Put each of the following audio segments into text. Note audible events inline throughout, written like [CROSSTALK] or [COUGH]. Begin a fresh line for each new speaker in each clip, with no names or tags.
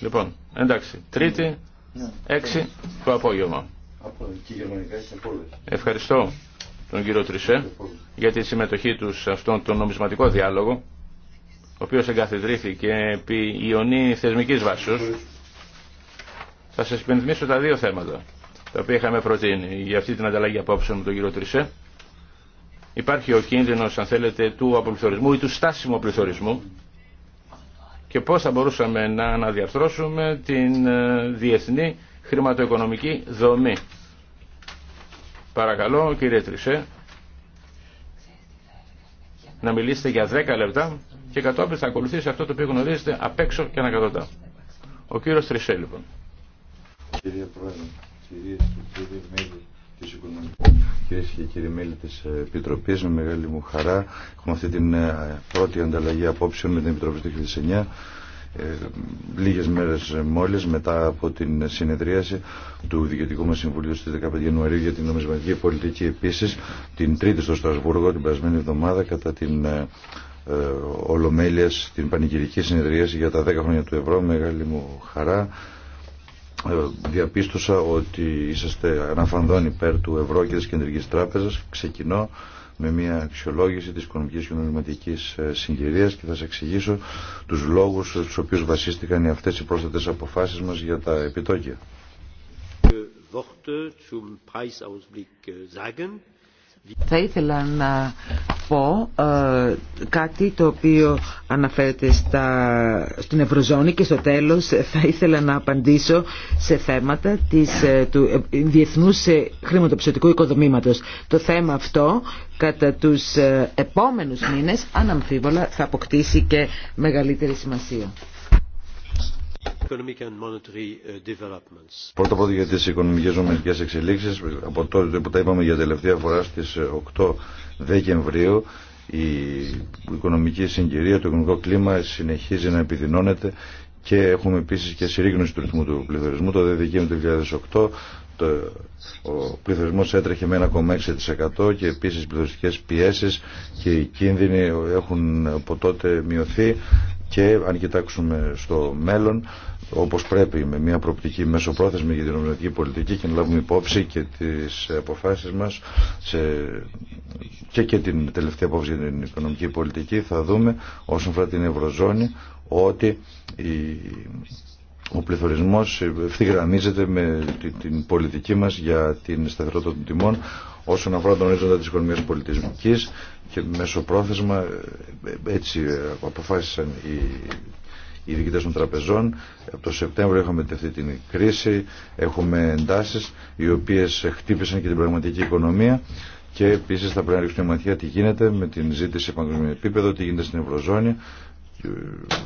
Λοιπόν, εντάξει, Τρίτη, ναι. έξι, το απόγευμα. Ευχαριστώ τον κύριο Τρισέ για τη συμμετοχή του σε αυτόν τον νομισματικό διάλογο, ο οποίος εγκαθιδρύθηκε επί ιονή θεσμικής βάσης. Θα σας υπενθυμίσω τα δύο θέματα, τα οποία είχαμε προτείνει για αυτή την ανταλλαγή απόψεων με τον κύριο Τρισέ. Υπάρχει ο κίνδυνος, αν θέλετε, του αποπληθωρισμού ή του στάσιμου πληθωρισμού, και πώς θα μπορούσαμε να αναδιαρθρώσουμε την ε, διεθνή χρηματοοικονομική δομή. Παρακαλώ κύριε Τρισέ να μιλήσετε για 10 λεπτά και κατόπιν θα ακολουθήσει αυτό το οποίο γνωρίζετε απ' έξω και ανακατοντά. Ο κύριος Τρισέ λοιπόν.
Κύριε Πρόεδρε, κυρίες και κύριοι μέλη Κυρίε και κύριοι μέλη τη Επιτροπής, με μεγάλη μου χαρά έχουμε αυτή την ε, πρώτη ανταλλαγή απόψεων με την Επιτροπή του 2009 ε, λίγες μέρες μόλις μετά από την συνεδρίαση του Διοικητικού μα Συμβουλίου στις 15 Ιανουαρίου για την νομισματική πολιτική επίσης την Τρίτη στο Στρασβούργο την περασμένη εβδομάδα κατά την ε, Ολομέλεια στην πανηγυρική συνεδρίαση για τα 10 χρόνια του ευρώ μεγάλη μου χαρά ε, διαπίστωσα ότι είσαστε αναφανδόν υπέρ του ευρώ και της κεντρικής τράπεζας. Ξεκινώ με μια αξιολόγηση της οικονομικής και νομιματικής ε, συγκυρίας και θα σας εξηγήσω τους λόγους στους οποίους βασίστηκαν οι αυτές οι πρόσθετες αποφάσεις μας για τα επιτόκια.
Θα ήθελα να πω ε, κάτι το οποίο αναφέρεται στα, στην Ευρωζώνη και στο τέλος θα ήθελα να απαντήσω σε θέματα της, ε, του ε, διεθνούς χρηματοπιστωτικού οικοδομήματος. Το θέμα αυτό κατά τους επόμενους μήνες αναμφίβολα θα αποκτήσει και μεγαλύτερη
σημασία. Uh, Πρώτα για τι οικονομικέ νομικέ εξελίξει, από τότε που τα είπαμε για τελευταία φορά στι 8 ε, Δεκεμβρίου, η οικονομική συγκυρία, το οικονομικό κλίμα συνεχίζει να επιδεινώνεται και έχουμε επίση και συρρήγνωση του ρυθμού του πληθωρισμού. Το Δεκέμβριο του 2008 το, ο πληθωρισμός έτρεχε με 1,6% και επίση οι πληθωριστικές πιέσει και οι κίνδυνοι έχουν από τότε μειωθεί και αν κοιτάξουμε στο μέλλον όπως πρέπει με μια προοπτική μεσοπρόθεσμη για την οικονομική πολιτική και να λάβουμε υπόψη και τις αποφάσεις μας και και την τελευταία απόφαση για την οικονομική πολιτική θα δούμε όσον αφορά την Ευρωζώνη ότι ο πληθωρισμός ευθυγραμμίζεται με την πολιτική μας για την σταθερότητα των τιμών όσον αφορά τον ορίζοντα της οικονομίας πολιτισμικής και μεσοπρόθεσμα ε, ε, έτσι ε, αποφάσισαν οι οι διοικητέ των τραπεζών. Από το Σεπτέμβριο είχαμε αυτή την κρίση, έχουμε εντάσεις οι οποίε χτύπησαν και την πραγματική οικονομία και επίση θα πρέπει να ρίξουμε ματιά τι γίνεται με την ζήτηση σε παγκοσμίο επίπεδο, τι γίνεται στην Ευρωζώνη.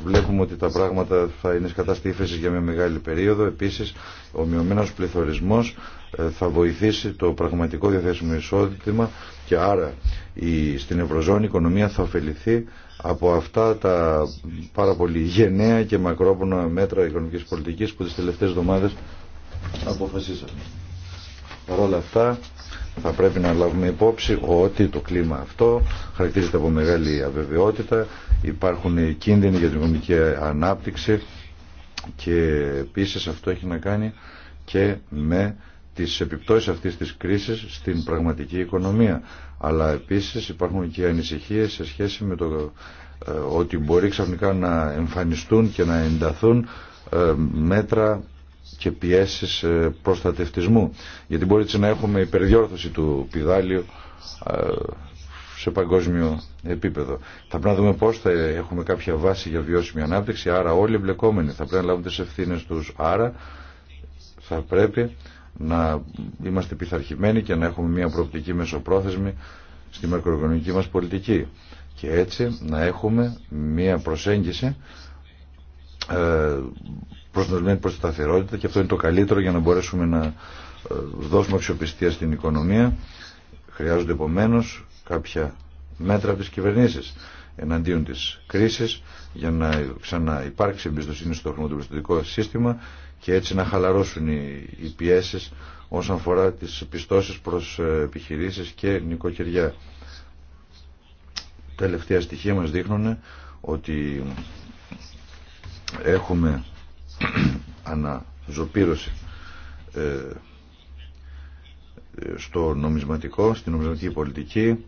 Βλέπουμε ότι τα πράγματα θα είναι κατάσταση ύφεση για μια μεγάλη περίοδο. Επίση, ο μειωμένο πληθωρισμός ε, θα βοηθήσει το πραγματικό διαθέσιμο εισόδημα και άρα η, στην Ευρωζώνη η οικονομία θα ωφεληθεί από αυτά τα πάρα πολύ γενναία και μακρόπονα μέτρα οικονομικής πολιτικής που τις τελευταίες εβδομάδες αποφασίσαμε. Παρ' όλα αυτά θα πρέπει να λάβουμε υπόψη ότι το κλίμα αυτό χαρακτηρίζεται από μεγάλη αβεβαιότητα, υπάρχουν κίνδυνοι για την οικονομική ανάπτυξη και επίσης αυτό έχει να κάνει και με τις επιπτώσεις αυτής της κρίσης στην πραγματική οικονομία. Αλλά επίσης υπάρχουν και ανησυχίες σε σχέση με το ε, ότι μπορεί ξαφνικά να εμφανιστούν και να ενταθούν ε, μέτρα και πιέσεις ε, προστατευτισμού. Γιατί μπορεί να έχουμε υπερδιόρθωση του ε, σε παγκόσμιο επίπεδο. Θα πρέπει να δούμε πώς θα έχουμε κάποια βάση για βιώσιμη ανάπτυξη. Άρα, όλοι οι εμπλεκόμενοι θα πρέπει να λάβουν τι ευθύνε του. Άρα, θα πρέπει να είμαστε πειθαρχημένοι και να έχουμε μια προοπτική μεσοπρόθεσμη στη μακροοικονομική μας πολιτική και έτσι να έχουμε μια προσέγγιση ε, προσδοσμένη προς σταθερότητα και αυτό είναι το καλύτερο για να μπορέσουμε να ε, δώσουμε αξιοπιστία στην οικονομία χρειάζονται επομένω κάποια μέτρα από τις κυβερνήσεις εναντίον της κρίσης για να ξαναυπάρξει εμπιστοσύνη στο χρηματοπιστωτικό σύστημα και έτσι να χαλαρώσουν οι, οι πιέσεις όσον αφορά τις πιστώσεις προς ε, επιχειρήσεις και νοικοκυριά. Τελευταία στοιχεία μας δείχνουν ότι έχουμε [CLEARS THROAT] αναζωπήρωση ε, ε, στο νομισματικό, στην νομισματική πολιτική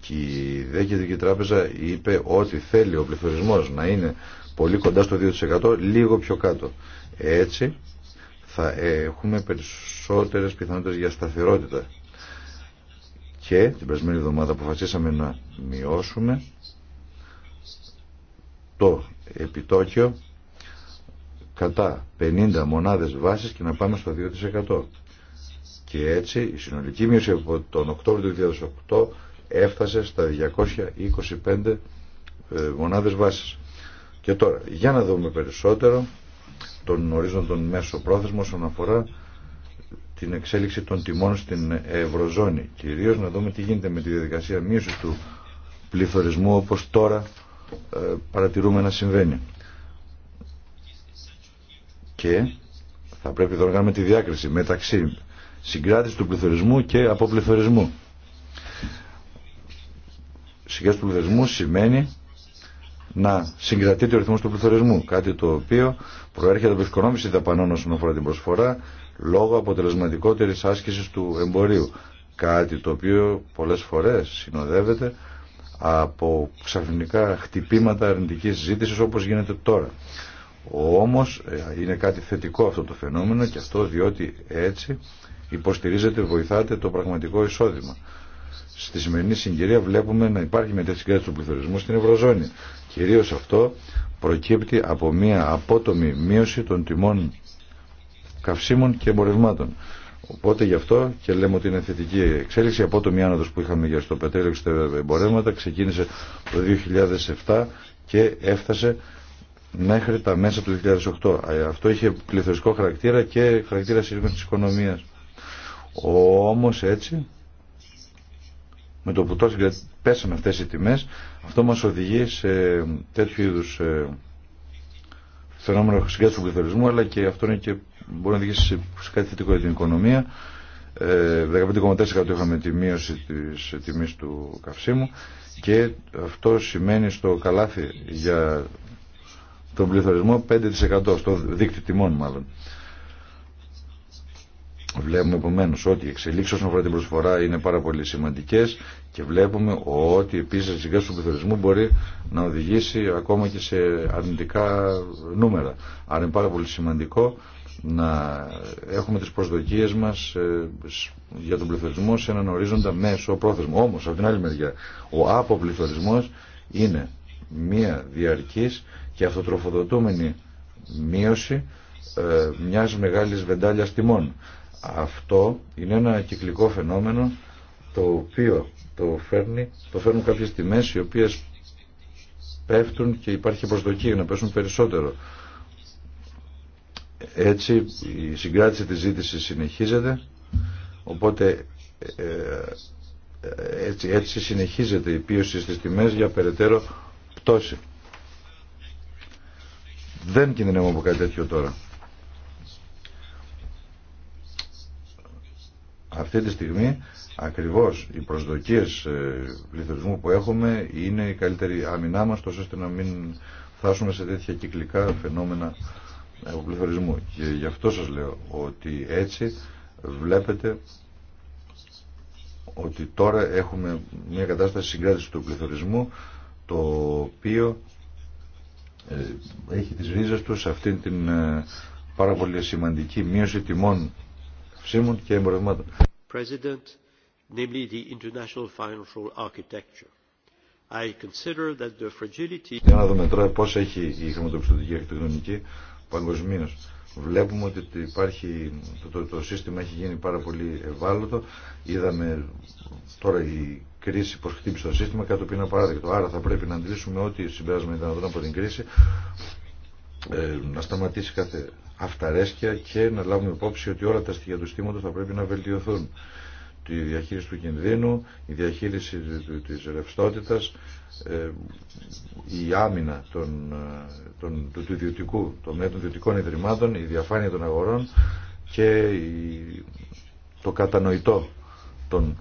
και η Δέκεντρική Τράπεζα είπε ότι θέλει ο πληθωρισμός να είναι πολύ κοντά στο 2% λίγο πιο κάτω. Έτσι θα έχουμε περισσότερες πιθανότητες για σταθερότητα. Και την περασμένη εβδομάδα αποφασίσαμε να μειώσουμε το επιτόκιο κατά 50 μονάδες βάσης και να πάμε στο 2%. Και έτσι η συνολική μείωση από τον Οκτώβριο του 2008 έφτασε στα 225 ε, μονάδες βάσης. Και τώρα, για να δούμε περισσότερο τον ορίζοντον μέσο πρόθεσμο όσον αφορά την εξέλιξη των τιμών στην Ευρωζώνη. Κυρίως να δούμε τι γίνεται με τη διαδικασία μείωσης του πληθωρισμού όπως τώρα ε, παρατηρούμε να συμβαίνει. Και θα πρέπει να κάνουμε τη διάκριση μεταξύ συγκράτηση του πληθωρισμού και αποπληθωρισμού. Συγκράτηση του πληθωρισμού σημαίνει να συγκρατείται ο ρυθμό του πληθωρισμού. Κάτι το οποίο προέρχεται από οικονόμηση δαπανών όσον αφορά την προσφορά λόγω αποτελεσματικότερης άσκηση του εμπορίου. Κάτι το οποίο πολλέ φορέ συνοδεύεται από ξαφνικά χτυπήματα αρνητικής ζήτησης όπως γίνεται τώρα. Όμως ε, είναι κάτι θετικό αυτό το φαινόμενο και αυτό διότι έτσι υποστηρίζεται, βοηθάται το πραγματικό εισόδημα στη σημερινή συγκυρία βλέπουμε να υπάρχει μετεσυγκράτηση του πληθωρισμού στην Ευρωζώνη. Κυρίω αυτό προκύπτει από μια απότομη μείωση των τιμών καυσίμων και εμπορευμάτων. Οπότε γι' αυτό και λέμε ότι είναι θετική εξέλιξη. Η απότομη άνοδος που είχαμε για στο πετρέλαιο και στα εμπορεύματα ξεκίνησε το 2007 και έφτασε μέχρι τα μέσα του 2008. Ε, αυτό είχε πληθωριστικό χαρακτήρα και χαρακτήρα τη οικονομίας. Όμως έτσι με το που τόσο πέσαν αυτές οι τιμές αυτό μας οδηγεί σε τέτοιου είδους ε, φαινόμενο συγκέντρωση του πληθωρισμού αλλά και αυτό είναι και μπορεί να οδηγήσει σε κάτι θετικό για την οικονομία 15,4% ε, είχαμε τη μείωση της τιμής του καυσίμου και αυτό σημαίνει στο καλάθι για τον πληθωρισμό 5% στο δίκτυο τιμών μάλλον Βλέπουμε επομένω ότι οι εξελίξει όσον αφορά την προσφορά είναι πάρα πολύ σημαντικέ και βλέπουμε ότι επίση η συγκέντρωση του πληθωρισμού μπορεί να οδηγήσει ακόμα και σε αρνητικά νούμερα. Άρα είναι πάρα πολύ σημαντικό να έχουμε τι προσδοκίε μα ε, για τον πληθωρισμό σε έναν ορίζοντα μέσο πρόθεσμο. Όμω από την άλλη μεριά, ο Αποπληθωρισμό είναι μία διαρκή και αυτοτροφοδοτούμενη μείωση ε, μιας μεγάλης βεντάλιας τιμών αυτό είναι ένα κυκλικό φαινόμενο το οποίο το, φέρνει, το φέρνουν κάποιες τιμές οι οποίες πέφτουν και υπάρχει προσδοκία να πέσουν περισσότερο. Έτσι η συγκράτηση της ζήτησης συνεχίζεται οπότε ε, ε, έτσι, έτσι συνεχίζεται η πίωση στις τιμές για περαιτέρω πτώση. Δεν κινδυνεύουμε από κάτι τέτοιο τώρα. αυτή τη στιγμή ακριβώς οι προσδοκίες ε, πληθωρισμού που έχουμε είναι η καλύτερη άμυνά μας τόσο ώστε να μην φτάσουμε σε τέτοια κυκλικά φαινόμενα ε, πληθωρισμού. Και γι' αυτό σας λέω ότι έτσι βλέπετε ότι τώρα έχουμε μια κατάσταση συγκράτησης του πληθωρισμού το οποίο ε, έχει τις ρίζες του σε αυτήν την πάρα πολύ σημαντική μείωση τιμών ψήμων και εμπορευμάτων. President, namely the international financial architecture. I consider that the fragility... Για να δούμε τώρα πώς έχει η χρηματοπιστωτική αρχιτεκτονική παγκοσμίω. Βλέπουμε ότι υπάρχει, το, το, το, σύστημα έχει γίνει πάρα πολύ ευάλωτο. Είδαμε τώρα η κρίση πώς χτύπησε το σύστημα, κάτι που είναι απαράδεκτο. Άρα θα πρέπει να αντλήσουμε ό,τι συμπέρασμα ήταν από την κρίση, ε, να σταματήσει κάθε αυταρέσκεια και να λάβουμε υπόψη ότι όλα τα στοιχεία του στήματος θα πρέπει να βελτιωθούν. Τη διαχείριση του κινδύνου, η διαχείριση της ρευστότητας, ε, η άμυνα ε, των, του, του ιδιωτικού, ναι, των ιδιωτικών ιδρυμάτων, η διαφάνεια των αγορών και το κατανοητό των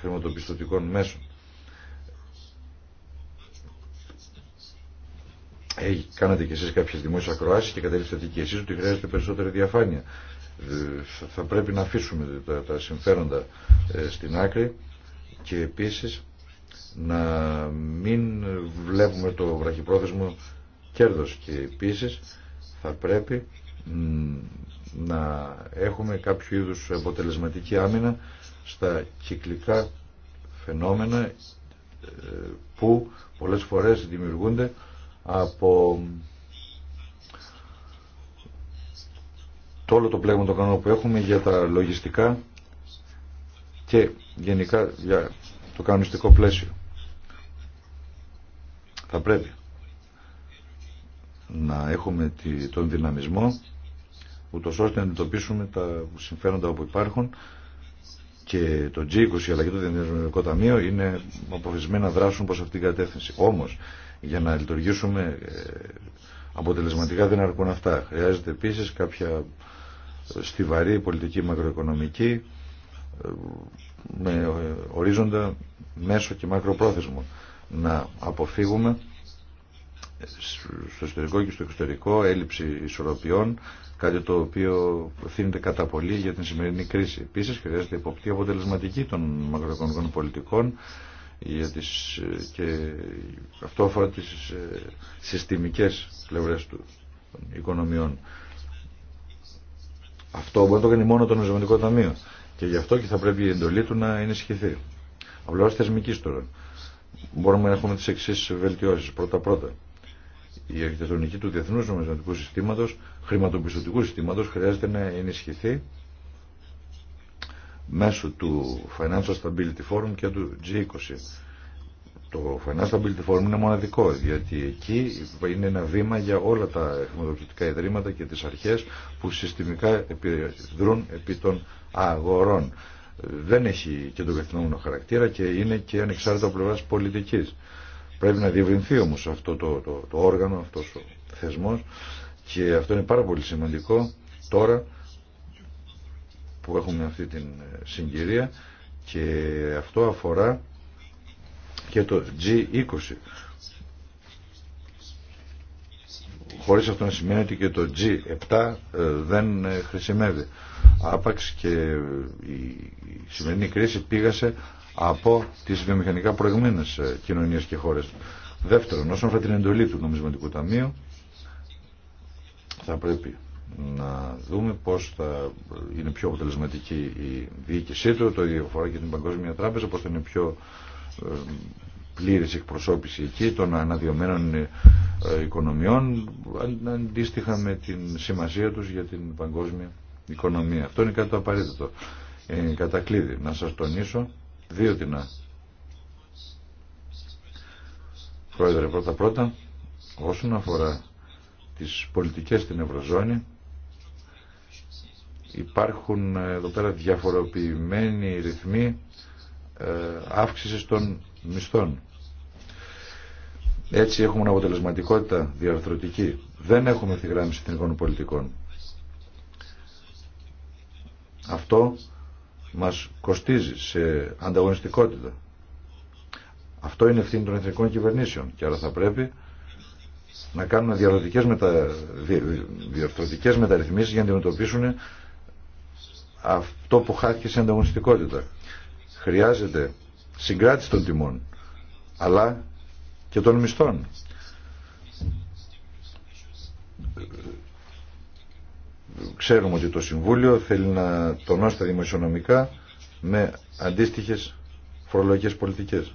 χρηματοπιστωτικών μέσων. κάνατε και εσείς κάποιες δημόσιες ακροάσεις και καταλήξατε κι εσείς ότι χρειάζεται περισσότερη διαφάνεια. Ε, θα πρέπει να αφήσουμε τα συμφέροντα ε, στην άκρη και επίσης να μην βλέπουμε το βραχυπρόθεσμο κέρδος και επίσης θα πρέπει να έχουμε κάποιο είδους αποτελεσματική άμυνα στα κυκλικά φαινόμενα ε, που πολλές φορές δημιουργούνται από το όλο το πλέγμα των κανόνων που έχουμε για τα λογιστικά και γενικά για το κανονιστικό πλαίσιο. Θα πρέπει να έχουμε τον δυναμισμό ούτω ώστε να αντιμετωπίσουμε τα συμφέροντα όπου υπάρχουν και το G20 αλλά και το Διεθνές Ταμείο είναι αποφασισμένοι να δράσουν προς αυτήν την κατεύθυνση. Όμως για να λειτουργήσουμε ε, αποτελεσματικά δεν αρκούν αυτά. Χρειάζεται επίσης κάποια στιβαρή πολιτική μακροοικονομική ε, με ορίζοντα μέσο και μακροπρόθεσμο να αποφύγουμε στο εσωτερικό και στο εξωτερικό έλλειψη ισορροπιών κάτι το οποίο θύνεται κατά πολύ για την σημερινή κρίση. Επίσης χρειάζεται υποπτή αποτελεσματική των μακροοικονομικών πολιτικών για τις, και αυτό αφορά τις ε, συστημικές πλευρές του, των οικονομιών. Αυτό μπορεί να το κάνει μόνο το νομισματικό Ταμείο και γι' αυτό και θα πρέπει η εντολή του να ενισχυθεί. Απλώ θεσμική τώρα. Μπορούμε να έχουμε τις εξή βελτιώσεις. Πρώτα-πρώτα, η αρχιτεκτονική του Διεθνούς Νομισματικού Συστήματος, χρηματοπιστωτικού συστήματος, χρειάζεται να ενισχυθεί μέσω του Financial Stability Forum και του G20. Το Financial Stability Forum είναι μοναδικό, γιατί εκεί είναι ένα βήμα για όλα τα χρηματοδοτικά ιδρύματα και τις αρχές που συστημικά δρούν επί των αγορών. Δεν έχει και τον καθημερινό χαρακτήρα και είναι και ανεξάρτητα από πλευράς πολιτικής. Πρέπει να διευρυνθεί όμως αυτό το, το, όργανο, αυτός ο θεσμός και αυτό είναι πάρα πολύ σημαντικό τώρα που έχουμε αυτή την ε, συγκυρία και αυτό αφορά και το G20 χωρίς αυτό να σημαίνει ότι και το G7 ε, δεν ε, χρησιμεύει άπαξ και η σημερινή κρίση πήγασε από τις βιομηχανικά προηγμένες κοινωνίες και χώρες δεύτερον όσον αφορά την εντολή του νομισματικού ταμείου θα πρέπει να δούμε πώς θα είναι πιο αποτελεσματική η διοίκησή του, το ίδιο αφορά και την Παγκόσμια Τράπεζα, πώς θα είναι πιο πλήρης εκπροσώπηση εκεί των αναδειωμένων ε, οικονομιών αντίστοιχα με την σημασία τους για την παγκόσμια οικονομία. Αυτό είναι κάτι το απαραίτητο. Ε, κατακλείδη, να σας τονίσω δύο τεινά. Πρόεδρε, πρώτα-πρώτα, όσον αφορά τις πολιτικές στην Ευρωζώνη, Υπάρχουν εδώ πέρα διαφοροποιημένοι ρυθμοί ε, αύξησης των μισθών. Έτσι έχουμε αποτελεσματικότητα διαρθρωτική. Δεν έχουμε ευθυγράμμιση εθνικών πολιτικών. Αυτό μας κοστίζει σε ανταγωνιστικότητα. Αυτό είναι ευθύνη των εθνικών κυβερνήσεων και άρα θα πρέπει να κάνουν διαρθρωτικές, μετα... μεταρρυθμίσεις για να αντιμετωπίσουν αυτό που χάθηκε σε ανταγωνιστικότητα. Χρειάζεται συγκράτηση των τιμών, αλλά και των μισθών. Ξέρουμε ότι το Συμβούλιο θέλει να τονώσει τα δημοσιονομικά με αντίστοιχες φορολογικές πολιτικές.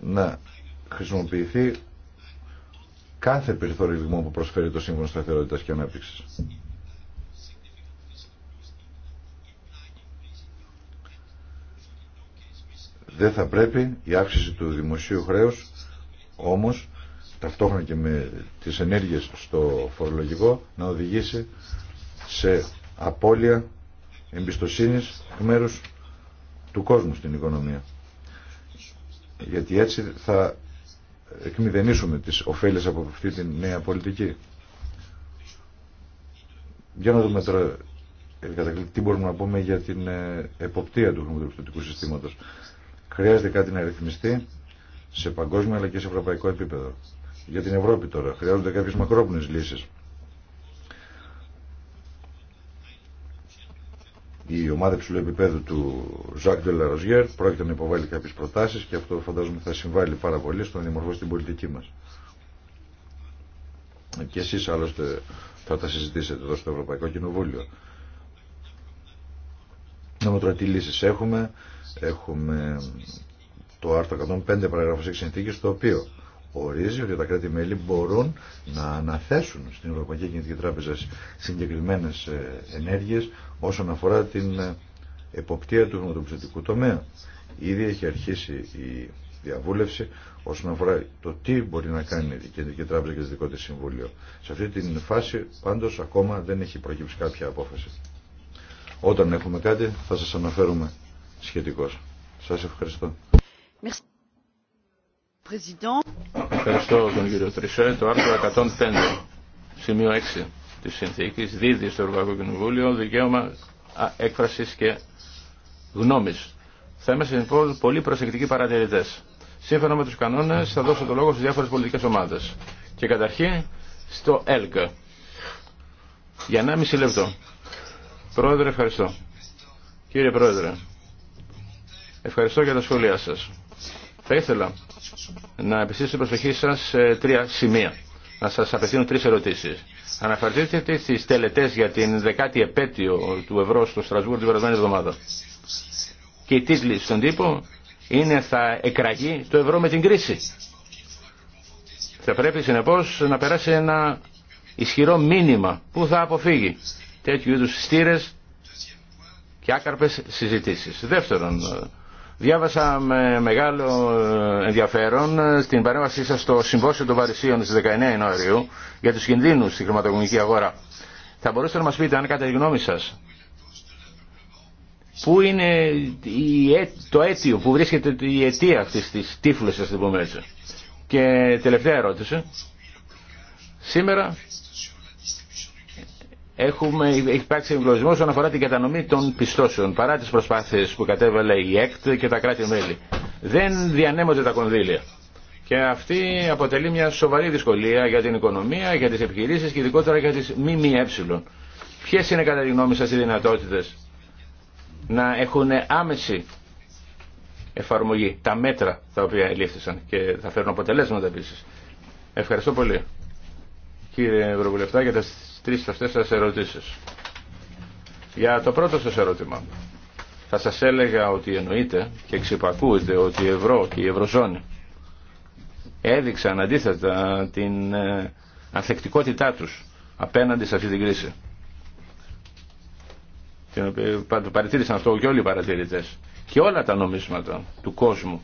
Να χρησιμοποιηθεί κάθε περιθωρισμό που προσφέρει το Σύμφωνο Σταθερότητας και Ανάπτυξης. Δεν θα πρέπει η αύξηση του δημοσίου χρέους όμως ταυτόχρονα και με τις ενέργειες στο φορολογικό να οδηγήσει σε απώλεια εμπιστοσύνης εκ μέρους του κόσμου στην οικονομία. Γιατί έτσι θα εκμηδενήσουμε τις ωφέλειες από αυτή τη νέα πολιτική. Για να δούμε τώρα ε, τι μπορούμε να πούμε για την ε, εποπτεία του χρηματοπιστωτικού συστήματος. Χρειάζεται κάτι να ρυθμιστεί σε παγκόσμιο αλλά και σε ευρωπαϊκό επίπεδο. Για την Ευρώπη τώρα χρειάζονται κάποιες μακρόπνες λύσεις. η ομάδα υψηλού επίπεδου του Ζακ Ντελαροζιέρ πρόκειται να υποβάλει κάποιε προτάσει και αυτό φαντάζομαι θα συμβάλλει πάρα πολύ στο να δημορφώσει πολιτική μα. Και εσεί άλλωστε θα τα συζητήσετε εδώ στο Ευρωπαϊκό Κοινοβούλιο. Να λύσει έχουμε. Έχουμε το άρθρο 105 παραγράφος 6 συνθήκη το οποίο ορίζει ότι τα κράτη-μέλη μπορούν να αναθέσουν στην Ευρωπαϊκή Κινητική Τράπεζα συγκεκριμένες ε, ενέργειες όσον αφορά την εποπτεία του γνωτοπιστωτικού τομέα. Ήδη έχει αρχίσει η διαβούλευση όσον αφορά το τι μπορεί να κάνει η Κεντρική Τράπεζα και το δικό της Συμβούλιο. Σε αυτή την φάση πάντως ακόμα δεν έχει προκύψει κάποια απόφαση. Όταν έχουμε κάτι θα σας αναφέρουμε
σχετικώς. Σας ευχαριστώ. Ευχαριστώ τον κύριο Τρισέ. Το άρθρο 105, σημείο 6 τη συνθήκη, δίδει στο Ευρωπαϊκό Κοινοβούλιο δικαίωμα έκφρασης και γνώμης. Θα είμαστε λοιπόν πολύ προσεκτικοί παρατηρητές. Σύμφωνα με τους κανόνες θα δώσω το λόγο στις διάφορες πολιτικές ομάδες. Και καταρχήν στο ΕΛΚΑ. Για 1,5 λεπτό. Πρόεδρε ευχαριστώ. Κύριε Πρόεδρε, ευχαριστώ για τα σχόλιά σας. Θα ήθελα να επιστήσω την προσοχή σας σε τρία σημεία. Να σας απευθύνω τρεις ερωτήσεις. Αναφερθήκατε στι τελετέ για την δεκάτη επέτειο του ευρώ στο Στρασβούργο την περασμένη εβδομάδα. Και οι τίτλοι στον τύπο είναι θα εκραγεί το ευρώ με την κρίση. Θα πρέπει συνεπώς να περάσει ένα ισχυρό μήνυμα που θα αποφύγει τέτοιου είδου στήρες και άκαρπες συζητήσεις. Δεύτερον, Διάβασα με μεγάλο ε, ενδιαφέρον ε, στην παρέμβασή σας στο Συμπόσιο των Παρισίων στις 19 Ιανουαρίου για τους κινδύνους στη χρηματοοικονομική αγορά. Θα μπορούσατε να μας πείτε, αν κατά τη γνώμη σας, πού είναι ε, το αίτιο, πού βρίσκεται η αιτία αυτής της τύφλωσης, ας το έτσι. Και τελευταία ερώτηση. Σήμερα έχουμε υπάρξει εγκλωρισμό όσον αφορά την κατανομή των πιστώσεων παρά τι προσπάθειε που κατέβαλε η ΕΚΤ και τα κράτη-μέλη. Δεν διανέμονται τα κονδύλια. Και αυτή αποτελεί μια σοβαρή δυσκολία για την οικονομία, για τι επιχειρήσει και ειδικότερα για τι ΜΜΕ. Ποιε είναι κατά τη γνώμη σα οι δυνατότητε να έχουν άμεση εφαρμογή τα μέτρα τα οποία ελήφθησαν και θα φέρουν αποτελέσματα επίση. Ευχαριστώ πολύ κύριε Ευρωβουλευτά για τις τρεις αυτές σας ερωτήσεις. Για το πρώτο σας ερώτημα. Θα σας έλεγα ότι εννοείται και εξυπακούεται ότι η ευρώ και η ευρωζώνη έδειξαν αντίθετα την ε, ανθεκτικότητά τους απέναντι σε αυτή την κρίση. Την οποία παρατήρησαν αυτό και όλοι οι παρατηρητές. Και όλα τα νομίσματα του κόσμου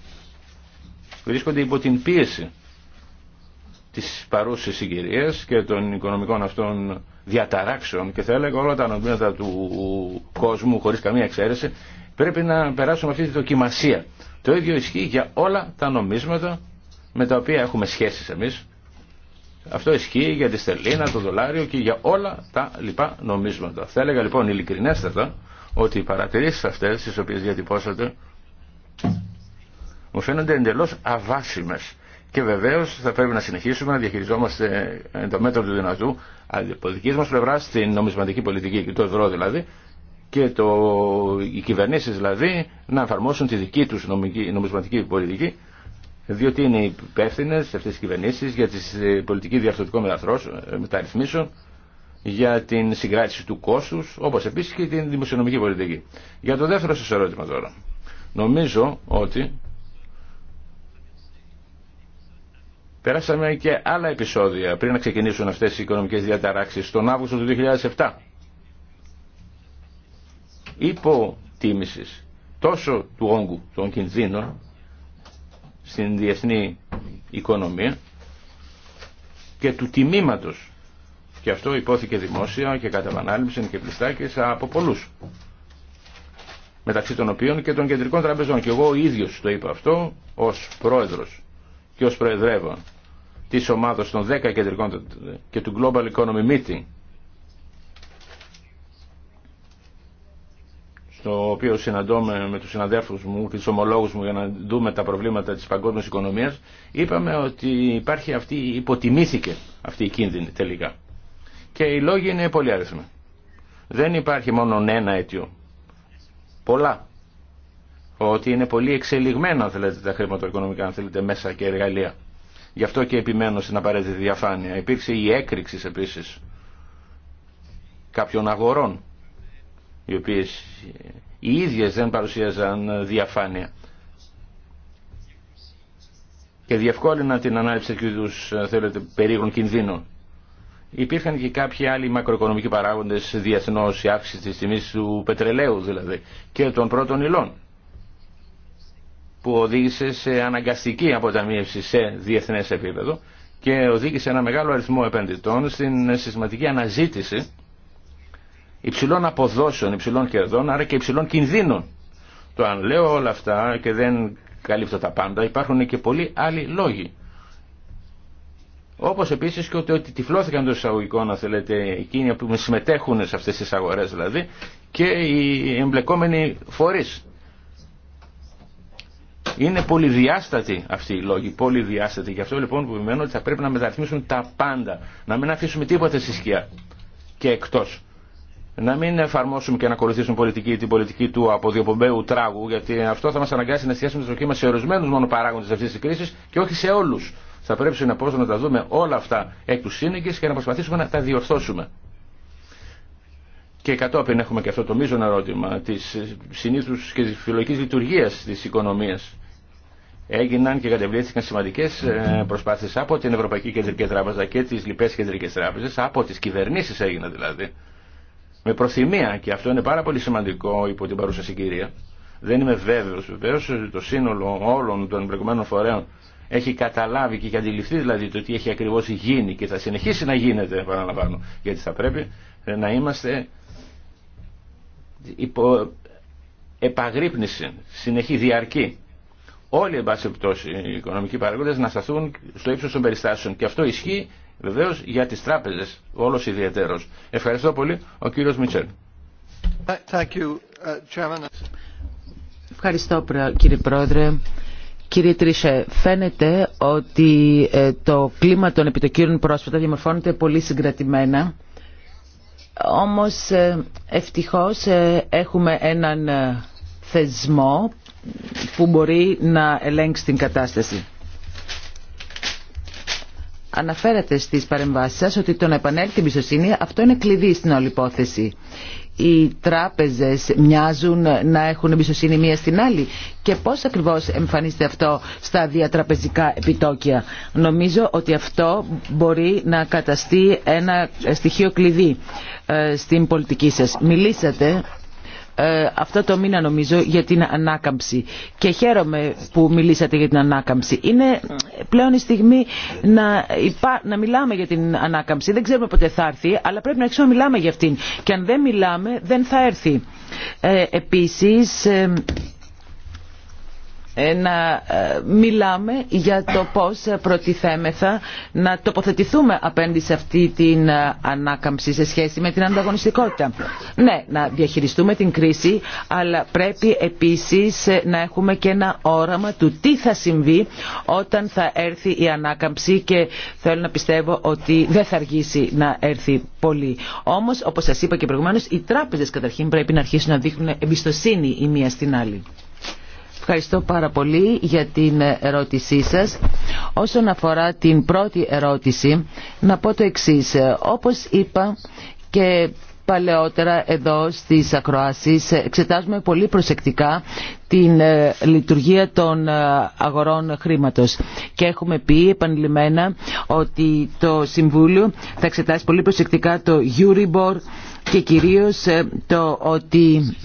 βρίσκονται υπό την πίεση της παρούσης συγκυρίας και των οικονομικών αυτών διαταράξεων και θα έλεγα όλα τα νομίματα του κόσμου χωρίς καμία εξαίρεση πρέπει να περάσουμε αυτή τη δοκιμασία. Το ίδιο ισχύει για όλα τα νομίσματα με τα οποία έχουμε σχέσεις εμείς. Αυτό ισχύει για τη στελίνα, το δολάριο και για όλα τα λοιπά νομίσματα. Θα έλεγα λοιπόν ειλικρινέστατα ότι οι παρατηρήσεις αυτές τις οποίες διατυπώσατε μου φαίνονται εντελώς αβάσιμες και βεβαίω θα πρέπει να συνεχίσουμε να διαχειριζόμαστε ε, το μέτρο του δυνατού από δική μα πλευρά στην νομισματική πολιτική, το ευρώ δηλαδή, και το, οι κυβερνήσει δηλαδή να εφαρμόσουν τη δική του νομισματική πολιτική, διότι είναι υπεύθυνε αυτέ τι κυβερνήσει για τη ε, πολιτική διαρθρωτικών ε, μεταρρυθμίσεων, για την συγκράτηση του κόστου, όπω επίση και την δημοσιονομική πολιτική. Για το δεύτερο σα ερώτημα τώρα. Νομίζω ότι Περάσαμε και άλλα επεισόδια πριν να ξεκινήσουν αυτές οι οικονομικές διαταράξεις τον Αύγουστο του 2007. Υποτίμησης τόσο του όγκου των κινδύνων στην διεθνή οικονομία και του τιμήματος και αυτό υπόθηκε δημόσια και κατά επανάληψη και πληστάκες από πολλούς μεταξύ των οποίων και των κεντρικών τραπεζών και εγώ ο ίδιος το είπα αυτό ως πρόεδρος και ως Προεδρεύων της ομάδας των 10 κεντρικών και του Global Economy Meeting στο οποίο συναντώμε με τους συναδέλφους μου και τους ομολόγους μου για να δούμε τα προβλήματα της παγκόσμιας οικονομίας είπαμε ότι υπάρχει αυτή, υποτιμήθηκε αυτή η κίνδυνη τελικά και οι λόγοι είναι πολύ άριθμοι δεν υπάρχει μόνο ένα αίτιο πολλά ότι είναι πολύ εξελιγμένα αν θέλετε, τα χρηματοοικονομικά αν θέλετε, μέσα και εργαλεία. Γι' αυτό και επιμένω στην απαραίτητη διαφάνεια. Υπήρξε η έκρηξη επίση κάποιων αγορών, οι οποίε οι ίδιε δεν παρουσίαζαν διαφάνεια και διευκόλυνα την ανάληψη του είδου περίγων κινδύνων. Υπήρχαν και κάποιοι άλλοι μακροοικονομικοί παράγοντε διεθνώ, η αύξηση τη τιμή του πετρελαίου δηλαδή και των πρώτων υλών που οδήγησε σε αναγκαστική αποταμίευση σε διεθνές επίπεδο και οδήγησε ένα μεγάλο αριθμό επενδυτών στην συστηματική αναζήτηση υψηλών αποδόσεων, υψηλών κερδών, άρα και υψηλών κινδύνων. Το αν λέω όλα αυτά και δεν καλύπτω τα πάντα, υπάρχουν και πολλοί άλλοι λόγοι. Όπω επίση και ότι, ότι τυφλώθηκαν των εισαγωγικών, αν θέλετε, εκείνοι που συμμετέχουν σε αυτέ τι αγορέ δηλαδή και οι εμπλεκόμενοι φορεί. Είναι πολυδιάστατοι αυτοί οι λόγοι, πολυδιάστατοι. Γι' αυτό λοιπόν που επιμένω ότι θα πρέπει να μεταρρυθμίσουν τα πάντα. Να μην αφήσουμε τίποτα στη σκιά και εκτό. Να μην εφαρμόσουμε και να ακολουθήσουμε πολιτική, την πολιτική του αποδιοπομπαίου τράγου, γιατί αυτό θα μα αναγκάσει να εστιάσουμε τη ζωή μα σε ορισμένου μόνο παράγοντε αυτή τη κρίση και όχι σε όλου. Θα πρέπει συνεπώ να τα δούμε όλα αυτά εκ του σύνεγγυ και να προσπαθήσουμε να τα διορθώσουμε. Και κατόπιν έχουμε και αυτό το μείζον ερώτημα τη συνήθου και τη φιλολογική λειτουργία τη οικονομία έγιναν και κατευλήθηκαν σημαντικέ ε, προσπάθειε από την Ευρωπαϊκή Κεντρική Τράπεζα και τι λοιπέ κεντρικέ τράπεζε, από τι κυβερνήσει έγιναν δηλαδή. Με προθυμία, και αυτό είναι πάρα πολύ σημαντικό υπό την παρούσα συγκυρία, δεν είμαι βέβαιο. Βεβαίω ότι το σύνολο όλων των εμπλεκομένων φορέων έχει καταλάβει και έχει αντιληφθεί δηλαδή το τι έχει ακριβώ γίνει και θα συνεχίσει να γίνεται, επαναλαμβάνω. Γιατί θα πρέπει ε, να είμαστε υπό επαγρύπνηση, συνεχή, διαρκή όλοι εν πάση πτώσει οι οικονομικοί παράγοντες να σταθούν στο ύψος των περιστάσεων. Και αυτό ισχύει βεβαίως για τις τράπεζες, όλος ιδιαίτερος. Ευχαριστώ πολύ, ο κύριος Μίτσελ. Uh,
Ευχαριστώ
κύριε Πρόεδρε. Κύριε Τρίσε, φαίνεται ότι ε, το κλίμα των επιτοκίων πρόσφατα διαμορφώνεται πολύ συγκρατημένα. Όμως ε, ευτυχώς ε, έχουμε έναν θεσμό που μπορεί να ελέγξει την κατάσταση. Αναφέρατε στις παρεμβάσεις σας ότι το να επανέλθει η εμπιστοσύνη αυτό είναι κλειδί στην όλη υπόθεση. Οι τράπεζες μοιάζουν να έχουν εμπιστοσύνη μία στην άλλη και πώς ακριβώς εμφανίζεται αυτό στα διατραπεζικά επιτόκια. Νομίζω ότι αυτό μπορεί να καταστεί ένα στοιχείο κλειδί ε, στην πολιτική σας. Μιλήσατε ε, αυτό το μήνα νομίζω για την ανάκαμψη και χαίρομαι που μιλήσατε για την ανάκαμψη. Είναι πλέον η στιγμή να, να μιλάμε για την ανάκαμψη. Δεν ξέρουμε πότε θα έρθει, αλλά πρέπει να αρχίσουμε να μιλάμε για αυτήν. Και αν δεν μιλάμε δεν θα έρθει. Ε, επίσης, ε, ε, να ε, μιλάμε για το πώς προτιθέμεθα να τοποθετηθούμε απέναντι σε αυτή την ε, ανάκαμψη σε σχέση με την ανταγωνιστικότητα. Ναι, να διαχειριστούμε την κρίση, αλλά πρέπει επίσης να έχουμε και ένα όραμα του τι θα συμβεί όταν θα έρθει η ανάκαμψη και θέλω να πιστεύω ότι δεν θα αργήσει να έρθει πολύ. Όμως, όπως σας είπα και προηγουμένως, οι τράπεζες καταρχήν πρέπει να αρχίσουν να δείχνουν εμπιστοσύνη η μία στην άλλη. Ευχαριστώ πάρα πολύ για την ερώτησή σας. Όσον αφορά την πρώτη ερώτηση, να πω το εξής. Όπως είπα και παλαιότερα εδώ στις ακροάσεις εξετάζουμε πολύ προσεκτικά την ε, λειτουργία των ε, αγορών χρήματος και έχουμε πει επανειλημμένα ότι το Συμβούλιο θα εξετάσει πολύ προσεκτικά το Euribor και κυρίως ε, το ότι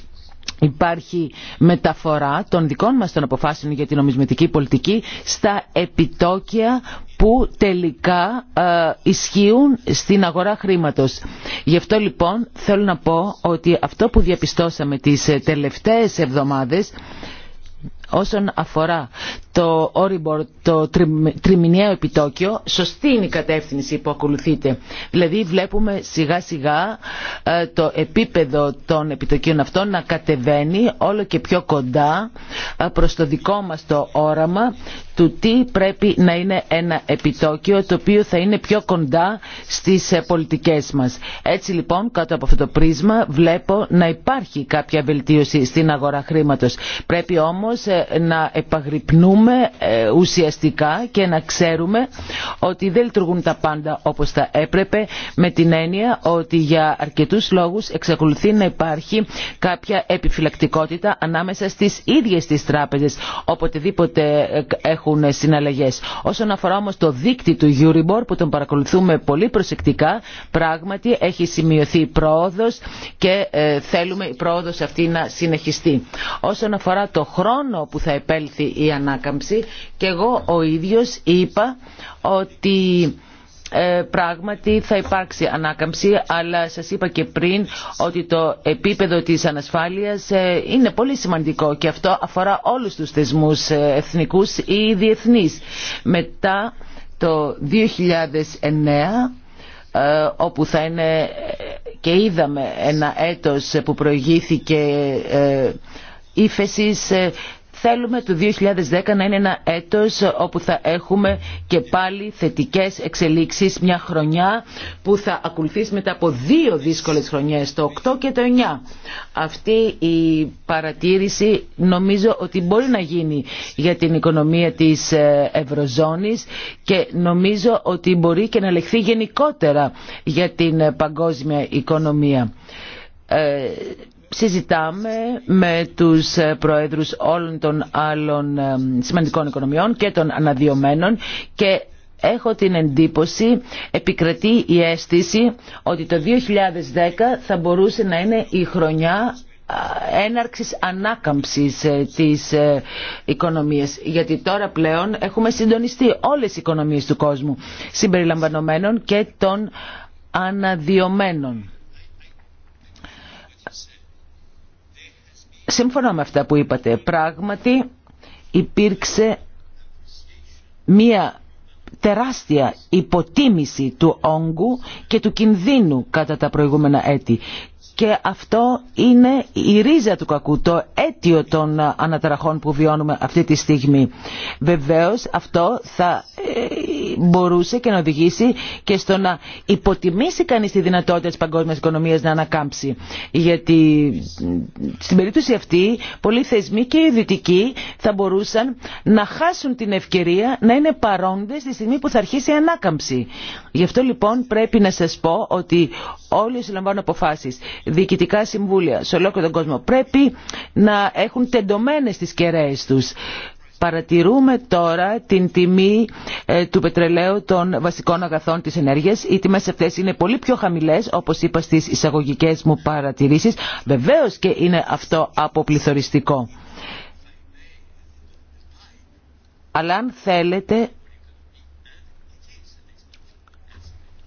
υπάρχει μεταφορά των δικών μας των αποφάσεων για την νομισματική πολιτική στα επιτόκια που τελικά ε, ισχύουν στην αγορά χρήματος. Γι' αυτό λοιπόν θέλω να πω ότι αυτό που διαπιστώσαμε τις ε, τελευταίες εβδομάδες όσον αφορά το Oribor, το τριμηνιαίο επιτόκιο, σωστή είναι η κατεύθυνση που ακολουθειτε Δηλαδή βλέπουμε σιγά σιγά ε, το επίπεδο των επιτοκίων αυτών να κατεβαίνει όλο και πιο κοντά ε, προς το δικό μας το όραμα του τι πρέπει να είναι ένα επιτόκιο το οποίο θα είναι πιο κοντά στις ε, πολιτικές μας. Έτσι λοιπόν κάτω από αυτό το πρίσμα βλέπω να υπάρχει κάποια βελτίωση στην αγορά χρήματος. Πρέπει όμως να επαγρυπνούμε Ευχαριστούμε ε, ουσιαστικά και να ξέρουμε ότι δεν λειτουργούν τα πάντα όπως θα έπρεπε με την έννοια ότι για αρκετούς λόγους εξακολουθεί να υπάρχει κάποια επιφυλακτικότητα ανάμεσα στις ίδιες τις τράπεζες οποτεδήποτε ε, έχουν συναλλαγές. Όσον αφορά όμως το δίκτυ του Euribor που τον παρακολουθούμε πολύ προσεκτικά πράγματι έχει σημειωθεί πρόοδος και ε, θέλουμε η πρόοδος αυτή να συνεχιστεί. Όσον αφορά το χρόνο που θα επέλθει η ανάκαμψη και εγώ ο ίδιος είπα ότι ε, πράγματι θα υπάρξει ανάκαμψη αλλά σας είπα και πριν ότι το επίπεδο της ανασφάλειας ε, είναι πολύ σημαντικό και αυτό αφορά όλους τους θεσμούς ε, εθνικούς ή διεθνείς. Μετά το 2009 όπου θα είναι και είδαμε ένα έτος που προηγήθηκε ύφεσης Θέλουμε το 2010 να είναι ένα έτος όπου θα έχουμε και πάλι θετικές εξελίξεις, μια χρονιά που θα ακολουθήσει μετά από δύο δύσκολες χρονιές, το 8 και το 9. Αυτή η παρατήρηση νομίζω ότι μπορεί να γίνει για την οικονομία της ε, Ευρωζώνης και νομίζω ότι μπορεί και να λεχθεί γενικότερα για την ε, παγκόσμια οικονομία. Ε, συζητάμε με τους ε, προέδρους όλων των άλλων ε, σημαντικών οικονομιών και των αναδειωμένων και έχω την εντύπωση, επικρατεί η αίσθηση ότι το 2010 θα μπορούσε να είναι η χρονιά έναρξης ανάκαμψης ε, της οικονομίας γιατί τώρα πλέον έχουμε συντονιστεί όλες οι οικονομίες του κόσμου συμπεριλαμβανομένων και των αναδειωμένων Σύμφωνα με αυτά που είπατε. Πράγματι υπήρξε μία τεράστια υποτίμηση του όγκου και του κινδύνου κατά τα προηγούμενα έτη και αυτό είναι η ρίζα του κακού, το αίτιο των αναταραχών που βιώνουμε αυτή τη στιγμή. Βεβαίως αυτό θα ε, μπορούσε και να οδηγήσει και στο να υποτιμήσει κανείς τη δυνατότητα της παγκόσμιας οικονομίας να ανακάμψει. Γιατί στην περίπτωση αυτή πολλοί θεσμοί και οι δυτικοί θα μπορούσαν να χάσουν την ευκαιρία να είναι παρόντες τη στιγμή που θα αρχίσει η ανάκαμψη. Γι' αυτό λοιπόν πρέπει να σας πω ότι όλοι συλλαμβάνουν αποφάσεις διοικητικά συμβούλια σε ολόκληρο τον κόσμο. Πρέπει να έχουν τεντωμένες τις κεραίες τους. Παρατηρούμε τώρα την τιμή ε, του πετρελαίου των βασικών αγαθών της ενέργειας. Οι τιμές αυτές είναι πολύ πιο χαμηλές, όπως είπα στις εισαγωγικές μου παρατηρήσεις. Βεβαίως και είναι αυτό αποπληθωριστικό. Αλλά αν θέλετε,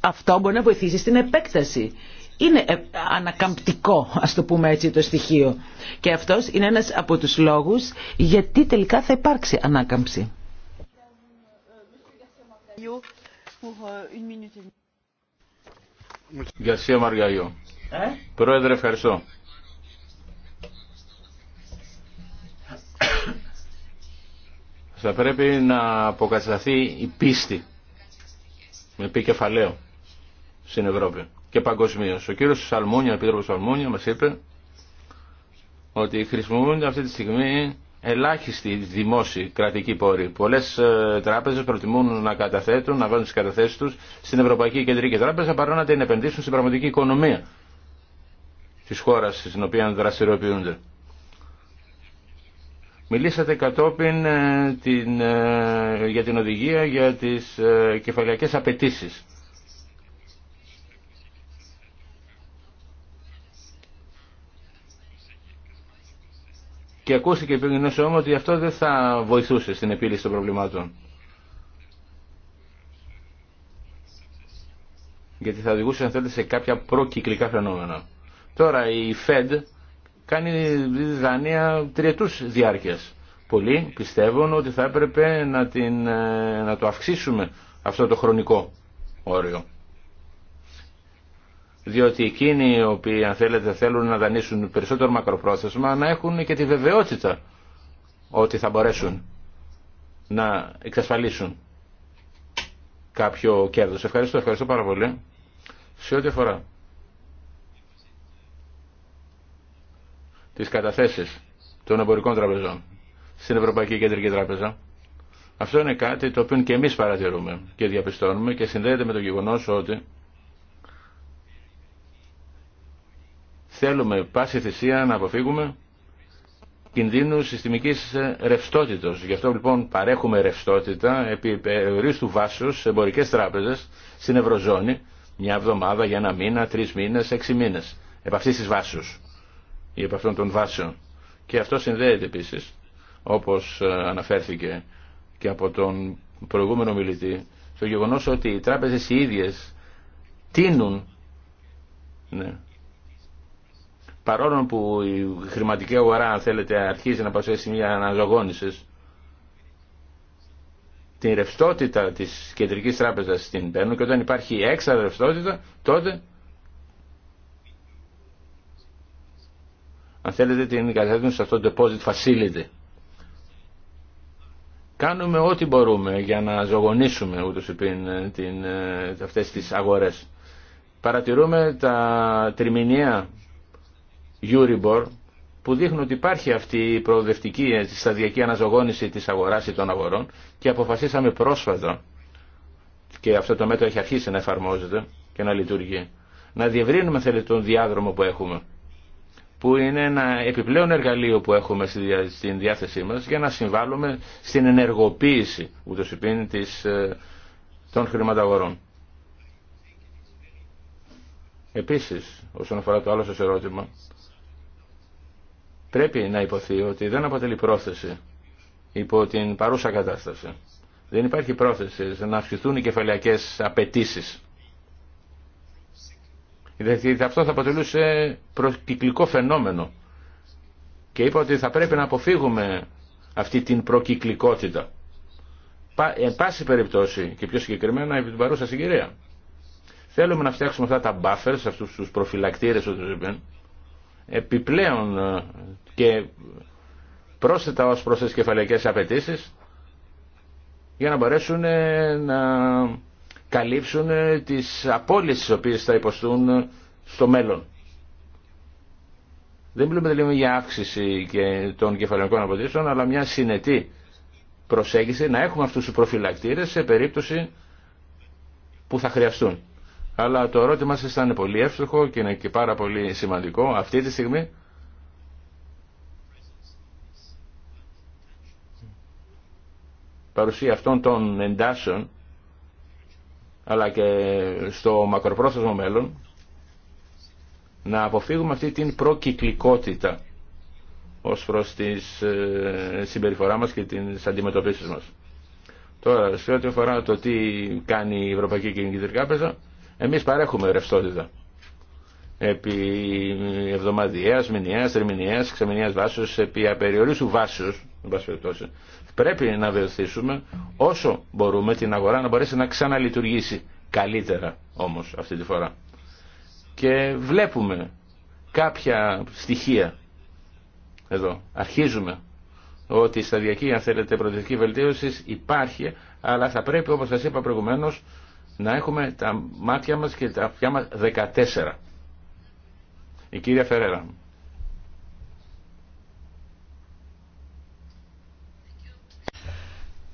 αυτό μπορεί να βοηθήσει στην επέκταση είναι ε, ανακαμπτικό ας το πούμε έτσι το στοιχείο και αυτός είναι ένας από τους λόγους γιατί
τελικά θα υπάρξει
ανάκαμψη.
Ε? Πρόεδρε, ευχαριστώ. Θα πρέπει να αποκατασταθεί η πίστη με επικεφαλαίο στην Ευρώπη και παγκοσμίω. Ο κύριο Σαλμούνια, ο επίτροπο Σαλμούνια μα είπε ότι χρησιμοποιούνται αυτή τη στιγμή ελάχιστοι δημόσιοι κρατικοί πόροι. Πολλέ ε, τράπεζε προτιμούν να καταθέτουν, να βάλουν τι καταθέσει του στην Ευρωπαϊκή Κεντρική Τράπεζα παρά να την επενδύσουν στην πραγματική οικονομία τη χώρα στην οποία δραστηριοποιούνται. Μιλήσατε κατόπιν ε, την, ε, για την οδηγία για τις κεφαλιακές απαιτήσεις. Και ακούστηκε από ενό κοινό ότι αυτό δεν θα βοηθούσε στην επίλυση των προβλημάτων. Γιατί θα οδηγούσε, αν θέλετε, σε κάποια προκυκλικά φαινόμενα. Τώρα η Fed κάνει δάνεια τριετούς διάρκειας. Πολλοί πιστεύουν ότι θα έπρεπε να, την, ε, να το αυξήσουμε αυτό το χρονικό όριο διότι εκείνοι οι οποίοι αν θέλετε θέλουν να δανείσουν περισσότερο μακροπρόθεσμα να έχουν και τη βεβαιότητα ότι θα μπορέσουν να εξασφαλίσουν κάποιο κέρδος. Ευχαριστώ, ευχαριστώ πάρα πολύ. Σε ό,τι αφορά τις καταθέσεις των εμπορικών τραπεζών στην Ευρωπαϊκή Κεντρική Τράπεζα, αυτό είναι κάτι το οποίο και εμείς παρατηρούμε και διαπιστώνουμε και συνδέεται με το γεγονός ότι Θέλουμε πάση θυσία να αποφύγουμε κινδύνου συστημικής ρευστότητα. Γι' αυτό λοιπόν παρέχουμε ρευστότητα επί περίοριστου βάσους σε εμπορικές τράπεζες στην Ευρωζώνη μια εβδομάδα, για ένα μήνα, τρει μήνες, έξι μήνες. Επ' αυτή τη βάσεω ή επ' αυτών των βάσεων. Και αυτό συνδέεται επίσης, όπως ε, αναφέρθηκε και από τον προηγούμενο μιλητή, στο γεγονό ότι οι τράπεζε οι ίδιε τίνουν ναι, παρόλο που η χρηματική αγορά αν θέλετε αρχίζει να παρουσιάζει μια αναζωγόνηση την ρευστότητα της κεντρικής τράπεζας στην παίρνουν και όταν υπάρχει έξα ρευστότητα τότε αν θέλετε την καταθέτουν σε αυτό το deposit facility κάνουμε ό,τι μπορούμε για να ζωγονίσουμε ούτως υπήν την, ε, αυτές τις αγορές παρατηρούμε τα τριμηνία Euribor που δείχνουν ότι υπάρχει αυτή η προοδευτική ε, η σταδιακή αναζωγόνηση της αγοράς ή των αγορών και αποφασίσαμε πρόσφατα και αυτό το μέτρο έχει αρχίσει να εφαρμόζεται και να λειτουργεί να διευρύνουμε θέλει τον διάδρομο που έχουμε που είναι ένα επιπλέον εργαλείο που έχουμε στην διάθεσή μας για να συμβάλλουμε στην ενεργοποίηση ούτως υπήν της, ε, των χρηματαγορών. Επίσης, όσον αφορά το άλλο σας ερώτημα, πρέπει να υποθεί ότι δεν αποτελεί πρόθεση υπό την παρούσα κατάσταση. Δεν υπάρχει πρόθεση να αυξηθούν οι κεφαλαιακές απαιτήσει. Δηλαδή αυτό θα αποτελούσε προκυκλικό φαινόμενο. Και είπα ότι θα πρέπει να αποφύγουμε αυτή την προκυκλικότητα. Εν πάση περιπτώσει και πιο συγκεκριμένα επί την παρούσα συγκυρία. Θέλουμε να φτιάξουμε αυτά τα buffers, αυτούς τους προφυλακτήρες επιπλέον ε, και πρόσθετα ως προς τις κεφαλαϊκές απαιτήσει για να μπορέσουν ε, να καλύψουν ε, τις απώλειες τις οποίες θα υποστούν στο μέλλον. Δεν μιλούμε δηλαδή για αύξηση και των κεφαλαϊκών αποτήσεων, αλλά μια συνετή προσέγγιση να έχουμε αυτούς τους προφυλακτήρες σε περίπτωση που θα χρειαστούν αλλά το ερώτημά σας ήταν πολύ εύστοχο και είναι και πάρα πολύ σημαντικό αυτή τη στιγμή. Παρουσία αυτών των εντάσεων, αλλά και στο μακροπρόθεσμο μέλλον, να αποφύγουμε αυτή την προκυκλικότητα ως προς τη ε, συμπεριφορά μας και τις αντιμετωπίσεις μας. Τώρα, σε ό,τι αφορά το τι κάνει η Ευρωπαϊκή Κοινωνική Τράπεζα, εμείς παρέχουμε ρευστότητα επί εβδομαδιαίας, μηνιαίας, τριμηνιαίας, ξεμηνιαίας βάσεως, επί απεριορίσου βάσεως, πρέπει να βελθήσουμε όσο μπορούμε την αγορά να μπορέσει να ξαναλειτουργήσει καλύτερα όμως αυτή τη φορά. Και βλέπουμε κάποια στοιχεία εδώ. Αρχίζουμε ότι η σταδιακή, αν θέλετε, προοδευτική βελτίωση υπάρχει, αλλά θα πρέπει, όπως σας είπα προηγουμένως, να έχουμε τα μάτια μας και τα αυτιά μας 14. Η κυρία Φερέρα.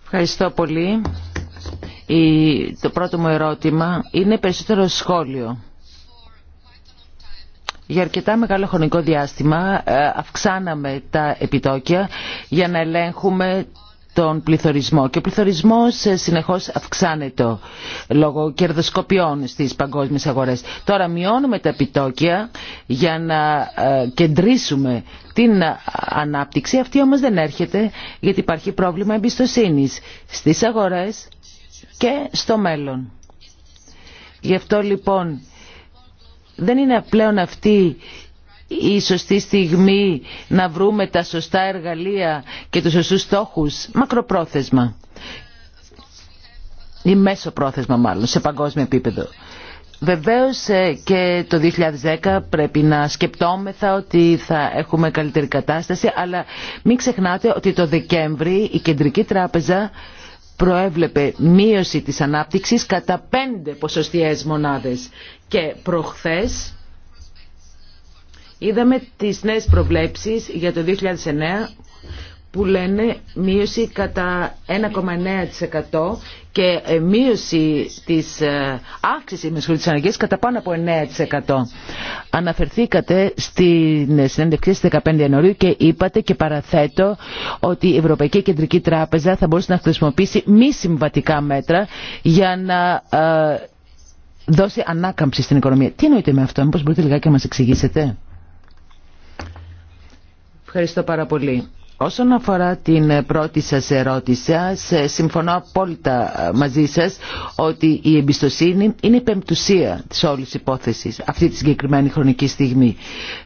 Ευχαριστώ πολύ. Η, το πρώτο μου ερώτημα είναι περισσότερο σχόλιο. Για αρκετά μεγάλο χρονικό διάστημα ε, αυξάναμε τα επιτόκια για να ελέγχουμε τον πληθωρισμό και ο πληθωρισμός ε, συνεχώς αυξάνεται λόγω κερδοσκοπιών στις παγκόσμιες αγορές. Τώρα μειώνουμε τα επιτόκια για να ε, κεντρήσουμε την ανάπτυξη, αυτή όμως δεν έρχεται γιατί υπάρχει πρόβλημα εμπιστοσύνης στις αγορές και στο μέλλον. Γι' αυτό λοιπόν δεν είναι πλέον αυτή η σωστή στιγμή να βρούμε τα σωστά εργαλεία και τους σωστούς στόχους μακροπρόθεσμα ή μέσο πρόθεσμα μάλλον σε παγκόσμιο επίπεδο. Βεβαίως ε, και το 2010 πρέπει να σκεπτόμεθα ότι θα έχουμε καλύτερη κατάσταση αλλά μην ξεχνάτε ότι το Δεκέμβρη η Κεντρική Τράπεζα προέβλεπε μείωση της ανάπτυξης κατά πέντε ποσοστιαίες μονάδες και προχθές Είδαμε τις νέες προβλέψεις για το 2009 που λένε μείωση κατά 1,9% και ε, μείωση της ε, αύξηση με της αναγκαίας κατά πάνω από 9%. Αναφερθήκατε στην συνέντευξή στις 15 Ιανουαρίου και είπατε και παραθέτω ότι η Ευρωπαϊκή Κεντρική Τράπεζα θα μπορούσε να χρησιμοποιήσει μη συμβατικά μέτρα για να ε, δώσει ανάκαμψη στην οικονομία. Τι εννοείτε με αυτό, μήπως μπορείτε λιγάκι να μας εξηγήσετε. Ευχαριστώ πάρα πολύ. Όσον αφορά την πρώτη σας ερώτηση, ε, συμφωνώ απόλυτα ε, μαζί σας ότι η εμπιστοσύνη είναι η πεμπτουσία της όλης υπόθεσης αυτή τη συγκεκριμένη χρονική στιγμή.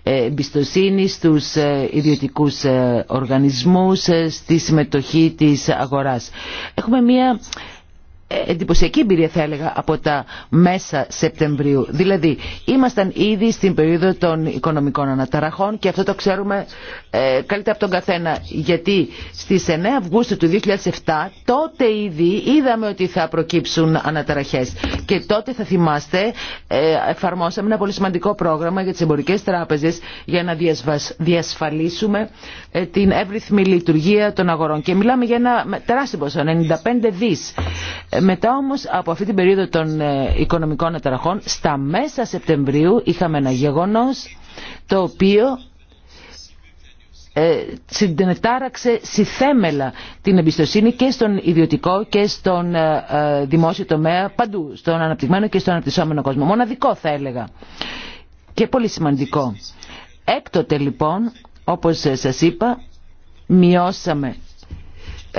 Ε, εμπιστοσύνη στους ιδιωτικούς οργανισμούς, στη συμμετοχή της αγοράς. Έχουμε μία εντυπωσιακή εμπειρία θα έλεγα από τα μέσα Σεπτεμβρίου. Δηλαδή ήμασταν ήδη στην περίοδο των οικονομικών αναταραχών και αυτό το ξέρουμε ε, καλύτερα από τον καθένα γιατί στις 9 Αυγούστου του 2007 τότε ήδη είδαμε ότι θα προκύψουν αναταραχές και τότε θα θυμάστε ε, εφαρμόσαμε ένα πολύ σημαντικό πρόγραμμα για τις εμπορικές τράπεζες για να διασφαλίσουμε ε, την εύρυθμη λειτουργία των αγορών και μιλάμε για ένα τεράστιο ποσό, 95 δις ε, μετά όμως από αυτή την περίοδο των ε, οικονομικών αταραχών, στα μέσα Σεπτεμβρίου είχαμε ένα γεγονός το οποίο ε, συντενετάραξε συθέμελα την εμπιστοσύνη και στον ιδιωτικό και στον ε, δημόσιο τομέα παντού, στον αναπτυγμένο και στον αναπτυσσόμενο κόσμο. Μοναδικό θα έλεγα και πολύ σημαντικό. Έκτοτε λοιπόν, όπως σας είπα, μειώσαμε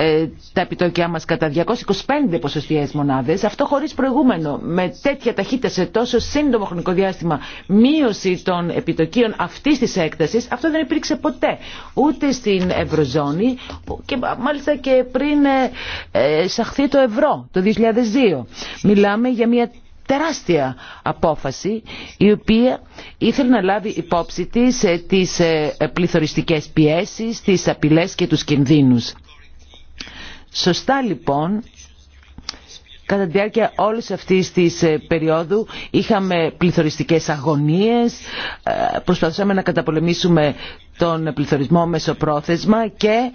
ε, τα επιτόκια μας κατά 225 ποσοστιαίες μονάδες, αυτό χωρίς προηγούμενο, με τέτοια ταχύτητα σε τόσο σύντομο χρονικό διάστημα μείωση των επιτοκίων αυτής της έκτασης, αυτό δεν υπήρξε ποτέ, ούτε στην Ευρωζώνη και μάλιστα και πριν ε, ε, σαχθεί το ευρώ το 2002. Μιλάμε για μια τεράστια απόφαση η οποία ήθελε να λάβει υπόψη της τις πληθωριστικές πιέσεις, τις απειλές και τους κινδύνους. Σωστά λοιπόν Κατά τη διάρκεια όλης αυτής της ε, περίοδου είχαμε πληθωριστικές αγωνίες, ε, προσπαθούσαμε να καταπολεμήσουμε τον πληθωρισμό μεσοπρόθεσμα και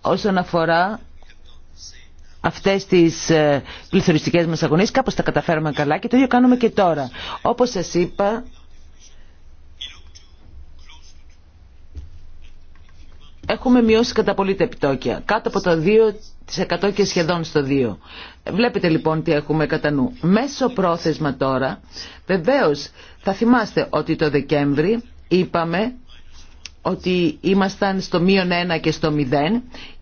όσον αφορά αυτές τις ε, πληθωριστικές μας αγωνίες κάπως τα καταφέραμε καλά και το ίδιο κάνουμε και τώρα. Όπως σας είπα έχουμε μειώσει κατά πολύ τα επιτόκια. Κάτω από το 2% και σχεδόν στο 2%. Βλέπετε λοιπόν τι έχουμε κατά νου. Μέσω πρόθεσμα τώρα, βεβαίω θα θυμάστε ότι το Δεκέμβρη είπαμε ότι ήμασταν στο μείον 1 και στο 0,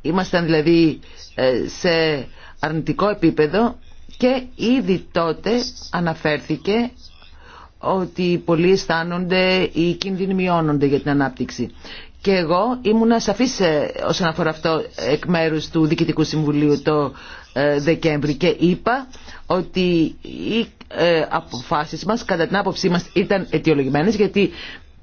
ήμασταν δηλαδή ε, σε αρνητικό επίπεδο και ήδη τότε αναφέρθηκε ότι πολλοί αισθάνονται ή κίνδυνοι μειώνονται για την ανάπτυξη. Και εγώ ήμουνα σαφής ε, όσον αφορά αυτό εκ μέρου του Διοικητικού Συμβουλίου το ε, Δεκέμβρη και είπα ότι οι ε, αποφάσεις μας κατά την άποψή μας ήταν αιτιολογημένες γιατί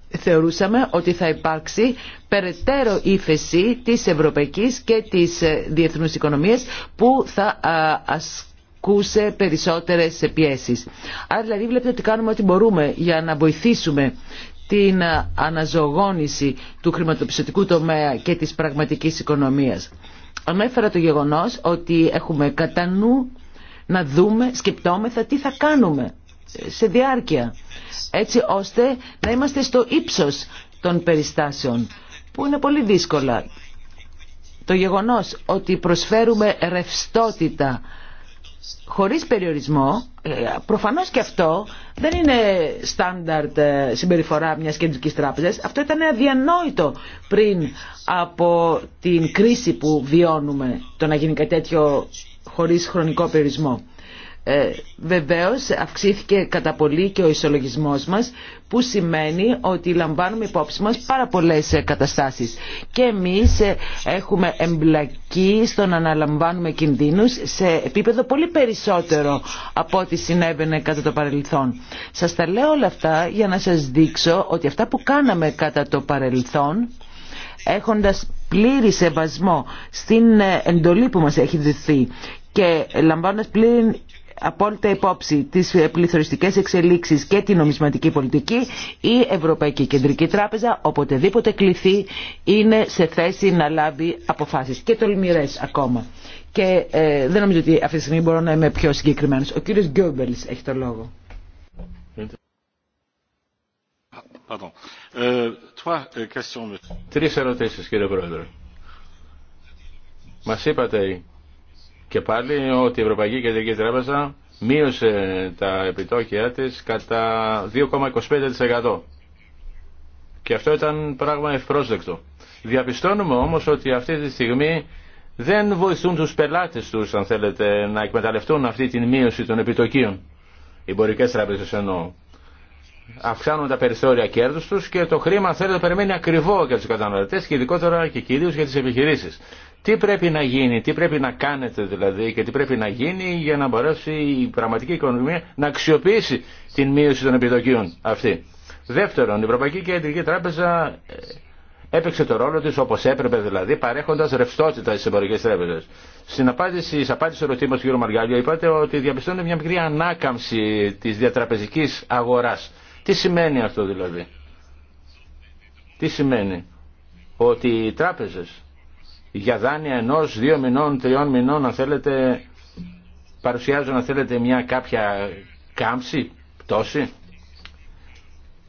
θεωρούσαμε ότι θα υπάρξει περαιτέρω ύφεση της ευρωπαϊκής και της διεθνούς οικονομίας που θα ασκούσε περισσότερες πιέσεις. Άρα δηλαδή βλέπετε ότι κάνουμε ό,τι μπορούμε για να βοηθήσουμε την αναζωογόνηση του χρηματοπιστωτικού τομέα και της πραγματικής οικονομίας. Ανέφερα το γεγονός ότι έχουμε κατά νου να δούμε, σκεπτόμεθα τι θα κάνουμε σε διάρκεια, έτσι ώστε να είμαστε στο ύψος των περιστάσεων, που είναι πολύ δύσκολα. Το γεγονός ότι προσφέρουμε ρευστότητα χωρίς περιορισμό, ε, προφανώς και αυτό δεν είναι στάνταρτ ε, συμπεριφορά μιας κεντρικής τράπεζας. Αυτό ήταν αδιανόητο πριν από την κρίση που βιώνουμε, το να γίνει κάτι τέτοιο χωρίς χρονικό περιορισμό. Ε, βεβαίως αυξήθηκε κατά πολύ και ο ισολογισμός μας που σημαίνει ότι λαμβάνουμε υπόψη μας πάρα πολλές ε, καταστάσεις και εμείς ε, έχουμε εμπλακεί στο να αναλαμβάνουμε κινδύνους σε επίπεδο πολύ περισσότερο από ό,τι συνέβαινε κατά το παρελθόν. Σας τα λέω όλα αυτά για να σας δείξω ότι αυτά που κάναμε κατά το παρελθόν έχοντας πλήρη σεβασμό στην ε, εντολή που μας έχει δοθεί και λαμβάνοντας πλήρη απόλυτα υπόψη τις ε, πληθωριστικές εξελίξεις και την νομισματική πολιτική, η Ευρωπαϊκή Κεντρική Τράπεζα οποτεδήποτε κληθεί είναι σε θέση να λάβει αποφάσεις και τολμηρές ακόμα. Και ε, δεν νομίζω ότι αυτή τη στιγμή μπορώ να είμαι πιο συγκεκριμένο. Ο κύριος Γκιόμπελς έχει το λόγο.
Ε, Τρεις ερωτήσεις κύριε Πρόεδρε. Μας είπατε και πάλι ότι η Ευρωπαϊκή Κεντρική Τράπεζα μείωσε τα επιτόκια της κατά 2,25%. Και αυτό ήταν πράγμα ευπρόσδεκτο. Διαπιστώνουμε όμως ότι αυτή τη στιγμή δεν βοηθούν τους πελάτες τους, αν θέλετε, να εκμεταλλευτούν αυτή την μείωση των επιτοκίων. Οι εμπορικές τράπεζε εννοώ. Αυξάνουν τα περιθώρια κέρδους τους και το χρήμα, θέλει θέλετε, περιμένει ακριβό για τους καταναλωτές και ειδικότερα και κυρίως για τις επιχειρήσεις. Τι πρέπει να γίνει, τι πρέπει να κάνετε δηλαδή και τι πρέπει να γίνει για να μπορέσει η πραγματική οικονομία να αξιοποιήσει την μείωση των επιδοκίων αυτή. Δεύτερον, η Ευρωπαϊκή Κεντρική Τράπεζα ε, έπαιξε το ρόλο της όπως έπρεπε δηλαδή παρέχοντας ρευστότητα στις εμπορικές τράπεζες. Στην απάντηση, σε απάντηση του κ. Μαργάλιο είπατε ότι διαπιστώνεται μια μικρή ανάκαμψη της διατραπεζικής αγοράς. Τι σημαίνει αυτό δηλαδή. Τι σημαίνει ότι οι τράπεζες για δάνεια ενός, δύο μηνών, τριών μηνών, αν θέλετε, παρουσιάζουν, να θέλετε, μια κάποια κάμψη, πτώση.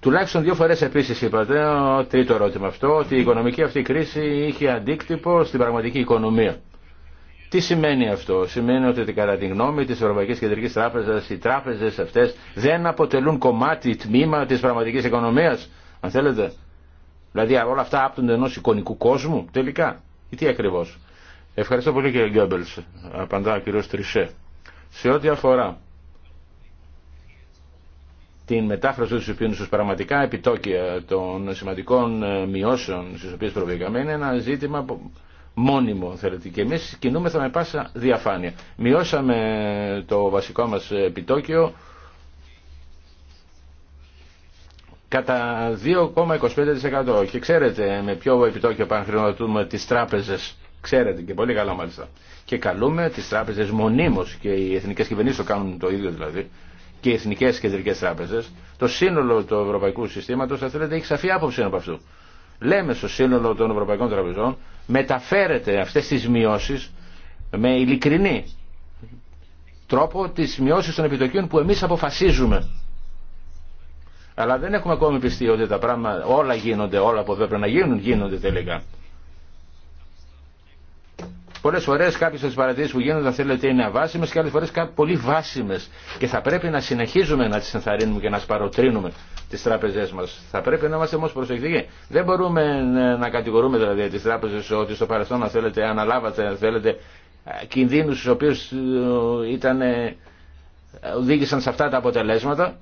Τουλάχιστον δύο φορές επίσης είπατε, τρίτο ερώτημα αυτό, ότι η οικονομική αυτή κρίση είχε αντίκτυπο στην πραγματική οικονομία. Τι σημαίνει αυτό. Σημαίνει ότι κατά τη γνώμη της Ευρωπαϊκής Κεντρικής Τράπεζας οι τράπεζες αυτές δεν αποτελούν κομμάτι, τμήμα της πραγματικής οικονομίας, αν θέλετε. Δηλαδή όλα αυτά άπτονται ενός εικονικού κόσμου τελικά. Ή τι ακριβώς. Ευχαριστώ πολύ κύριε Γκέμπελ. απαντά ο κύριο Τρισέ. Σε ό,τι αφορά την μετάφραση του οποίου στους πραγματικά επιτόκια των σημαντικών ε, μειώσεων στις οποίες προβήκαμε είναι ένα ζήτημα μόνιμο θέλετε και εμείς κινούμεθα με πάσα διαφάνεια. Μειώσαμε το βασικό μας επιτόκιο κατά 2,25%. Και ξέρετε με ποιο επιτόκιο χρηματοδοτούμε τις τράπεζες. Ξέρετε και πολύ καλά μάλιστα. Και καλούμε τις τράπεζες μονίμως και οι εθνικές κυβερνήσεις το κάνουν το ίδιο δηλαδή και οι εθνικές κεντρικές τράπεζες. Το σύνολο του ευρωπαϊκού συστήματος θα θέλετε έχει σαφή άποψη από αυτού. Λέμε στο σύνολο των ευρωπαϊκών τραπεζών μεταφέρετε αυτές τις μειώσεις με ειλικρινή τρόπο τις μειώσεις των επιτοκίων που εμείς αποφασίζουμε αλλά δεν έχουμε ακόμη πιστεί ότι τα πράγματα όλα γίνονται, όλα που έπρεπε να γίνουν, γίνονται τελικά. Πολλέ φορέ κάποιε από τι παρατηρήσει που γίνονται, θέλετε, είναι αβάσιμε και άλλε φορέ πολύ βάσιμε. Και θα πρέπει να συνεχίζουμε να τι ενθαρρύνουμε και να σπαροτρύνουμε τι τράπεζέ μα. Θα πρέπει να είμαστε όμω προσεκτικοί. Δεν μπορούμε ε, να κατηγορούμε δηλαδή τι τράπεζε ότι στο παρελθόν, θέλετε, αναλάβατε, αν θέλετε, ε, κινδύνου του οποίου ε, ήταν οδήγησαν σε αυτά τα αποτελέσματα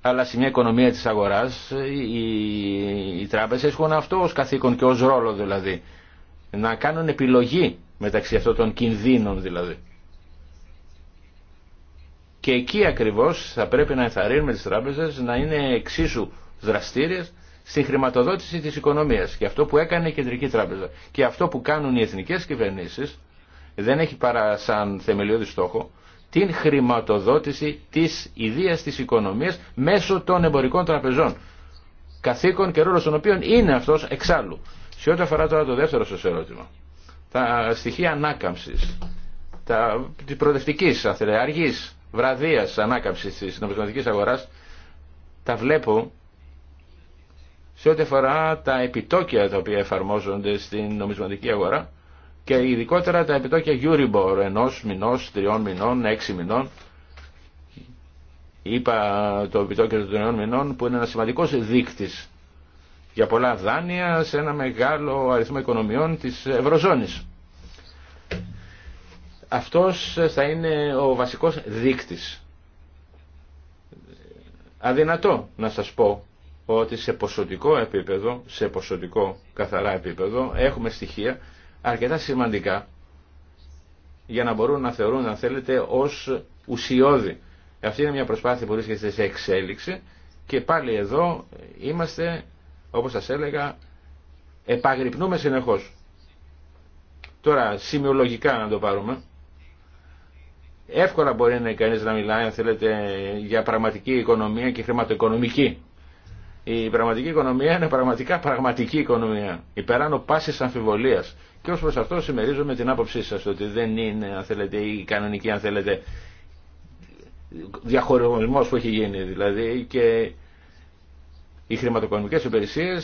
αλλά σε μια οικονομία της αγοράς οι, οι τράπεζες έχουν αυτό ως καθήκον και ως ρόλο δηλαδή. Να κάνουν επιλογή μεταξύ αυτών των κινδύνων δηλαδή. Και εκεί ακριβώς θα πρέπει να ενθαρρύνουμε τις τράπεζες να είναι εξίσου δραστήριες στη χρηματοδότηση της οικονομίας. Και αυτό που έκανε η Κεντρική Τράπεζα και αυτό που κάνουν οι εθνικές κυβερνήσεις δεν έχει παρά σαν θεμελιώδη στόχο την χρηματοδότηση της ιδίας της οικονομίας μέσω των εμπορικών τραπεζών. Καθήκον και ρόλος των οποίων είναι αυτός εξάλλου. Σε ό,τι αφορά τώρα το δεύτερο σας ερώτημα, τα στοιχεία ανάκαμψης, τα, της προοδευτικής, βραδεία αργής, βραδίας ανάκαμψης της νομισματικής αγοράς, τα βλέπω σε ό,τι αφορά τα επιτόκια τα οποία εφαρμόζονται στην νομισματική αγορά και ειδικότερα τα επιτόκια Euribor ενός μηνός, τριών μηνών, έξι μηνών είπα το επιτόκιο των τριών μηνών που είναι ένα σημαντικό δείκτης για πολλά δάνεια σε ένα μεγάλο αριθμό οικονομιών της Ευρωζώνης. Αυτός θα είναι ο βασικός δείκτης. Αδυνατό να σας πω ότι σε ποσοτικό επίπεδο, σε ποσοτικό καθαρά επίπεδο, έχουμε στοιχεία αρκετά σημαντικά για να μπορούν να θεωρούν, αν θέλετε, ως ουσιώδη. Αυτή είναι μια προσπάθεια που βρίσκεται σε εξέλιξη και πάλι εδώ είμαστε, όπως σας έλεγα, επαγρυπνούμε συνεχώς. Τώρα, σημειολογικά να το πάρουμε. Εύκολα μπορεί να είναι κανείς να μιλάει, αν θέλετε, για πραγματική οικονομία και χρηματοοικονομική η πραγματική οικονομία είναι πραγματικά πραγματική οικονομία. Υπεράνω πάση αμφιβολία. Και ω προ αυτό συμμερίζομαι την άποψή σα ότι δεν είναι, αν θέλετε, η κανονική, αν θέλετε, διαχωρισμό που έχει γίνει. Δηλαδή και οι χρηματοοικονομικέ υπηρεσίε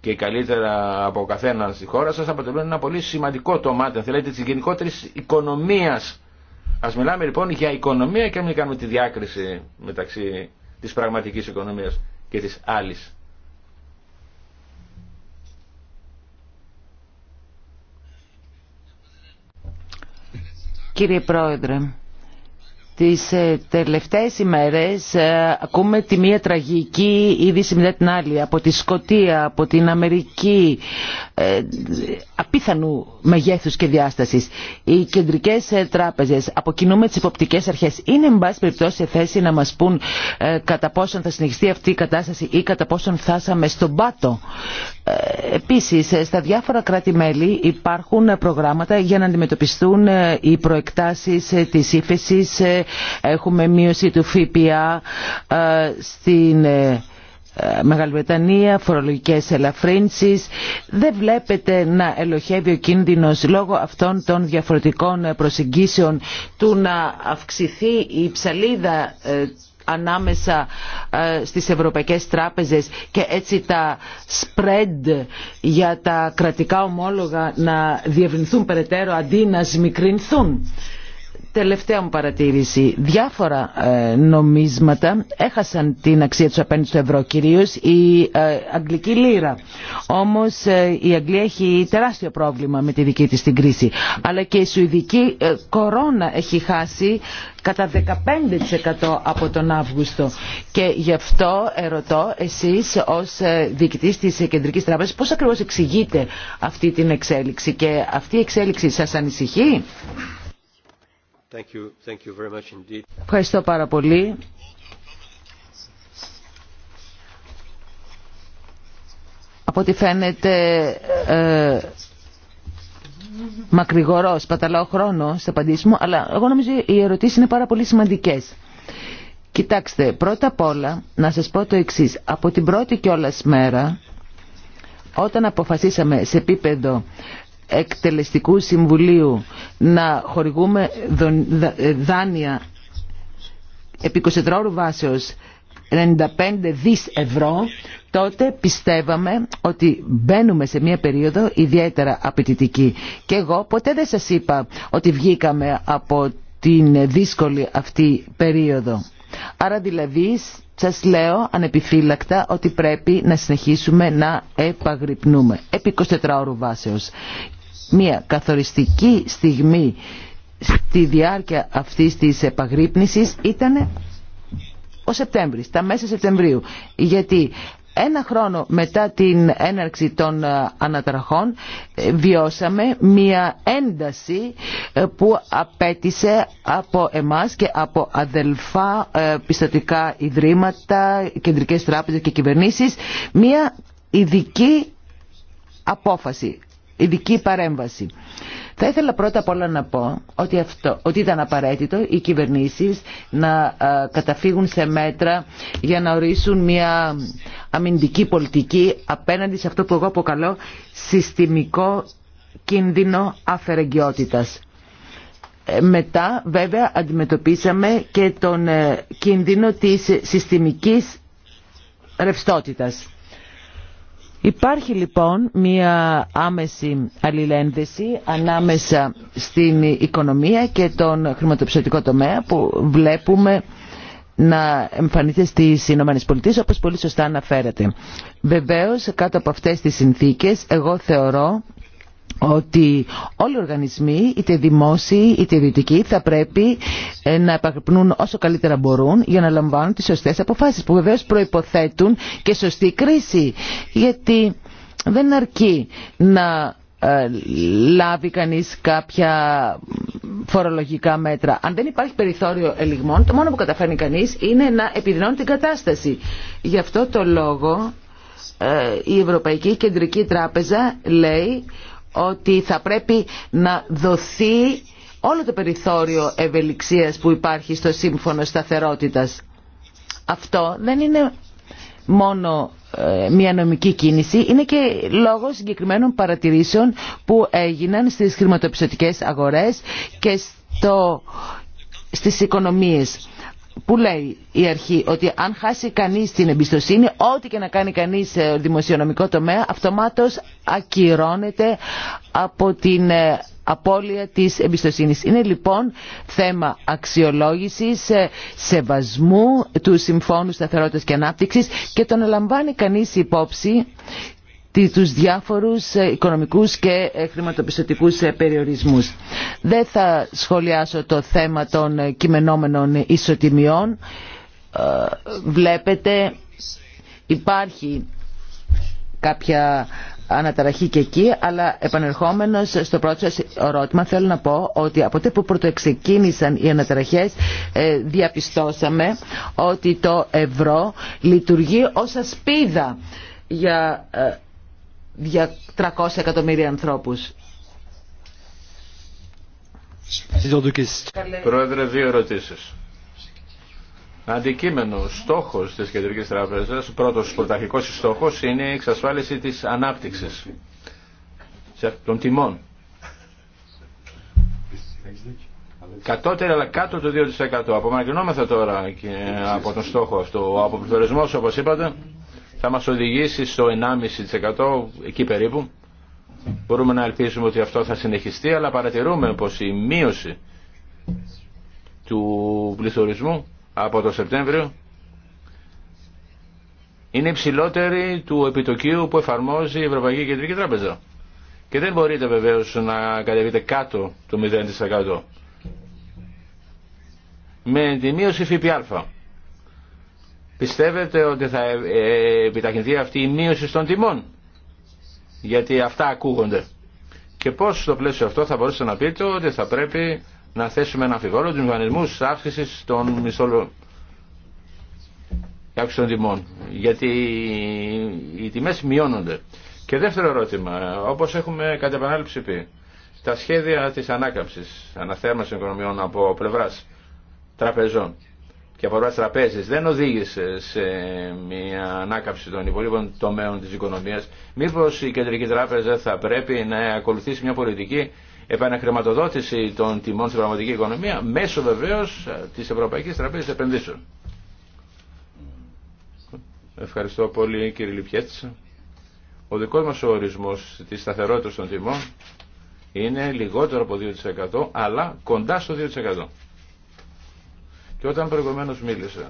και οι καλύτερα από καθέναν στη χώρα σα αποτελούν ένα πολύ σημαντικό τομάτι, αν θέλετε, τη γενικότερη οικονομία. Α μιλάμε λοιπόν για οικονομία και μην κάνουμε τη διάκριση μεταξύ τη πραγματική οικονομία.
Κύριε Πρόεδρε, τις ε, τελευταίες ημέρες ε, ακούμε τη μία τραγική είδηση μετά την άλλη από τη Σκοτία, από την Αμερική, ε, απίθανου μεγέθους και διάστασης. Οι κεντρικές ε, τράπεζες με τις υποπτικές αρχές. Είναι εν πάση περιπτώσει θέση να μας πούν ε, κατά πόσον θα συνεχιστεί αυτή η κατάσταση ή κατά πόσον φτάσαμε στον πάτο. Επίσης, στα διάφορα κράτη-μέλη υπάρχουν προγράμματα για να αντιμετωπιστούν οι προεκτάσεις της ύφεσης. Έχουμε μείωση του ΦΠΑ στην Βρετανία, φορολογικές ελαφρύνσεις. Δεν βλέπετε να ελοχεύει ο κίνδυνος λόγω αυτών των διαφορετικών ε, προσεγγίσεων του να αυξηθεί η ψαλίδα ε, ανάμεσα ε, στις ευρωπαϊκές τράπεζες και έτσι τα spread για τα κρατικά ομόλογα να διευρυνθούν περαιτέρω αντί να σμικρυνθούν. Τελευταία μου παρατήρηση. Διάφορα ε, νομίσματα έχασαν την αξία τους απέναντι στο ευρώ, κυρίω, η ε, αγγλική λίρα. Όμως ε, η Αγγλία έχει τεράστιο πρόβλημα με τη δική της την κρίση. Αλλά και η Σουηδική κορώνα έχει χάσει κατά 15% από τον Αύγουστο. Και γι' αυτό ερωτώ εσείς ως διοικητής της Κεντρική Τράπεζας πώς ακριβώς εξηγείτε αυτή την εξέλιξη και αυτή η εξέλιξη σα ανησυχεί. Ευχαριστώ πάρα πολύ. Από ό,τι φαίνεται ε, μακρηγορώ, σπαταλάω χρόνο στα απαντήσιμο, μου, αλλά εγώ νομίζω οι ερωτήσεις είναι πάρα πολύ σημαντικές. Κοιτάξτε, πρώτα απ' όλα να σας πω το εξής. Από την πρώτη κιόλας μέρα, όταν αποφασίσαμε σε επίπεδο εκτελεστικού συμβουλίου να χορηγούμε ε, δάνεια επί 24 ώρου βάσεως 95 δις ευρώ, τότε πιστεύαμε ότι μπαίνουμε σε μια περίοδο ιδιαίτερα απαιτητική. Και εγώ ποτέ δεν σας είπα ότι βγήκαμε από την δύσκολη αυτή περίοδο. Άρα δηλαδή σας λέω ανεπιφύλακτα ότι πρέπει να συνεχίσουμε να επαγρυπνούμε επί 24 ώρου βάσεως μια καθοριστική στιγμή στη διάρκεια αυτής της επαγρύπνησης ήταν ο Σεπτέμβρης, τα μέσα Σεπτεμβρίου. Γιατί ένα χρόνο μετά την έναρξη των ε, ανατραχών ε, βιώσαμε μια ένταση ε, που απέτησε από εμάς και από αδελφά πιστωτικά ιδρύματα, κεντρικές τράπεζες και κυβερνήσεις μια ειδική απόφαση ειδική παρέμβαση. Θα ήθελα πρώτα απ' όλα να πω ότι, αυτό, ότι ήταν απαραίτητο οι κυβερνήσεις να ε, καταφύγουν σε μέτρα για να ορίσουν μια αμυντική πολιτική απέναντι σε αυτό που εγώ αποκαλώ συστημικό κίνδυνο αφαιρεγγιότητας. Ε, μετά βέβαια αντιμετωπίσαμε και τον ε, κίνδυνο της συστημικής ρευστότητας. Υπάρχει λοιπόν μία άμεση αλληλένδεση ανάμεσα στην οικονομία και τον χρηματοπιστωτικό τομέα που βλέπουμε να εμφανίζεται στις Ηνωμένες Πολιτείες όπως πολύ σωστά αναφέρατε. Βεβαίως κάτω από αυτές τις συνθήκες εγώ θεωρώ ότι όλοι οι οργανισμοί, είτε δημόσιοι είτε ιδιωτικοί, θα πρέπει ε, να επαγρυπνούν όσο καλύτερα μπορούν για να λαμβάνουν τις σωστές αποφάσεις, που βεβαίως προϋποθέτουν και σωστή κρίση. Γιατί δεν αρκεί να ε, λάβει κανείς κάποια φορολογικά μέτρα. Αν δεν υπάρχει περιθώριο ελιγμών, το μόνο που καταφέρνει κανείς είναι να επιδεινώνει την κατάσταση. Γι' αυτό το λόγο ε, η Ευρωπαϊκή Κεντρική Τράπεζα λέει ότι θα πρέπει να δοθεί όλο το περιθώριο ευελιξίας που υπάρχει στο σύμφωνο σταθερότητας. Αυτό δεν είναι μόνο ε, μια νομική κίνηση είναι και λόγω συγκεκριμένων παρατηρήσεων που έγιναν στις χρηματοπιστωτικές αγορές και στο, στις οικονομίες που λέει η αρχή ότι αν χάσει κανείς την εμπιστοσύνη, ό,τι και να κάνει κανείς σε δημοσιονομικό τομέα, αυτομάτως ακυρώνεται από την ε, απώλεια της εμπιστοσύνης. Είναι λοιπόν θέμα αξιολόγησης, ε, σεβασμού του Συμφώνου Σταθερότητας και Ανάπτυξης και τον λαμβάνει κανείς υπόψη τους διάφορους ε, οικονομικούς και ε, χρηματοπιστωτικούς ε, περιορισμούς. Δεν θα σχολιάσω το θέμα των κειμενόμενων ισοτιμιών. Βλέπετε υπάρχει κάποια αναταραχή και εκεί, αλλά επανερχόμενος στο πρώτο σας ερώτημα θέλω να πω ότι από τότε που πρωτοεξεκίνησαν οι αναταραχές διαπιστώσαμε ότι το ευρώ λειτουργεί ως ασπίδα για για 300 εκατομμύρια ανθρώπους.
Πρόεδρε, δύο ερωτήσεις. Αντικείμενο, στόχος της Κεντρικής Τράπεζας, πρώτος πρωταρχικός στόχος είναι η εξασφάλιση της ανάπτυξης των τιμών. Κατώτερα αλλά κάτω του 2%. Απομακρυνόμεθα τώρα και από τον στόχο αυτό. Ο αποπληθωρισμός όπως είπατε θα μας οδηγήσει στο 1,5% εκεί περίπου. Μπορούμε να ελπίσουμε ότι αυτό θα συνεχιστεί, αλλά παρατηρούμε πως η μείωση του πληθωρισμού από το Σεπτέμβριο είναι υψηλότερη του επιτοκίου που εφαρμόζει η Ευρωπαϊκή Κεντρική Τράπεζα. Και δεν μπορείτε βεβαίως να κατεβείτε κάτω του 0%. Με τη μείωση ΦΠΑ Πιστεύετε ότι θα ε, ε, επιταχυνθεί αυτή η μείωση των τιμών. Γιατί αυτά ακούγονται. Και πώς στο πλαίσιο αυτό θα μπορούσατε να πείτε ότι θα πρέπει να θέσουμε ένα αμφιβόλο του μηχανισμού αύξηση των μισθών των τιμών. Γιατί οι τιμές μειώνονται. Και δεύτερο ερώτημα, όπως έχουμε κατά επανάληψη πει, τα σχέδια της ανάκαμψης, αναθέρμανσης οικονομιών από πλευράς τραπεζών και αφορά τι τραπέζε δεν οδήγησε σε μια ανάκαψη των υπολείπων τομέων τη οικονομία, μήπω η Κεντρική Τράπεζα θα πρέπει να ακολουθήσει μια πολιτική επαναχρηματοδότηση των τιμών στην πραγματική οικονομία μέσω βεβαίω τη Ευρωπαϊκή Τραπέζη Επενδύσεων. Ευχαριστώ πολύ κύριε Λιπιέτσα. Ο δικό μας ορισμός της σταθερότητας των τιμών είναι λιγότερο από 2% αλλά κοντά στο 2%. Και όταν προηγουμένως μίλησα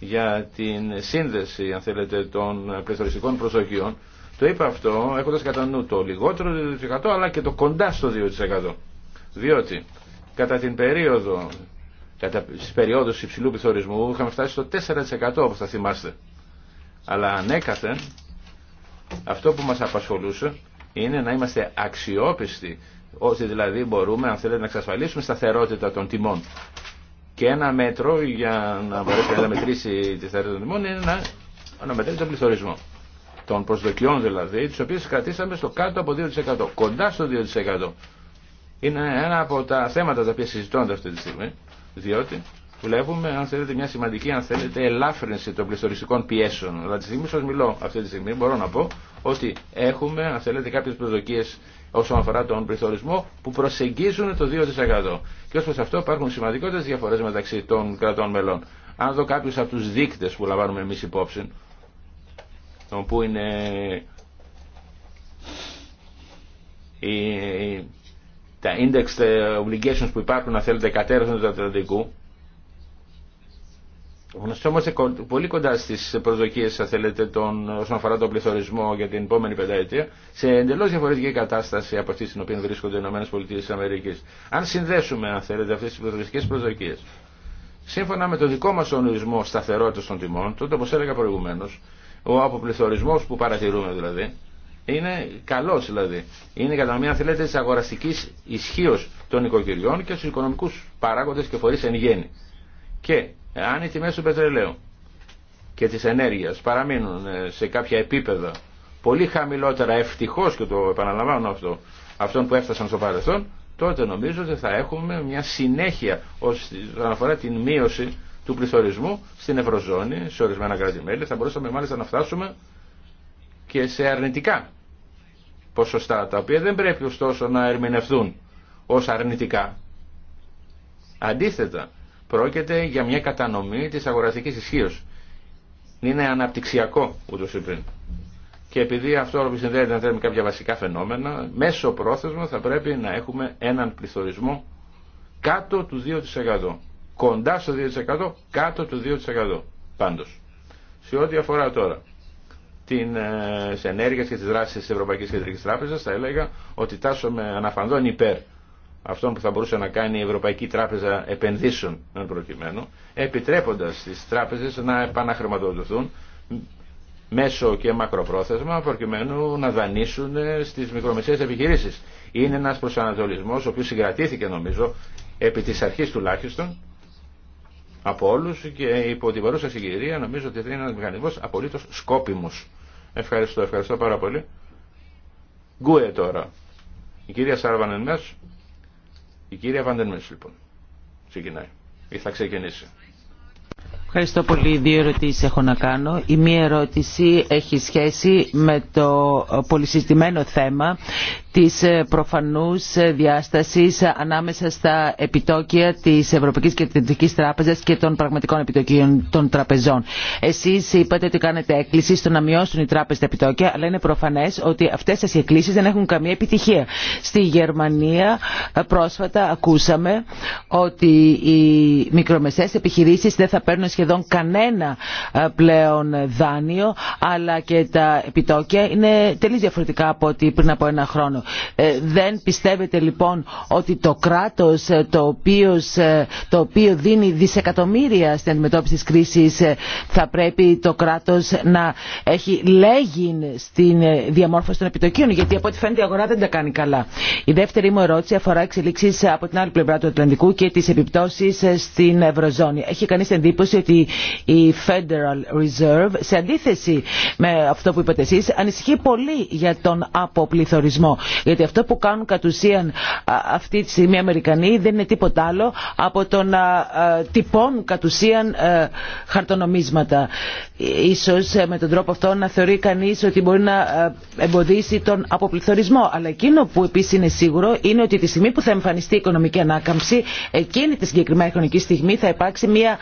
για την σύνδεση, αν θέλετε, των πληθωριστικών προσοχιών, το είπα αυτό έχοντας κατά νου το λιγότερο 2% αλλά και το κοντά στο 2%. Διότι κατά την περίοδο, κατά τις περιόδους υψηλού πληθωρισμού είχαμε φτάσει στο 4% όπως θα θυμάστε. Αλλά ανέκαθεν αυτό που μας απασχολούσε είναι να είμαστε αξιόπιστοι ότι δηλαδή μπορούμε αν θέλετε να εξασφαλίσουμε σταθερότητα των τιμών. Και ένα μέτρο για να μπορέσει να μετρήσει τη θέση των τιμών είναι να αναμετρήσει τον πληθωρισμό. Των προσδοκιών δηλαδή, τι οποίε κρατήσαμε στο κάτω από 2%. Κοντά στο 2%. Είναι ένα από τα θέματα τα οποία συζητώνται αυτή τη στιγμή. Διότι βλέπουμε, αν θέλετε, μια σημαντική αν θέλετε, ελάφρυνση των πληθωριστικών πιέσεων. Αλλά τη στιγμή σα μιλώ αυτή τη στιγμή, μπορώ να πω ότι έχουμε, αν θέλετε, κάποιε προσδοκίε όσον αφορά τον πληθωρισμό που προσεγγίζουν το 2%. Και ω προ αυτό υπάρχουν σημαντικότερε διαφορέ μεταξύ των κρατών μελών. Αν δω κάποιου από του δείκτε που λαμβάνουμε εμεί υπόψη, όπου είναι τα index obligations που υπάρχουν, αν θέλετε, κατέρευσαν του Ατλαντικού, γνωστόμαστε πολύ κοντά στις προσδοκίες, αν θέλετε, τον, όσον αφορά τον πληθωρισμό για την επόμενη πενταετία, σε εντελώς διαφορετική κατάσταση από αυτή στην οποία βρίσκονται οι ΗΠΑ. Αν συνδέσουμε, αν θέλετε, αυτές τις πληθωριστικές προσδοκίες, σύμφωνα με το δικό μας ονειρισμό σταθερότητας των τιμών, τότε όπως έλεγα προηγουμένως, ο αποπληθωρισμός που παρατηρούμε δηλαδή, είναι καλός δηλαδή. Είναι κατά μία, αν θέλετε, της αγοραστικής ισχύω των οικογενειών και στους οικονομικούς παράγοντες και φορεί εν γέννη. Και αν οι τιμές του πετρελαίου και τη ενέργεια παραμείνουν ε, σε κάποια επίπεδα πολύ χαμηλότερα ευτυχώ και το επαναλαμβάνω αυτό αυτών που έφτασαν στο παρελθόν τότε νομίζω ότι θα έχουμε μια συνέχεια όσον αφορά την μείωση του πληθωρισμού στην Ευρωζώνη, σε ορισμένα κράτη-μέλη, θα μπορούσαμε μάλιστα να φτάσουμε και σε αρνητικά ποσοστά, τα οποία δεν πρέπει ωστόσο να ερμηνευτούν ως αρνητικά. Αντίθετα, Πρόκειται για μια κατανομή της αγοραστικής ισχύω. Είναι αναπτυξιακό ούτω ή πριν. Και επειδή αυτό όλο συνδέεται με κάποια βασικά φαινόμενα, μέσω πρόθεσμα θα πρέπει να έχουμε έναν πληθωρισμό κάτω του 2%. Κοντά στο 2%, κάτω του 2% πάντω. Σε ό,τι αφορά τώρα την ε, ενέργειε και τι δράσει τη Ευρωπαϊκή Κεντρικής Τράπεζα θα έλεγα ότι τάσσομαι αναφανδόν υπέρ αυτών που θα μπορούσε να κάνει η Ευρωπαϊκή Τράπεζα Επενδύσεων εν προκειμένου, επιτρέποντας στις τράπεζες να επαναχρηματοδοτηθούν μέσω και μακροπρόθεσμα προκειμένου να δανείσουν στις μικρομεσαίες επιχειρήσεις. Είναι ένας προσανατολισμός ο οποίος συγκρατήθηκε νομίζω επί της αρχής τουλάχιστον από όλους και υπό την παρούσα συγκυρία νομίζω ότι είναι ένας μηχανισμός απολύτως σκόπιμος. Ευχαριστώ, ευχαριστώ πάρα πολύ. Γκουε τώρα. Η κυρία Σάρβανεν Μέσου. Η κυρία Βαντερμίς λοιπόν ξεκινάει ή θα ξεκινήσει.
Ευχαριστώ πολύ. Δύο ερωτήσεις έχω να κάνω. Η μία ερώτηση έχει σχέση με το πολυσυστημένο θέμα της ε, προφανούς ε, διάστασης ε, ανάμεσα στα επιτόκια της Ευρωπαϊκής Κεντρικής Τράπεζας και των πραγματικών επιτοκίων των τραπεζών. Εσείς είπατε ότι κάνετε έκκληση στο να μειώσουν οι τράπεζες τα επιτόκια, αλλά είναι προφανές ότι αυτές οι εκκλήσεις δεν έχουν καμία επιτυχία. Στη Γερμανία πρόσφατα ακούσαμε ότι οι μικρομεσαίες επιχειρήσεις δεν θα παίρνουν σχεδόν κανένα ε, πλέον δάνειο αλλά και τα επιτόκια είναι τελείως διαφορετικά από ό,τι πριν από ένα χρόνο. Ε, δεν πιστεύετε λοιπόν ότι το κράτος ε, το οποίο, το οποίο δίνει δισεκατομμύρια στην αντιμετώπιση της κρίσης θα πρέπει το κράτος να έχει λέγει στην διαμόρφωση των επιτοκίων γιατί από ό,τι φαίνεται η αγορά δεν τα κάνει καλά. Η δεύτερη μου ερώτηση αφορά εξελίξεις από την άλλη πλευρά του Ατλαντικού και τις επιπτώσεις στην Ευρωζώνη. Έχει κανείς εντύπωση ότι αυτή η Federal Reserve, σε αντίθεση με αυτό που είπατε εσείς, ανησυχεί πολύ για τον αποπληθωρισμό. Γιατί αυτό που κάνουν κατ' ουσίαν αυτή τη στιγμή οι Αμερικανοί δεν είναι τίποτα άλλο από το να τυπώνουν κατ' ουσίαν χαρτονομίσματα. Ίσως ε, με τον τρόπο αυτό να θεωρεί κανείς ότι μπορεί να εμποδίσει τον αποπληθωρισμό. Αλλά εκείνο που επίσης είναι σίγουρο είναι ότι τη στιγμή που θα εμφανιστεί η οικονομική ανάκαμψη, εκείνη τη συγκεκριμένη χρονική στιγμή θα υπάρξει μια,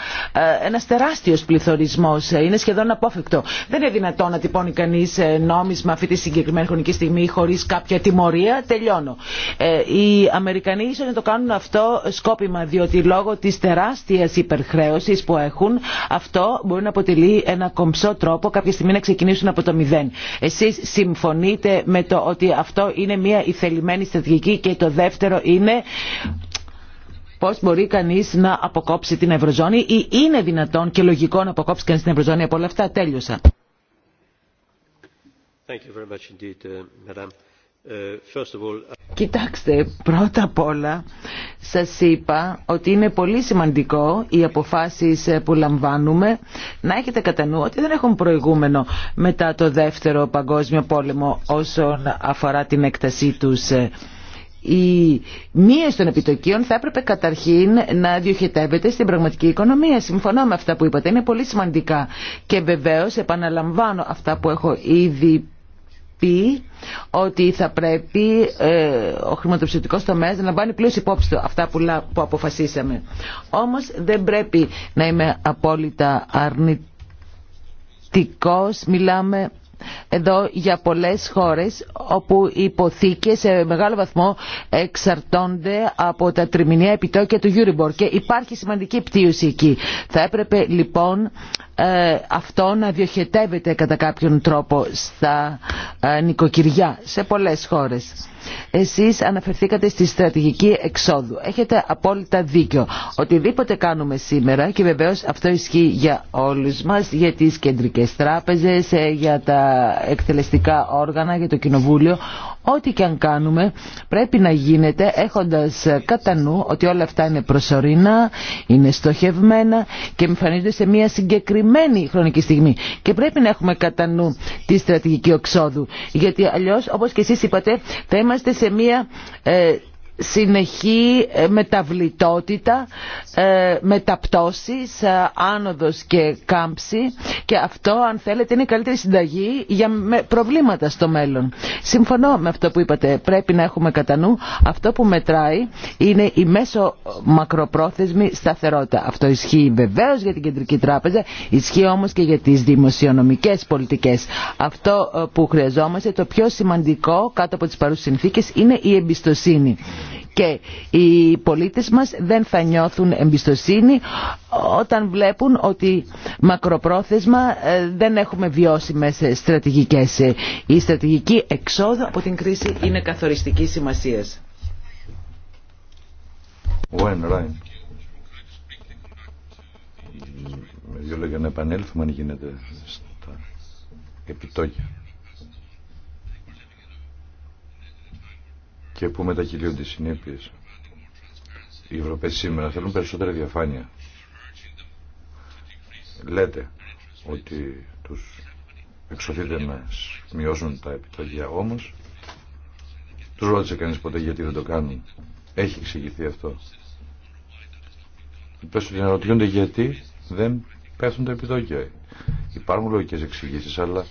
ένας τεράστιος πληθωρισμός, ε, είναι σχεδόν απόφευκτο. Δεν είναι δυνατόν να τυπώνει κανείς ε, νόμισμα αυτή τη συγκεκριμένη χρονική στιγμή χωρίς κάποια τιμωρία. Τελειώνω. Ε, οι Αμερικανοί ίσως να το κάνουν αυτό σκόπιμα, διότι λόγω της τεράστιας υπερχρέωσης που έχουν, αυτό μπορεί να αποτελεί ένα κομψό τρόπο κάποια στιγμή να ξεκινήσουν από το μηδέν. Εσείς συμφωνείτε με το ότι αυτό είναι μια ηθελημένη στρατηγική και το δεύτερο είναι πώς μπορεί κανείς να αποκόψει την Ευρωζώνη ή είναι δυνατόν και λογικό να αποκόψει κανείς την Ευρωζώνη από όλα αυτά. Τέλειωσα.
Κοιτάξτε,
πρώτα απ' όλα σας είπα ότι είναι πολύ σημαντικό οι αποφάσεις ε, που λαμβάνουμε να έχετε κατά νου ότι δεν έχουν προηγούμενο μετά το δεύτερο παγκόσμιο πόλεμο όσον αφορά την έκτασή τους ε η μείωση των επιτοκίων θα έπρεπε καταρχήν να διοχετεύεται στην πραγματική οικονομία. Συμφωνώ με αυτά που είπατε, είναι πολύ σημαντικά. Και βεβαίως επαναλαμβάνω αυτά που έχω ήδη πει ότι θα πρέπει ε, ο χρηματοπιστωτικός τομέας να λαμβάνει πλήρως υπόψη του αυτά που, αποφασίσαμε. Όμως δεν πρέπει να είμαι απόλυτα αρνητικός. Μιλάμε εδώ για πολλές χώρες όπου οι υποθήκες σε μεγάλο βαθμό εξαρτώνται από τα τριμηνία επιτόκια του Euribor και υπάρχει σημαντική πτήωση εκεί. Θα έπρεπε λοιπόν ε, αυτό να διοχετεύεται κατά κάποιον τρόπο στα ε, νοικοκυριά σε πολλές χώρες. Εσείς αναφερθήκατε στη στρατηγική εξόδου. Έχετε απόλυτα δίκιο. Οτιδήποτε κάνουμε σήμερα και βεβαίως αυτό ισχύει για όλους μας, για τις κεντρικές τράπεζες, ε, για τα εκτελεστικά όργανα, για το κοινοβούλιο. Ό,τι και αν κάνουμε πρέπει να γίνεται έχοντας κατά νου ότι όλα αυτά είναι προσωρινά, είναι στοχευμένα και εμφανίζονται σε μια συγκεκριμένη χρονική στιγμή. Και πρέπει να έχουμε κατά νου τη στρατηγική οξόδου. Γιατί αλλιώς, όπως και εσείς είπατε, θα είμαστε σε μια ε, συνεχή ε, μεταβλητότητα, ε, μεταπτώσεις, ε, άνοδος και κάμψη και αυτό αν θέλετε είναι η καλύτερη συνταγή για προβλήματα στο μέλλον. Συμφωνώ με αυτό που είπατε, πρέπει να έχουμε κατά νου. Αυτό που μετράει είναι η μέσο μακροπρόθεσμη σταθερότητα. Αυτό ισχύει βεβαίω για την Κεντρική Τράπεζα, ισχύει όμως και για τις δημοσιονομικές πολιτικές. Αυτό που χρειαζόμαστε, το πιο σημαντικό κάτω από τις παρούσες συνθήκες, είναι η εμπιστοσύνη και οι πολίτες μας δεν θα νιώθουν εμπιστοσύνη όταν βλέπουν ότι μακροπρόθεσμα ε, δεν έχουμε βιώσιμες στρατηγικές. Η στρατηγική εξόδου από την κρίση είναι καθοριστική σημασίας.
να και που μετακυλίονται οι συνέπειες. Οι Ευρωπαίοι σήμερα θέλουν περισσότερη διαφάνεια. Λέτε ότι τους εξωθείτε να μειώσουν τα επιτόκια, όμως τους ρώτησε κανείς ποτέ γιατί δεν το κάνουν. Έχει εξηγηθεί αυτό. Πες ότι αναρωτιούνται γιατί δεν πέφτουν τα επιτόκια. Υπάρχουν λογικές εξηγήσεις αλλά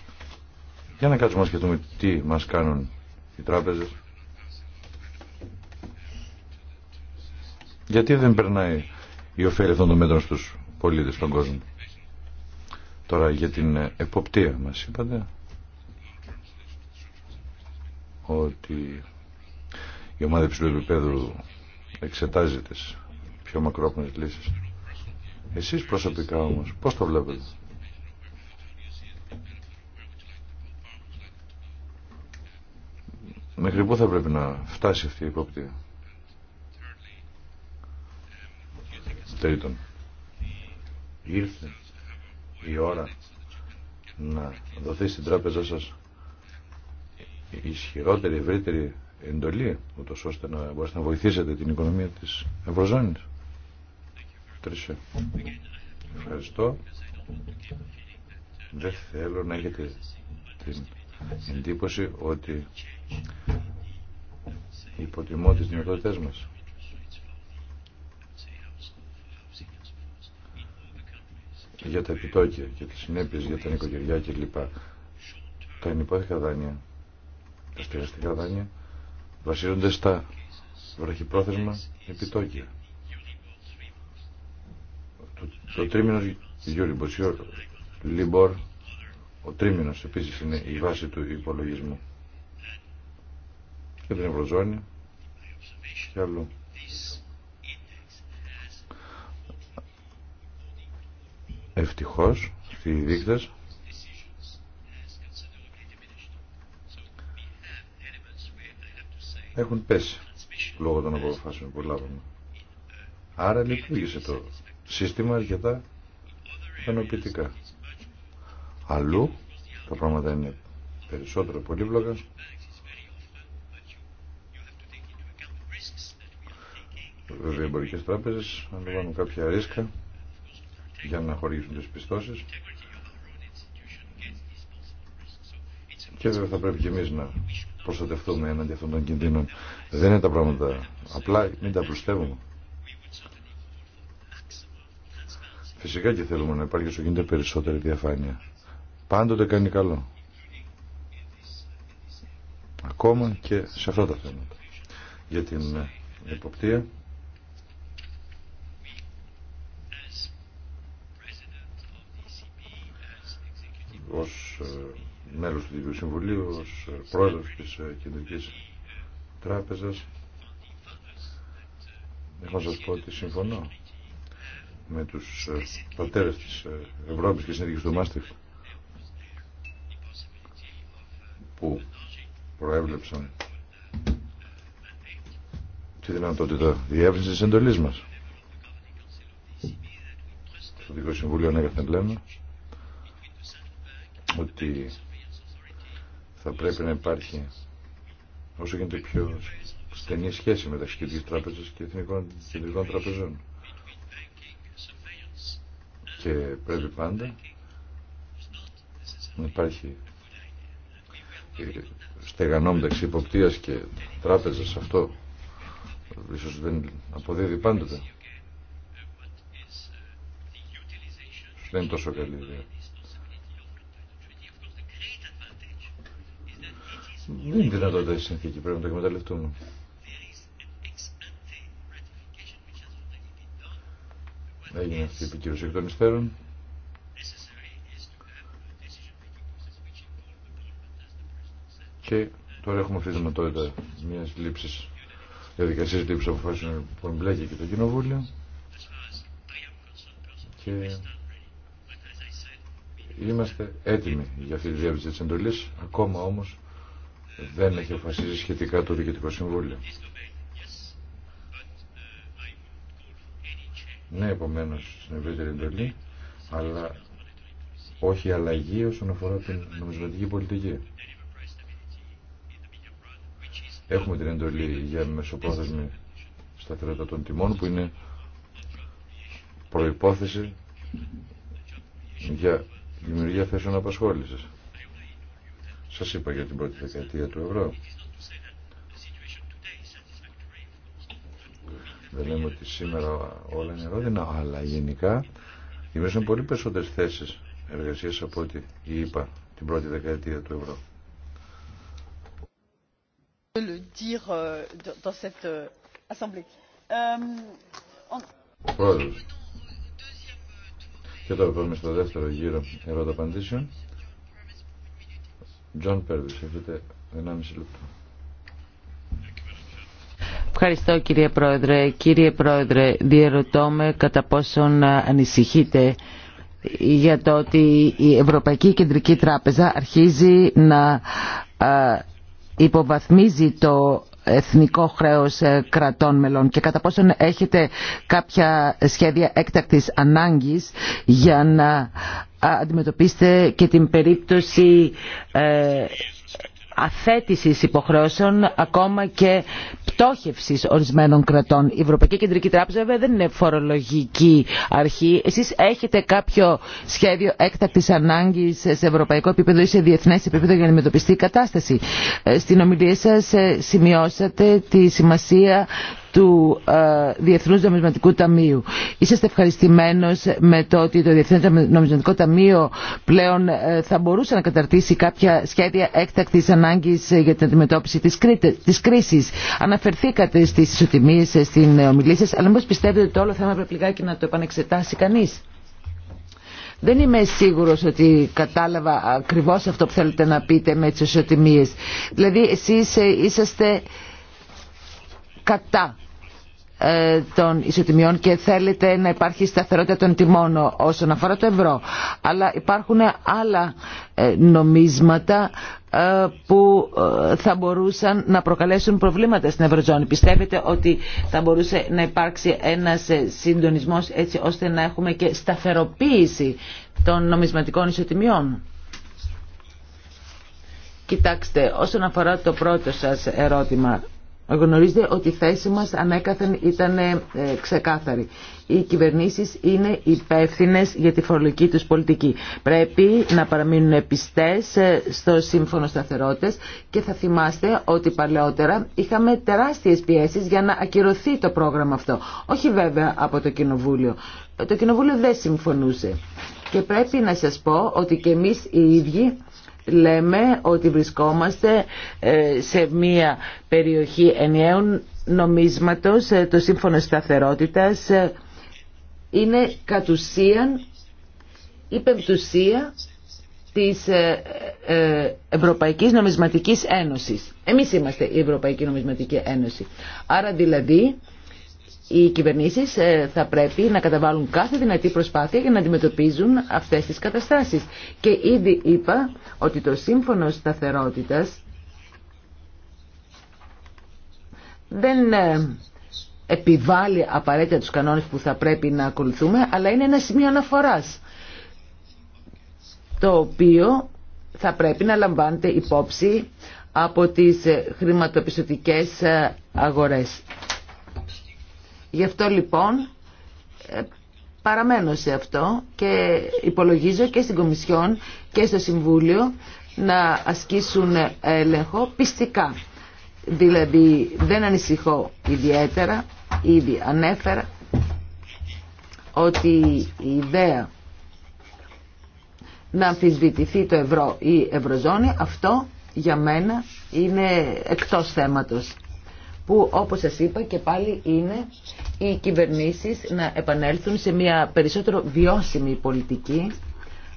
για να κάτσουμε να σκεφτούμε τι μας κάνουν οι τράπεζες Γιατί δεν περνάει η ωφέλη αυτών των μέτρων στους πολίτες, στον κόσμο. Τώρα για την εποπτεία μας είπατε ότι η ομάδα υψηλού επίπεδου εξετάζει πιο μακρόπνες λύσεις. Εσείς προσωπικά όμως πώς το βλέπετε. Μέχρι πού θα πρέπει να φτάσει αυτή η εποπτεία. Τρίτον, ήρθε η ώρα να δοθεί στην τράπεζά σας ισχυρότερη, ευρύτερη εντολή, ούτως ώστε να μπορέσετε να βοηθήσετε την οικονομία της Ευρωζώνης. Ευχαριστώ. Δεν θέλω να έχετε την εντύπωση ότι υποτιμώ τις δυνατότητές μας. για τα επιτόκια και τις συνέπειες για τα νοικοκυριά κλπ. Τα ενυπόθηκα δάνεια, τα στεγαστικά δάνεια, βασίζονται στα βραχυπρόθεσμα επιτόκια. Το, το τρίμηνος Λίμπορ, ο τρίμηνος επίσης είναι η βάση του υπολογισμού. Και την Ευρωζώνη και άλλο. Ευτυχώς, οι έχουν πέσει λόγω των αποφάσεων που λάβαμε. Άρα λειτουργήσε το σύστημα αρκετά ενωπητικά. Αλλού τα πράγματα είναι περισσότερο πολύπλοκα. Βέβαια, οι εμπορικέ τράπεζε αντιλαμβάνουν κάποια ρίσκα για να χορηγήσουν τις πιστώσεις και βέβαια θα πρέπει και εμείς να προστατευτούμε έναντι αυτών των κινδύνων. Δεν είναι τα πράγματα απλά, μην τα προστεύουμε. Φυσικά και θέλουμε να υπάρχει όσο γίνεται περισσότερη διαφάνεια. Πάντοτε κάνει καλό. Ακόμα και σε αυτά τα θέματα. Για την εποπτεία ως ε, μέλος του Διοικητικού Συμβουλίου, ως ε, πρόεδρος της ε, Κεντρικής Τράπεζας. Έχω να σας πω ότι συμφωνώ με τους πατέρες της Ευρώπης και συνέδρικης του Μάστιχ που προέβλεψαν τη δυνατότητα διεύρυνση της εντολής μας. Στο Δικό Συμβούλιο ανέκαθεν λέμε ότι θα πρέπει να υπάρχει όσο γίνεται πιο στενή σχέση μεταξύ Κεντρικής Τράπεζας και Εθνικών Κεντρικών Τραπεζών. Και πρέπει πάντα να υπάρχει ε, στεγανό μεταξύ υποπτίας και τράπεζας αυτό ίσως δεν αποδίδει πάντοτε. Δεν είναι τόσο καλή ιδέα. είναι δυνατότητα η συνθήκη, πρέπει να το εκμεταλλευτούμε. Έγινε αυτή η επικύρωση εκ των υστέρων. Και τώρα έχουμε αυτή τη δυνατότητα μια λήψη διαδικασία λήψη αποφάσεων που εμπλέκει και το Κοινοβούλιο. Και είμαστε έτοιμοι για αυτή τη διάβηση τη εντολή. Ακόμα όμω δεν έχει αποφασίσει σχετικά το Διοικητικό Συμβούλιο. Ναι, επομένω στην ευρύτερη εντολή, αλλά όχι αλλαγή όσον αφορά την νομισματική πολιτική. Έχουμε την εντολή για μεσοπρόθεσμη σταθερότητα των τιμών που είναι προϋπόθεση για δημιουργία θέσεων απασχόλησης. Σας είπα για την πρώτη δεκαετία του ευρώ. Δεν λέμε ότι σήμερα όλα είναι ρόδινα, αλλά γενικά δημιουργήσαν πολύ περισσότερε θέσει εργασία από ό,τι είπα την πρώτη δεκαετία του ευρώ. Euh, euh, euh, Και τώρα πάμε στο δεύτερο γύρο ερώτα απαντήσεων. Τζον έχετε λεπτό.
Ευχαριστώ κύριε Πρόεδρε. Κύριε Πρόεδρε, διερωτώ με κατά πόσον ανησυχείτε για το ότι η Ευρωπαϊκή Κεντρική Τράπεζα αρχίζει να υποβαθμίζει το εθνικό χρέος ε, κρατών μελών και κατά πόσον έχετε κάποια σχέδια έκτακτης ανάγκης για να αντιμετωπίσετε και την περίπτωση ε, αθέτησης υποχρεώσεων ακόμα και πτώχευσης ορισμένων κρατών. Η Ευρωπαϊκή Κεντρική Τράπεζα βέβαια δεν είναι φορολογική αρχή. Εσείς έχετε κάποιο σχέδιο έκτακτης ανάγκης σε ευρωπαϊκό επίπεδο ή σε διεθνές επίπεδο για να αντιμετωπιστεί η κατάσταση. Ε, στην ομιλία σας ε, σημειώσατε τη σημασία του ε, Διεθνούς Νομισματικού Ταμείου. Είσαστε ευχαριστημένος με το ότι το Διεθνές Νομισματικό Ταμείο πλέον ε, θα μπορούσε να καταρτήσει κάποια σχέδια έκτακτης ανάγκης για την αντιμετώπιση της κρίσης. Αναφερθήκατε στις ισοτιμίες ε, στην ομιλή σας, αλλά μήπως πιστεύετε ότι το όλο θέμα πρέπει λιγάκι να το επανεξετάσει κανείς. Δεν είμαι σίγουρος ότι κατάλαβα ακριβώς αυτό που θέλετε να πείτε με τις ισοτιμίες. Δηλαδή εσείς είσαστε κατά ε, των ισοτιμιών και θέλετε να υπάρχει σταθερότητα των τιμών όσον αφορά το ευρώ. Αλλά υπάρχουν άλλα ε, νομίσματα ε, που θα μπορούσαν να προκαλέσουν προβλήματα στην Ευρωζώνη. Πιστεύετε ότι θα μπορούσε να υπάρξει ένας συντονισμός έτσι ώστε να έχουμε και σταθεροποίηση των νομισματικών ισοτιμιών. Κοιτάξτε, όσον αφορά το πρώτο σας ερώτημα, Γνωρίζετε ότι η θέση μας ανέκαθεν ήταν ε, ξεκάθαρη. Οι κυβερνήσεις είναι υπεύθυνε για τη φορολογική τους πολιτική. Πρέπει να παραμείνουν επιστές ε, στο σύμφωνο σταθερότητας και θα θυμάστε ότι παλαιότερα είχαμε τεράστιες πιέσεις για να ακυρωθεί το πρόγραμμα αυτό. Όχι βέβαια από το Κοινοβούλιο. Το Κοινοβούλιο δεν συμφωνούσε. Και πρέπει να σας πω ότι και εμείς οι ίδιοι λέμε ότι βρισκόμαστε ε, σε μια περιοχή ενιαίων νομίσματος, ε, το σύμφωνο σταθερότητας ε, είναι κατ' ουσίαν η πεμπτουσία της Ευρωπαϊκής Νομισματικής Ένωσης. Εμείς είμαστε η Ευρωπαϊκή Νομισματική Ένωση. Άρα δηλαδή οι κυβερνήσεις ε, θα πρέπει να καταβάλουν κάθε δυνατή προσπάθεια για να αντιμετωπίζουν αυτές τις καταστάσει. Και ήδη είπα ότι το σύμφωνο σταθερότητα δεν ε, επιβάλλει απαραίτητα τους κανόνες που θα πρέπει να ακολουθούμε, αλλά είναι ένα σημείο αναφοράς, το οποίο θα πρέπει να λαμβάνεται υπόψη από τις ε, χρηματοπιστωτικές αγορές. Γι' αυτό λοιπόν ε, παραμένω σε αυτό και υπολογίζω και στην Κομισιόν και στο Συμβούλιο να ασκήσουν έλεγχο πιστικά. Δηλαδή δεν ανησυχώ ιδιαίτερα, ήδη ανέφερα ότι η ιδέα να αμφισβητηθεί το ευρώ ή η ευρωζώνη, αυτό για μένα είναι εκτός θέματος που όπως σας είπα και πάλι είναι οι κυβερνήσεις να επανέλθουν σε μια περισσότερο βιώσιμη πολιτική.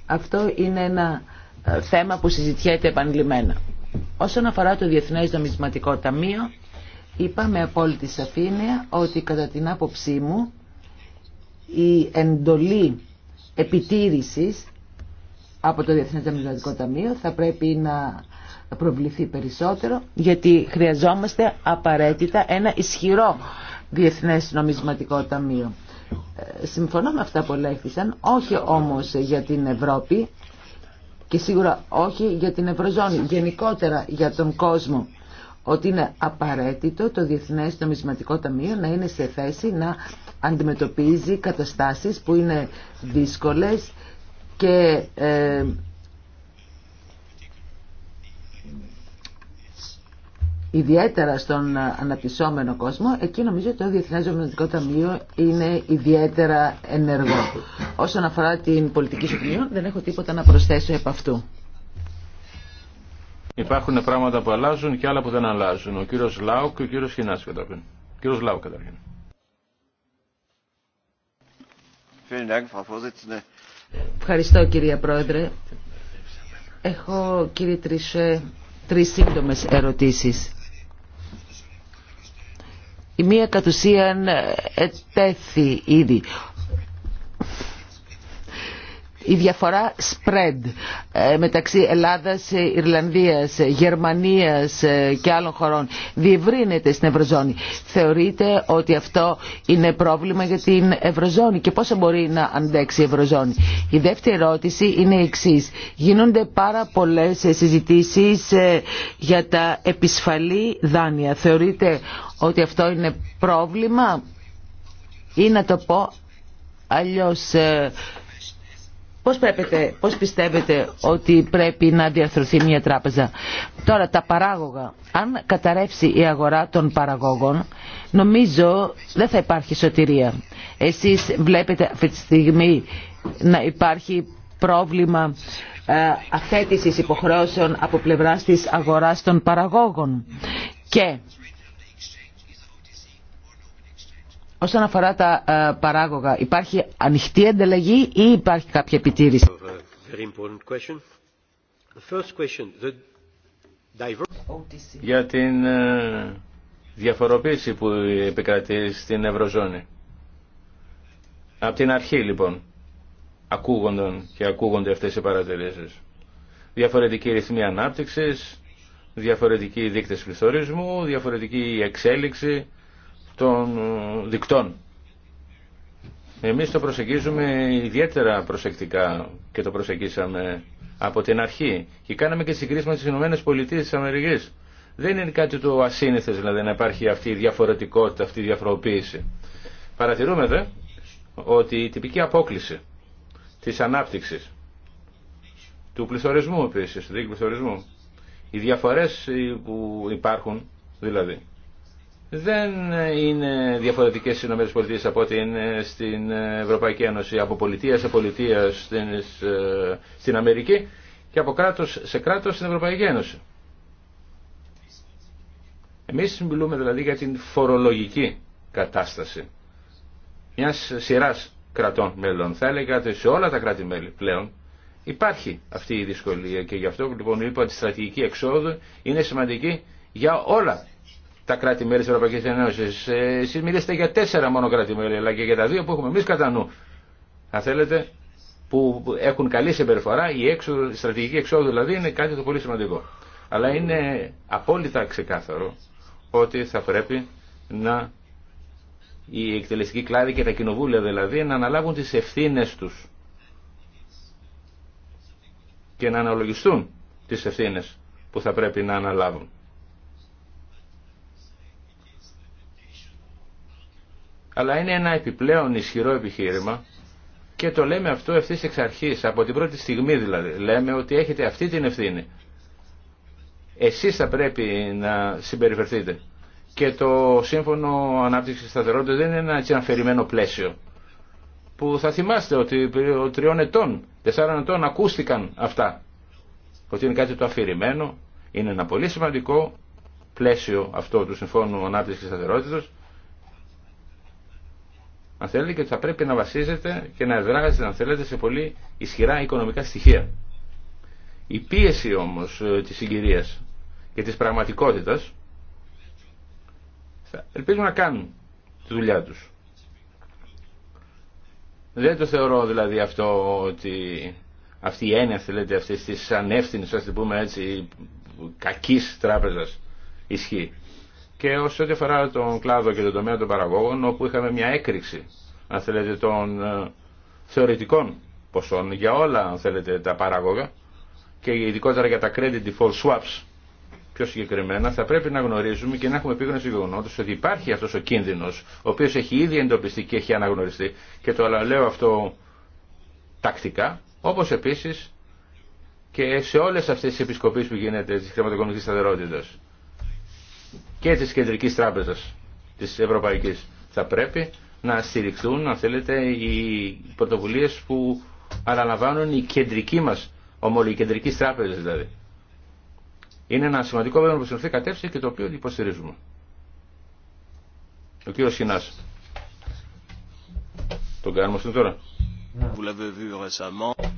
Αυτό είναι ένα ε, θέμα που συζητιέται επανειλημμένα. Όσον αφορά το Διεθνές Νομισματικό Ταμείο, είπα με απόλυτη σαφήνεια ότι κατά την άποψή μου η εντολή επιτήρησης από το Διεθνές Νομισματικό Ταμείο θα πρέπει να προβληθεί περισσότερο γιατί χρειαζόμαστε απαραίτητα ένα ισχυρό Διεθνές Νομισματικό Ταμείο. Ε, συμφωνώ με αυτά που λέχθησαν όχι όμως για την Ευρώπη και σίγουρα όχι για την Ευρωζώνη, γενικότερα για τον κόσμο ότι είναι απαραίτητο το Διεθνές Νομισματικό Ταμείο να είναι σε θέση να αντιμετωπίζει καταστάσεις που είναι δύσκολες και ε, ιδιαίτερα στον αναπτυσσόμενο κόσμο, εκεί νομίζω ότι το Διεθνές Ζωμανιστικό Ταμείο είναι ιδιαίτερα ενεργό. Όσον αφορά την πολιτική σου δεν έχω τίποτα να προσθέσω επ' αυτού.
Υπάρχουν πράγματα που αλλάζουν και άλλα που δεν αλλάζουν. Ο κύριος Λάου και ο κύριος Χινάς καταρχήν. Κύριο Λάου καταρχήν.
Ευχαριστώ κύριε Πρόεδρε. Έχω κύριε Τρισέ τρεις σύντομες ερωτήσεις. Η μία κατ' ουσίαν ετέθη ήδη η διαφορά spread ε, μεταξύ Ελλάδας, ε, Ιρλανδίας, ε, Γερμανίας και άλλων χωρών διευρύνεται στην Ευρωζώνη. Θεωρείτε ότι αυτό είναι πρόβλημα για την Ευρωζώνη και πόσο μπορεί να αντέξει η Ευρωζώνη. Η δεύτερη ερώτηση είναι η εξή. Γίνονται πάρα πολλές συζητήσεις για τα επισφαλή δάνεια. Θεωρείτε ότι αυτό είναι πρόβλημα ή να το πω αλλιώς Πώς, πώς πιστεύετε ότι πρέπει να διαρθρωθεί μια τράπεζα. Τώρα τα παράγωγα. Αν καταρρεύσει η αγορά των παραγόγων, νομίζω δεν θα υπάρχει σωτηρία. Εσείς βλέπετε αυτή τη στιγμή να υπάρχει πρόβλημα ε, αθέτησης υποχρεώσεων από πλευράς της αγοράς των παραγόγων. Και Όσον αφορά τα ε, παράγωγα, υπάρχει ανοιχτή ανταλλαγή ή υπάρχει
κάποια επιτήρηση. Ε, Για την ε, διαφοροποίηση που επικρατεί στην Ευρωζώνη. Από την αρχή λοιπόν ακούγονταν και ακούγονται αυτές οι παρατηρήσει. Διαφορετική ρυθμή ανάπτυξης, διαφορετική δείκτες πληθωρισμού, διαφορετική εξέλιξη των ε, δικτών. Εμείς το προσεγγίζουμε ιδιαίτερα προσεκτικά και το προσεγγίσαμε από την αρχή και κάναμε και συγκρίσεις με τις Ηνωμένες Πολιτείες της Αμερικής. Δεν είναι κάτι το ασύνηθες δηλαδή να υπάρχει αυτή η διαφορετικότητα, αυτή η διαφοροποίηση. Παρατηρούμε δε ότι η τυπική απόκληση της ανάπτυξης του πληθωρισμού επίσης, του πληθωρισμού, οι διαφορές ε, που υπάρχουν δηλαδή δεν είναι διαφορετικές οι ΗΠΑ από ό,τι είναι στην Ευρωπαϊκή Ένωση, από πολιτεία σε πολιτεία στην, ε, στην Αμερική και από κράτος σε κράτος στην Ευρωπαϊκή Ένωση. Εμείς μιλούμε δηλαδή για την φορολογική κατάσταση μιας σειράς κρατών μέλων. Θα έλεγα ότι σε όλα τα κράτη-μέλη πλέον υπάρχει αυτή η δυσκολία και γι' αυτό λοιπόν είπα ότι η στρατηγική εξόδου είναι σημαντική για όλα τα κράτη-μέλη τη Ευρωπαϊκή Ένωση. Ε, Εσεί μιλήσετε για τέσσερα μόνο κράτη-μέλη, αλλά και για τα δύο που έχουμε εμεί κατά νου. Αν θέλετε, που έχουν καλή συμπεριφορά, η, η στρατηγική εξόδου δηλαδή είναι κάτι το πολύ σημαντικό. Αλλά είναι απόλυτα ξεκάθαρο ότι θα πρέπει να η εκτελεστική κλάδη και τα κοινοβούλια δηλαδή να αναλάβουν τις ευθύνες τους και να αναλογιστούν τις ευθύνες που θα πρέπει να αναλάβουν. αλλά είναι ένα επιπλέον ισχυρό επιχείρημα και το λέμε αυτό ευθύ εξ αρχή, από την πρώτη στιγμή δηλαδή. Λέμε ότι έχετε αυτή την ευθύνη. Εσείς θα πρέπει να συμπεριφερθείτε. Και το Σύμφωνο Ανάπτυξης σταθερότητα δεν είναι ένα έτσι αφαιρημένο πλαίσιο. Που θα θυμάστε ότι τριών ετών, τεσσάρων ετών ακούστηκαν αυτά. Ότι είναι κάτι το αφηρημένο, είναι ένα πολύ σημαντικό πλαίσιο αυτό του Συμφώνου Ανάπτυξης Σταθερότητας αν θέλετε, και ότι θα πρέπει να βασίζεται και να εδράζεται, αν θέλετε, σε πολύ ισχυρά οικονομικά στοιχεία. Η πίεση όμως ε, της συγκυρίας και της πραγματικότητας θα ελπίζουν να κάνουν τη δουλειά τους. Δεν το θεωρώ δηλαδή αυτό ότι αυτή η έννοια θέλετε αυτής της ανεύθυνης, ας την πούμε έτσι, κακής τράπεζας ισχύει και όσο ό,τι αφορά τον κλάδο και τον τομέα των παραγόγων, όπου είχαμε μια έκρηξη, αν θέλετε, των ε, θεωρητικών ποσών για όλα, αν θέλετε, τα παράγωγα και ειδικότερα για τα credit default swaps πιο συγκεκριμένα, θα πρέπει να γνωρίζουμε και να έχουμε επίγνωση γεγονότο ότι υπάρχει αυτό ο κίνδυνο, ο οποίο έχει ήδη εντοπιστεί και έχει αναγνωριστεί, και το λέω αυτό τακτικά, όπω επίση και σε όλε αυτέ τι επισκοπήσει που γίνεται τη χρηματοοικονομική σταθερότητα και της Κεντρικής Τράπεζας της Ευρωπαϊκής. Θα πρέπει να στηριχθούν, αν θέλετε, οι πρωτοβουλίες που αναλαμβάνουν οι κεντρικοί μας ομόλοι, οι τράπεζες δηλαδή. Είναι ένα σημαντικό βέβαιο που συνοθεί κατεύθυνση και το οποίο υποστηρίζουμε. Ο κύριος Σινάς. Τον κάνουμε αυτό τώρα.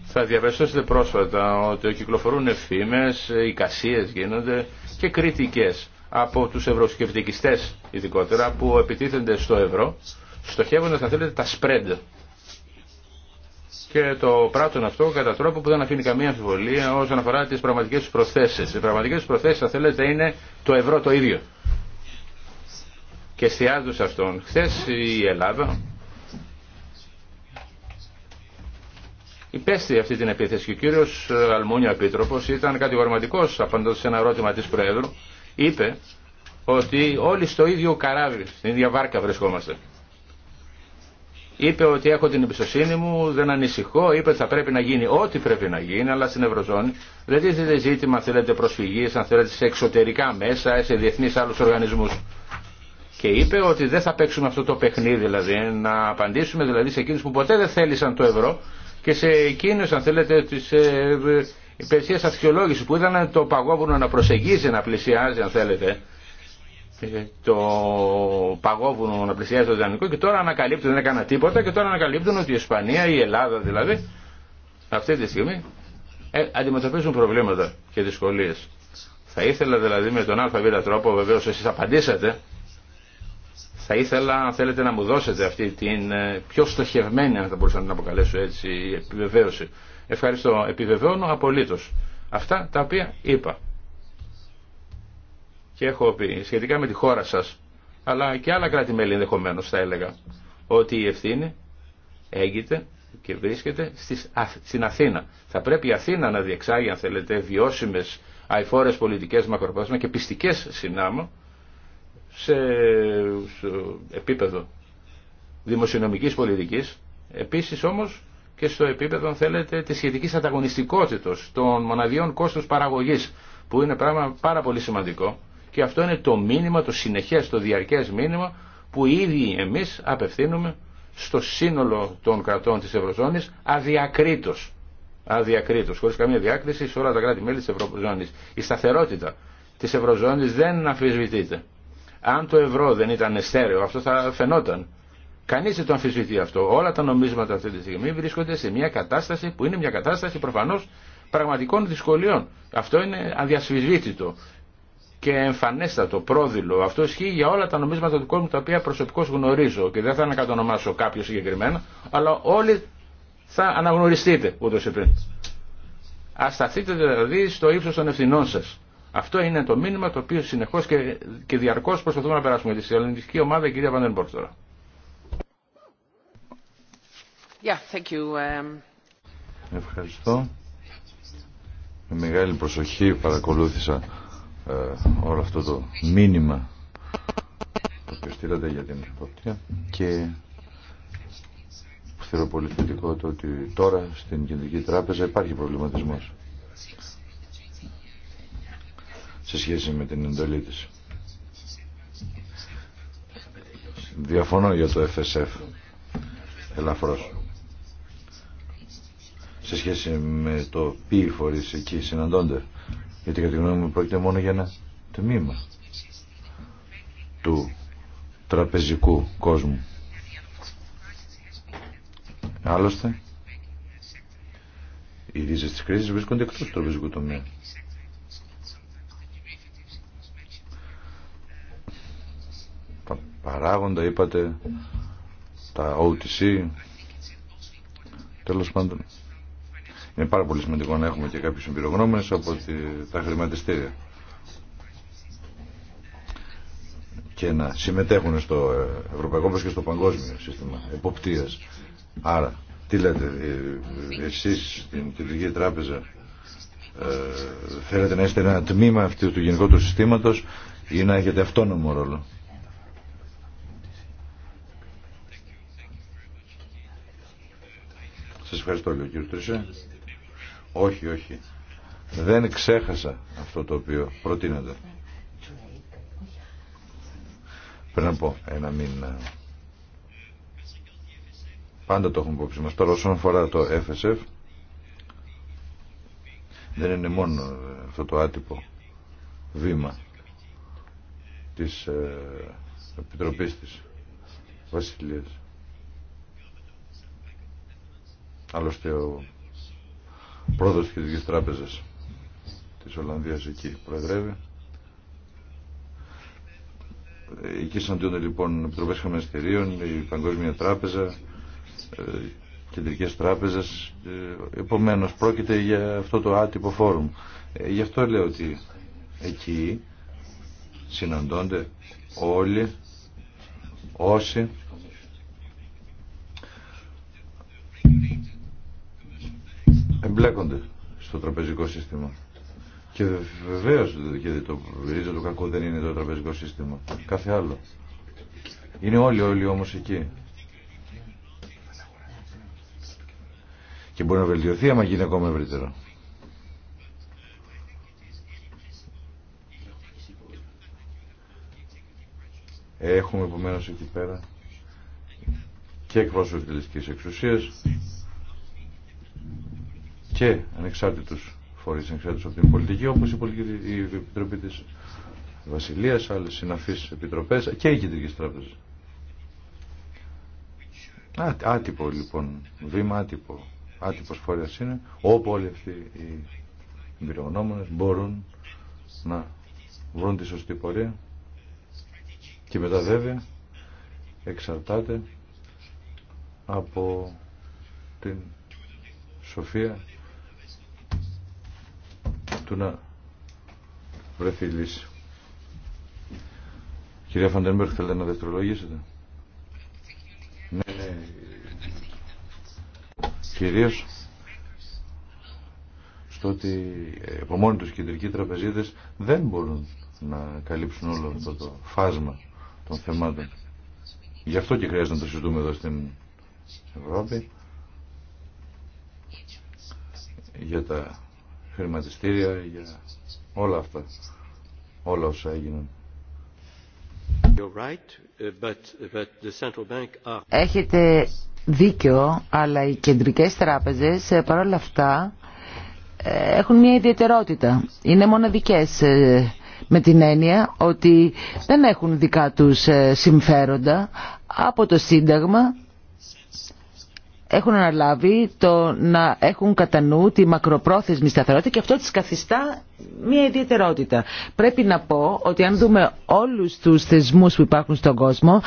Θα διαπιστώσετε πρόσφατα ότι κυκλοφορούν ευθύμες, εικασίες γίνονται και κριτικές από τους ευρωσκεπτικιστές ειδικότερα που επιτίθενται στο ευρώ στοχεύοντας να θέλετε τα spread και το πράττουν αυτό κατά τρόπο που δεν αφήνει καμία αμφιβολία όσον αφορά τις πραγματικές προθέσεις. Οι πραγματικές προθέσεις θα θέλετε είναι το ευρώ το ίδιο. Και εστιάζουν σε αυτόν. Χθες η Ελλάδα υπέστη αυτή την επίθεση και ο κύριος Αλμούνιο Επίτροπος ήταν κατηγορηματικός απαντώντας σε ένα ερώτημα της Προέδρου είπε ότι όλοι στο ίδιο καράβι, στην ίδια βάρκα βρισκόμαστε. Είπε ότι έχω την εμπιστοσύνη μου, δεν ανησυχώ, είπε ότι θα πρέπει να γίνει ό,τι πρέπει να γίνει, αλλά στην Ευρωζώνη δεν τίθεται ζήτημα αν θέλετε προσφυγής, αν θέλετε σε εξωτερικά μέσα, σε διεθνεί άλλους οργανισμούς. Και είπε ότι δεν θα παίξουμε αυτό το παιχνίδι, δηλαδή να απαντήσουμε δηλαδή σε εκείνους που ποτέ δεν θέλησαν το ευρώ και σε εκείνους αν θέλετε τις ε, υπηρεσίες αξιολόγηση που είδαν το παγόβουνο να προσεγγίζει, να πλησιάζει, αν θέλετε, ε, το παγόβουνο να πλησιάζει το Ιδανικό και τώρα ανακαλύπτουν, δεν έκανα τίποτα και τώρα ανακαλύπτουν ότι η Ισπανία, η Ελλάδα δηλαδή, αυτή τη στιγμή ε, αντιμετωπίζουν προβλήματα και δυσκολίες Θα ήθελα δηλαδή με τον ΑΒ τρόπο, βεβαίως εσείς απαντήσατε, θα ήθελα, αν θέλετε, να μου δώσετε αυτή την ε, πιο στοχευμένη, αν θα μπορούσα να την αποκαλέσω έτσι, επιβεβαίωση. Ευχαριστώ. Επιβεβαιώνω απολύτω αυτά τα οποία είπα. Και έχω πει σχετικά με τη χώρα σας, αλλά και άλλα κράτη-μέλη ενδεχομένω θα έλεγα, ότι η ευθύνη έγκυται και βρίσκεται στην Αθήνα. Θα πρέπει η Αθήνα να διεξάγει, αν θέλετε, βιώσιμες αιφόρε πολιτικές μακροπρόθεσμα και πιστικές συνάμω σε επίπεδο δημοσιονομικής πολιτικής, επίσης όμως και στο επίπεδο, αν θέλετε, της σχετικής ανταγωνιστικότητας των μοναδιών κόστους παραγωγής, που είναι πράγμα πάρα πολύ σημαντικό. Και αυτό είναι το μήνυμα, το συνεχές, το διαρκές μήνυμα που ήδη εμείς απευθύνουμε στο σύνολο των κρατών της Ευρωζώνης αδιακρίτως. Αδιακρίτως, χωρίς καμία διάκριση σε όλα τα κράτη-μέλη της Ευρωζώνης. Η σταθερότητα της Ευρωζώνης δεν αμφισβητείται. Αν το ευρώ δεν ήταν στέρεο, αυτό θα φαινόταν. Κανεί δεν το αμφισβητεί αυτό. Όλα τα νομίσματα αυτή τη στιγμή βρίσκονται σε μια κατάσταση που είναι μια κατάσταση προφανώ πραγματικών δυσκολιών. Αυτό είναι αδιασφυσβήτητο και εμφανέστατο, πρόδειλο. Αυτό ισχύει για όλα τα νομίσματα του κόσμου τα οποία προσωπικώ γνωρίζω και δεν θα ανακατονομάσω κάποιο συγκεκριμένα, αλλά όλοι θα αναγνωριστείτε ούτω ή Α σταθείτε δηλαδή στο ύψο των ευθυνών σα. Αυτό είναι το μήνυμα το οποίο συνεχώ και, και διαρκώ προσπαθούμε να περάσουμε. Για τη συλλογική ομάδα, η κυρία Βανερμπόρτ τώρα.
Yeah, thank you.
Um, Ευχαριστώ. Με μεγάλη προσοχή παρακολούθησα ε, όλο αυτό το μήνυμα το οποίο στείλατε για την εποπτεία και θεωρώ πολύ θετικό το ότι τώρα στην Κεντρική Τράπεζα υπάρχει προβληματισμός σε σχέση με την εντολή της. Διαφωνώ για το FSF ελαφρώς σε σχέση με το ποιοι φορείς εκεί συναντώνται γιατί κατά τη γνώμη μου πρόκειται μόνο για ένα τμήμα του τραπεζικού κόσμου. Άλλωστε, οι ρίζες της κρίσης βρίσκονται εκτός του τραπεζικού τομέα. παράγοντα, είπατε, τα OTC. Τέλος πάντων, είναι πάρα πολύ σημαντικό να έχουμε και κάποιους εμπειρογνώμενες από τα χρηματιστήρια και να συμμετέχουν στο ευρωπαϊκό όπως και στο παγκόσμιο σύστημα εποπτείας. Άρα, τι λέτε, ε, εσείς στην Κεντρική Τράπεζα ε, θέλετε να είστε ένα τμήμα αυτού του γενικού του συστήματος ή να έχετε αυτόνομο ρόλο. Σας ευχαριστώ, λίγο Όχι, όχι. Δεν ξέχασα αυτό το οποίο προτείνατε. να πω ένα μήνα. Πάντα το έχουμε υπόψη μας. Τώρα όσον αφορά το FSF, δεν είναι μόνο αυτό το άτυπο βήμα της ε, Επιτροπής της Βασιλείας. Άλλωστε ο πρόεδρος της Κεντρικής Τράπεζας της Ολλανδίας εκεί προεδρεύει. Εκεί συναντιούνται λοιπόν επιτροπές χρηματιστηρίων, η Παγκόσμια Τράπεζα, ε, κεντρικές τράπεζες. Ε, επομένως πρόκειται για αυτό το άτυπο φόρουμ. Ε, γι' αυτό λέω ότι εκεί συναντώνται όλοι όσοι εμπλέκονται στο τραπεζικό σύστημα. Και βεβαίω και το ρίζο του κακού δεν είναι το τραπεζικό σύστημα. Κάθε άλλο. Είναι όλοι όλοι όμω εκεί. Και μπορεί να βελτιωθεί άμα γίνει ακόμα ευρύτερο. Έχουμε επομένω εκεί πέρα και εκπρόσωποι τη εξουσία και ανεξάρτητου φορείς ανεξάρτητου από την πολιτική όπω η, η Επιτροπή τη Βασιλείας, άλλε συναφείς επιτροπέ και οι Κεντρική Τράπεζα. άτυπο λοιπόν βήμα, άτυπο, άτυπο φορέας είναι όπου όλοι αυτοί οι εμπειρογνώμονες μπορούν να βρουν τη σωστή πορεία και μετά βέβαια εξαρτάται από την σοφία του να βρεθεί λύση. Κυρία Φαντερμπερκ, θέλετε να δευτερολογήσετε. Ναι, ναι. Κυρίως στο ότι ε, από μόνοι τους κεντρικοί τραπεζίτες δεν μπορούν να καλύψουν όλο αυτό το φάσμα των θεμάτων. Γι' αυτό και χρειάζεται να το συζητούμε εδώ στην Ευρώπη για τα χρηματιστήρια, για όλα αυτά, όλα όσα έγιναν.
Έχετε δίκιο, αλλά οι κεντρικές τράπεζες ε, παρόλα αυτά ε, έχουν μια ιδιαιτερότητα. Είναι μοναδικές ε, με την έννοια ότι δεν έχουν δικά τους συμφέροντα από το Σύνταγμα έχουν αναλάβει το να έχουν κατά νου τη μακροπρόθεσμη σταθερότητα και αυτό τη καθιστά μια ιδιαιτερότητα. Πρέπει να πω ότι αν δούμε όλους τους θεσμούς που υπάρχουν στον κόσμο,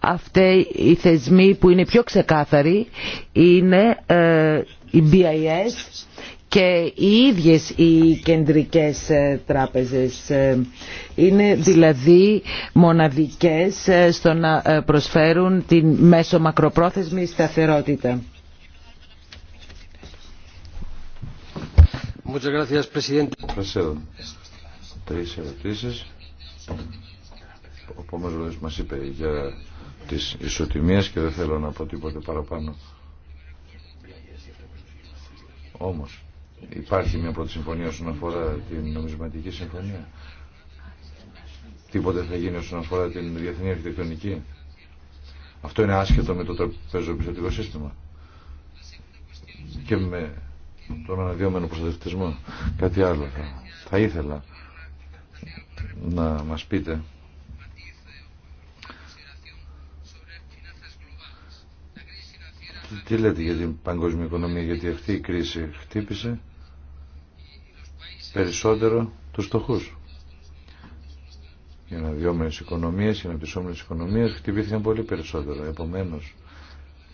αυτοί οι θεσμοί που είναι πιο ξεκάθαροι είναι ε, η BIS και οι ίδιες οι κεντρικές ε, τράπεζες ε, είναι δηλαδή μοναδικές ε, στο να προσφέρουν την μέσο μακροπρόθεσμη σταθερότητα.
Σας τρεις ερωτήσεις. Ο Πόμος μας είπε για τις ισοτιμίες και δεν θέλω να πω τίποτε παραπάνω. Όμως υπάρχει μια πρώτη συμφωνία όσον αφορά την νομισματική συμφωνία. Τίποτε θα γίνει όσον αφορά την διεθνή αρχιτεκτονική. Αυτό είναι άσχετο με το τραπεζοπιστωτικό σύστημα. Και με τον αναδυόμενο προστατευτισμό. Κάτι άλλο θα, ήθελα να μας πείτε. Τι λέτε για την παγκόσμια οικονομία, γιατί αυτή η κρίση χτύπησε περισσότερο τους στοχούς. Οι αναδυόμενες οικονομίες, οι αναπτυσσόμενες οικονομίες χτυπήθηκαν πολύ περισσότερο. Επομένως,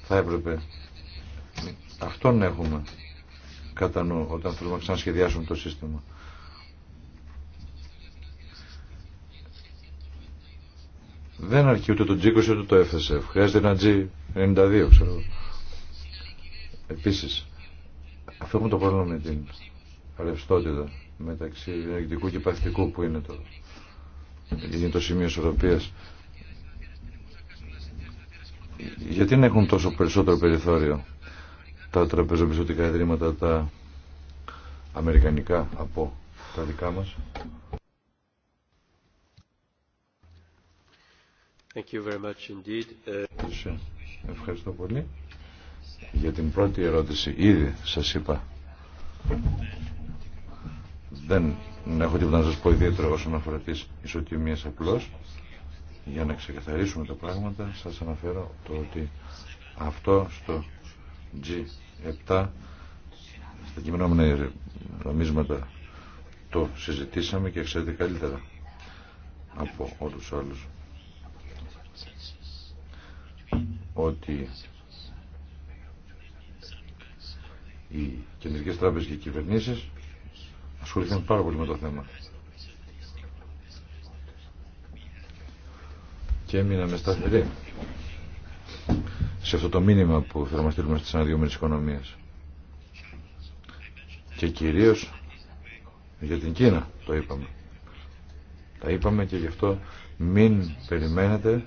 θα έπρεπε αυτόν έχουμε κατά νου όταν θέλουμε να ξανασχεδιάσουν το σύστημα. Δεν αρκεί ούτε το G20 ούτε το FSF. Χρειάζεται ένα G92, ξέρω Επίσης, αυτό έχουμε το πρόβλημα με την ρευστότητα μεταξύ ενεργητικού και παθητικού που είναι το, είναι το σημείο ισορροπίας. Γιατί να έχουν τόσο περισσότερο περιθώριο τα τραπεζοπιστωτικά ιδρύματα τα αμερικανικά από τα δικά μας. Thank you very much indeed. Ευχαριστώ πολύ για την πρώτη ερώτηση. Ήδη σας είπα δεν έχω τίποτα να σας πω ιδιαίτερα όσον αφορά τις ισοτιμίες απλώς. Για να ξεκαθαρίσουμε τα πράγματα σας αναφέρω το ότι αυτό στο G7 στα κειμενόμενα νομίσματα το συζητήσαμε και ξέρετε καλύτερα από όλους όλους ότι οι κεντρικές τράπεζες και οι κυβερνήσεις ασχοληθούν πάρα πολύ με το θέμα. Και έμειναμε σταθεροί σε αυτό το μήνυμα που θέλουμε να στείλουμε στις αναδειόμενες οικονομίες. Και κυρίως για την Κίνα το είπαμε. Τα είπαμε και γι' αυτό μην περιμένετε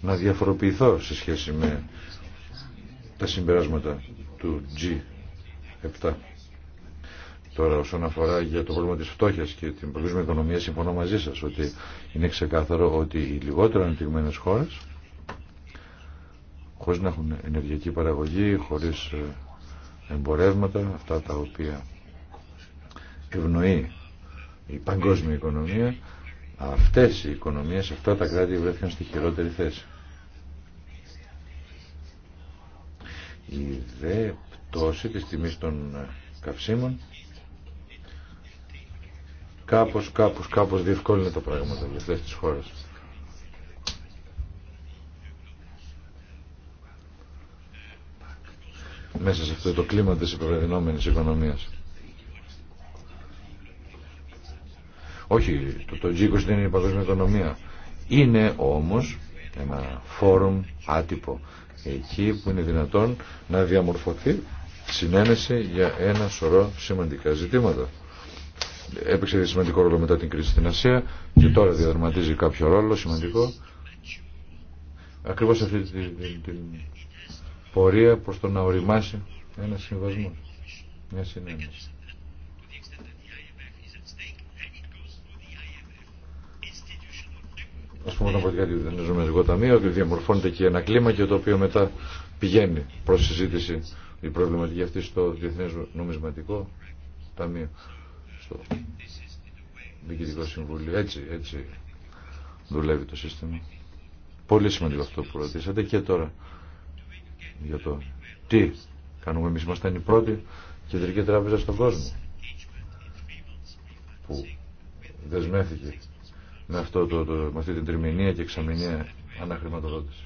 να διαφοροποιηθώ σε σχέση με τα συμπεράσματα του G7. Τώρα όσον αφορά για το πρόβλημα της φτώχειας και την παγκόσμια οικονομία συμφωνώ μαζί σας ότι είναι ξεκάθαρο ότι οι λιγότερο ανεπτυγμένες χώρες χωρίς να έχουν ενεργειακή παραγωγή, χωρίς ε, εμπορεύματα, αυτά τα οποία ευνοεί η παγκόσμια οικονομία, αυτές οι οικονομίες, αυτά τα κράτη βρέθηκαν στη χειρότερη θέση. Η δε πτώση της τιμής των ε, καυσίμων κάπως, κάπως, κάπως διευκόλυνε τα πράγματα για αυτές τις χώρες. μέσα σε αυτό το κλίμα της υπερβαινόμενης οικονομίας. Όχι, το, το G20 δεν είναι η παγκόσμια οικονομία. Είναι όμως ένα φόρουμ άτυπο εκεί που είναι δυνατόν να διαμορφωθεί συνένεση για ένα σωρό σημαντικά ζητήματα. Έπαιξε σημαντικό ρόλο μετά την κρίση στην Ασία και τώρα διαδραματίζει κάποιο ρόλο σημαντικό ακριβώς αυτή την πορεία προς το να οριμάσει ένα συμβασμό, μια
συνέντευξη.
Α πούμε κάτι για του Διεθνές Ταμείο ότι διαμορφώνεται και ένα κλίμα και το οποίο μετά πηγαίνει προ συζήτηση η προβληματική αυτή στο διεθνέ Νομισματικό Ταμείο στο Διοικητικό Συμβούλιο. Έτσι, έτσι δουλεύει το σύστημα. Πολύ σημαντικό αυτό που ρωτήσατε και τώρα για το τι κάνουμε εμείς. ήταν η πρώτη κεντρική τράπεζα στον κόσμο που δεσμεύθηκε με, αυτό το, το, αυτή την τριμηνία και εξαμηνία αναχρηματοδότηση.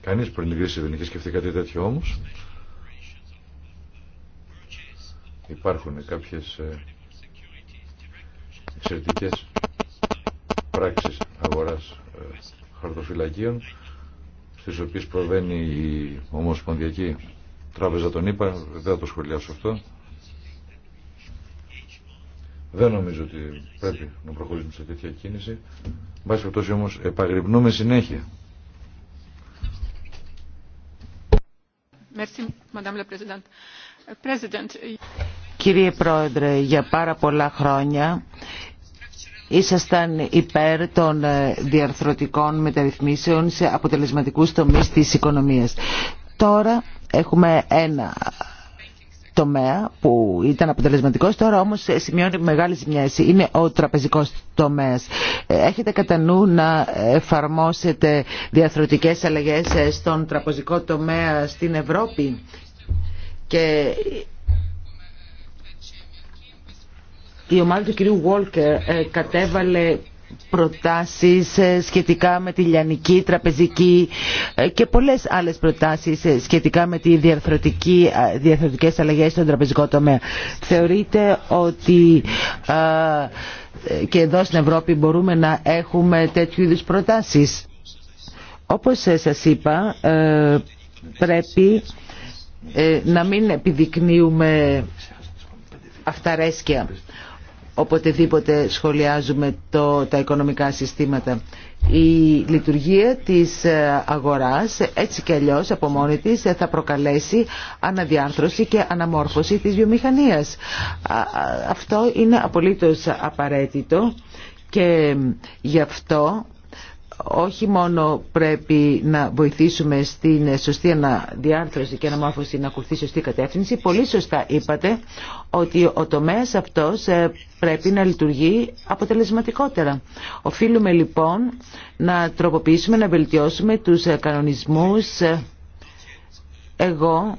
Κανείς πριν την κρίση δεν είχε σκεφτεί κάτι τέτοιο όμως. Υπάρχουν κάποιες ε, εξαιρετικές πράξεις αγοράς ε, χαρτοφυλακίων τις οποίες προβαίνει η Ομοσπονδιακή Τράπεζα τον είπα, δεν θα το σχολιάσω αυτό. Δεν νομίζω ότι πρέπει να προχωρήσουμε σε τέτοια κίνηση. Μπάς περιπτώσει όμως επαγρυπνούμε συνέχεια.
Κύριε Πρόεδρε, για πάρα πολλά χρόνια ήσασταν υπέρ των ε, διαρθρωτικών μεταρρυθμίσεων σε αποτελεσματικούς τομείς της οικονομίας. Τώρα έχουμε ένα τομέα που ήταν αποτελεσματικός, τώρα όμως σημειώνει μεγάλη ζημιά. Είναι ο τραπεζικός τομέας. Έχετε κατά νου να εφαρμόσετε διαρθρωτικές αλλαγές στον τραπεζικό τομέα στην Ευρώπη η ομάδα του κυρίου Walker ε, κατέβαλε προτάσεις ε, σχετικά με τη λιανική, τραπεζική ε, και πολλές άλλες προτάσεις σχετικά με τις διαρθρωτικές αλλαγές στον τραπεζικό τομέα. Θεωρείτε ότι και εδώ στην Ευρώπη μπορούμε να έχουμε τέτοιου είδους προτάσεις. Όπως σας είπα, πρέπει να μην επιδεικνύουμε αυταρέσκεια οποτεδήποτε σχολιάζουμε το, τα οικονομικά συστήματα. Η λειτουργία της ε, αγοράς έτσι και αλλιώ από μόνη της ε, θα προκαλέσει αναδιάρθρωση και αναμόρφωση της βιομηχανίας. Αυτό είναι απολύτως απαραίτητο και γι' αυτό όχι μόνο πρέπει να βοηθήσουμε στην σωστή αναδιάρθρωση και αναμόρφωση να ακολουθεί σωστή κατεύθυνση, πολύ σωστά είπατε ότι ο τομέας αυτός ε, πρέπει να λειτουργεί αποτελεσματικότερα. Οφείλουμε λοιπόν να τροποποιήσουμε, να βελτιώσουμε τους ε, κανονισμούς. Ε, εγώ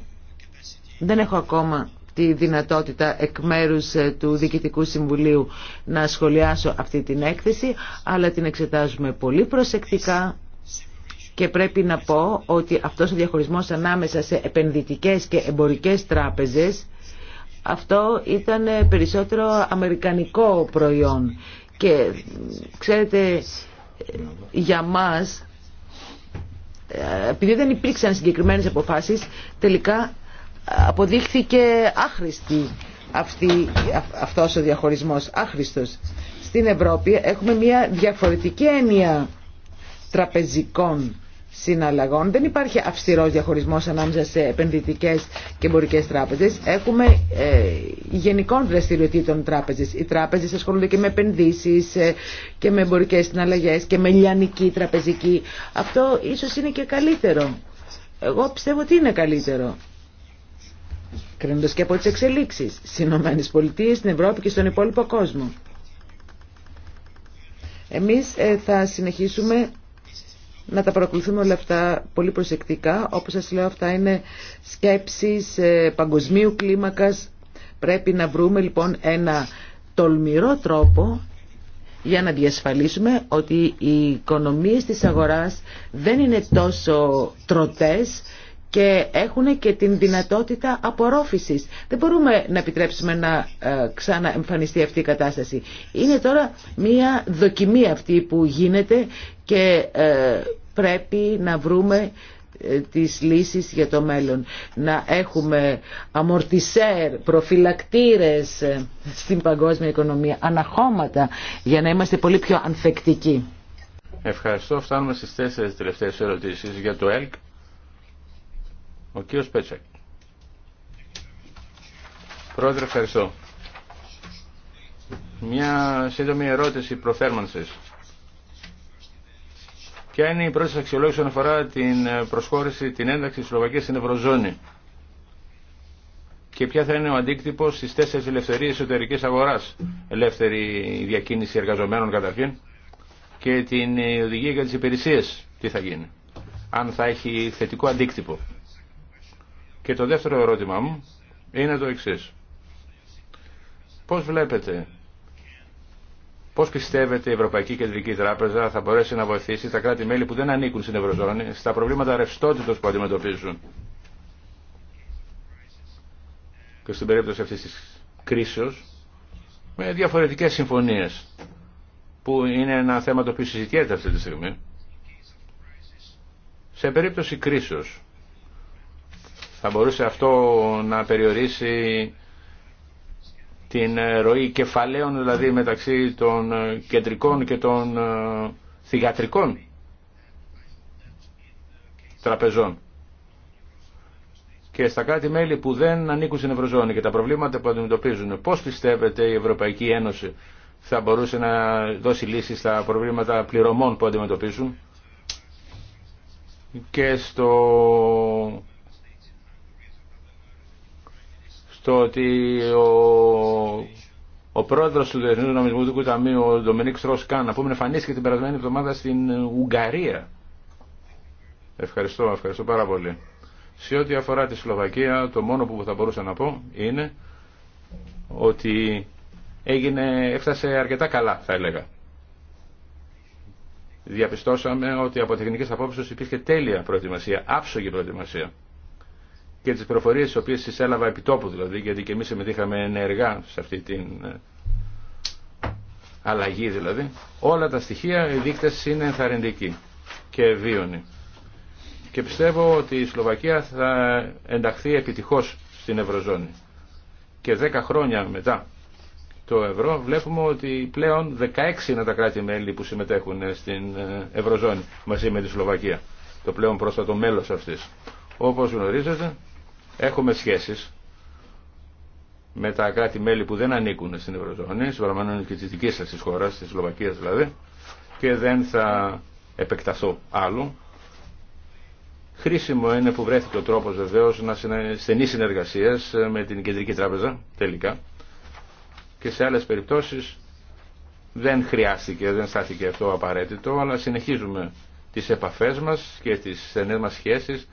δεν έχω ακόμα τη δυνατότητα εκ μέρου ε, του Διοικητικού Συμβουλίου να σχολιάσω αυτή την έκθεση, αλλά την εξετάζουμε πολύ προσεκτικά και πρέπει να πω ότι αυτός ο διαχωρισμός ανάμεσα σε επενδυτικές και εμπορικές τράπεζες αυτό ήταν ε, περισσότερο αμερικανικό προϊόν και ξέρετε ε, για μας επειδή δεν υπήρξαν συγκεκριμένες αποφάσεις τελικά αποδείχθηκε άχρηστη αυτή, αυτός ο διαχωρισμός, άχρηστος. Στην Ευρώπη έχουμε μια διαφορετική έννοια τραπεζικών συναλλαγών. Δεν υπάρχει αυστηρός διαχωρισμός ανάμεσα σε επενδυτικές και εμπορικές τράπεζες. Έχουμε ε, γενικών δραστηριοτήτων τράπεζες. Οι τράπεζες ασχολούνται και με επενδύσεις ε, και με εμπορικές συναλλαγές και με λιανική τραπεζική. Αυτό ίσως είναι και καλύτερο. Εγώ πιστεύω ότι είναι καλύτερο κρίνοντας και από τις εξελίξεις στις Ηνωμένες Πολιτείες, στην Ευρώπη και στον υπόλοιπο κόσμο. Εμείς ε, θα συνεχίσουμε να τα παρακολουθούμε όλα αυτά πολύ προσεκτικά. Όπως σας λέω αυτά είναι σκέψεις ε, παγκοσμίου κλίμακας. Πρέπει να βρούμε λοιπόν ένα τολμηρό τρόπο για να διασφαλίσουμε ότι οι οικονομίες της αγοράς δεν είναι τόσο τροτές και έχουν και την δυνατότητα απορρόφησης. Δεν μπορούμε να επιτρέψουμε να ε, ξαναεμφανιστεί αυτή η κατάσταση. Είναι τώρα μία δοκιμή αυτή που γίνεται και ε, πρέπει να βρούμε ε, τις λύσεις για το μέλλον. Να έχουμε αμορτισέρ, προφυλακτήρες στην παγκόσμια οικονομία, αναχώματα για να είμαστε πολύ πιο ανθεκτικοί.
Ευχαριστώ. Φτάνουμε στις τέσσερις τελευταίες ερωτήσεις για το ΕΛΚ. Ο κύριος Πέτσακ. Πρόεδρε, ευχαριστώ. Μια σύντομη ερώτηση προθέρμανσης. Ποια είναι η πρώτη αξιολόγηση όσον αφορά την προσχώρηση, την ένταξη της Σλοβακίας στην Ευρωζώνη και ποια θα είναι ο αντίκτυπος στις τέσσερι ελευθερίες εσωτερική αγοράς. Ελεύθερη διακίνηση εργαζομένων καταρχήν και την οδηγία για τις υπηρεσίε, Τι θα γίνει. Αν θα έχει θετικό αντίκτυπο. Και το δεύτερο ερώτημά μου είναι το εξή: Πώς βλέπετε, πώς πιστεύετε η Ευρωπαϊκή Κεντρική Τράπεζα θα μπορέσει να βοηθήσει τα κράτη-μέλη που δεν ανήκουν στην Ευρωζώνη στα προβλήματα ρευστότητος που αντιμετωπίζουν και στην περίπτωση αυτής της κρίσεως με διαφορετικές συμφωνίες που είναι ένα θέμα το οποίο συζητιέται αυτή τη στιγμή σε περίπτωση κρίσεως θα μπορούσε αυτό να περιορίσει την ροή κεφαλαίων, δηλαδή μεταξύ των ε, κεντρικών και των ε, θηγατρικών τραπεζών και στα κάτι μελη που δεν ανήκουν στην Ευρωζώνη και τα προβλήματα που αντιμετωπίζουν. Πώς πιστεύετε η Ευρωπαϊκή Ένωση θα μπορούσε να δώσει λύση στα προβλήματα πληρωμών που αντιμετωπίζουν και στο Το ότι ο, ο πρόεδρος του Διεθνούς Νομισματικού Ταμείου, ο Ντομινίκ Στροσκάν, να πούμε, εμφανίστηκε την περασμένη εβδομάδα στην Ουγγαρία. Ευχαριστώ, ευχαριστώ πάρα πολύ. Σε ό,τι αφορά τη Σλοβακία, το μόνο που θα μπορούσα να πω είναι ότι έγινε, έφτασε αρκετά καλά, θα έλεγα. Διαπιστώσαμε ότι από τεχνικές απόψεις υπήρχε τέλεια προετοιμασία, άψογη προετοιμασία και τις προφορίες τις οποίες εισέλαβα τόπου δηλαδή, γιατί και εμείς συμμετείχαμε ενεργά σε αυτή την ε, αλλαγή δηλαδή, όλα τα στοιχεία, οι δείκτες είναι ενθαρρυντικοί και βίωνοι. Και πιστεύω ότι η Σλοβακία θα ενταχθεί επιτυχώς στην Ευρωζώνη. Και 10 χρόνια μετά το ευρώ βλέπουμε ότι πλέον 16 είναι τα κράτη-μέλη που συμμετέχουν ε, στην ε, Ευρωζώνη μαζί με τη Σλοβακία. Το πλέον πρόσφατο μέλος αυτής. Όπως γνωρίζετε, Έχουμε σχέσεις με τα κράτη-μέλη που δεν ανήκουν στην Ευρωζώνη, συμπεριλαμβανομένων και τη δική σα τη χώρα, τη Σλοβακία δηλαδή, και δεν θα επεκταθώ άλλο. Χρήσιμο είναι που βρέθηκε ο τρόπο βεβαίω να στενή συνεργασία ε, με την Κεντρική Τράπεζα τελικά και σε άλλε περιπτώσει δεν χρειάστηκε, δεν στάθηκε αυτό απαραίτητο, αλλά συνεχίζουμε τις επαφές μας και τις στενές μας σχέσεις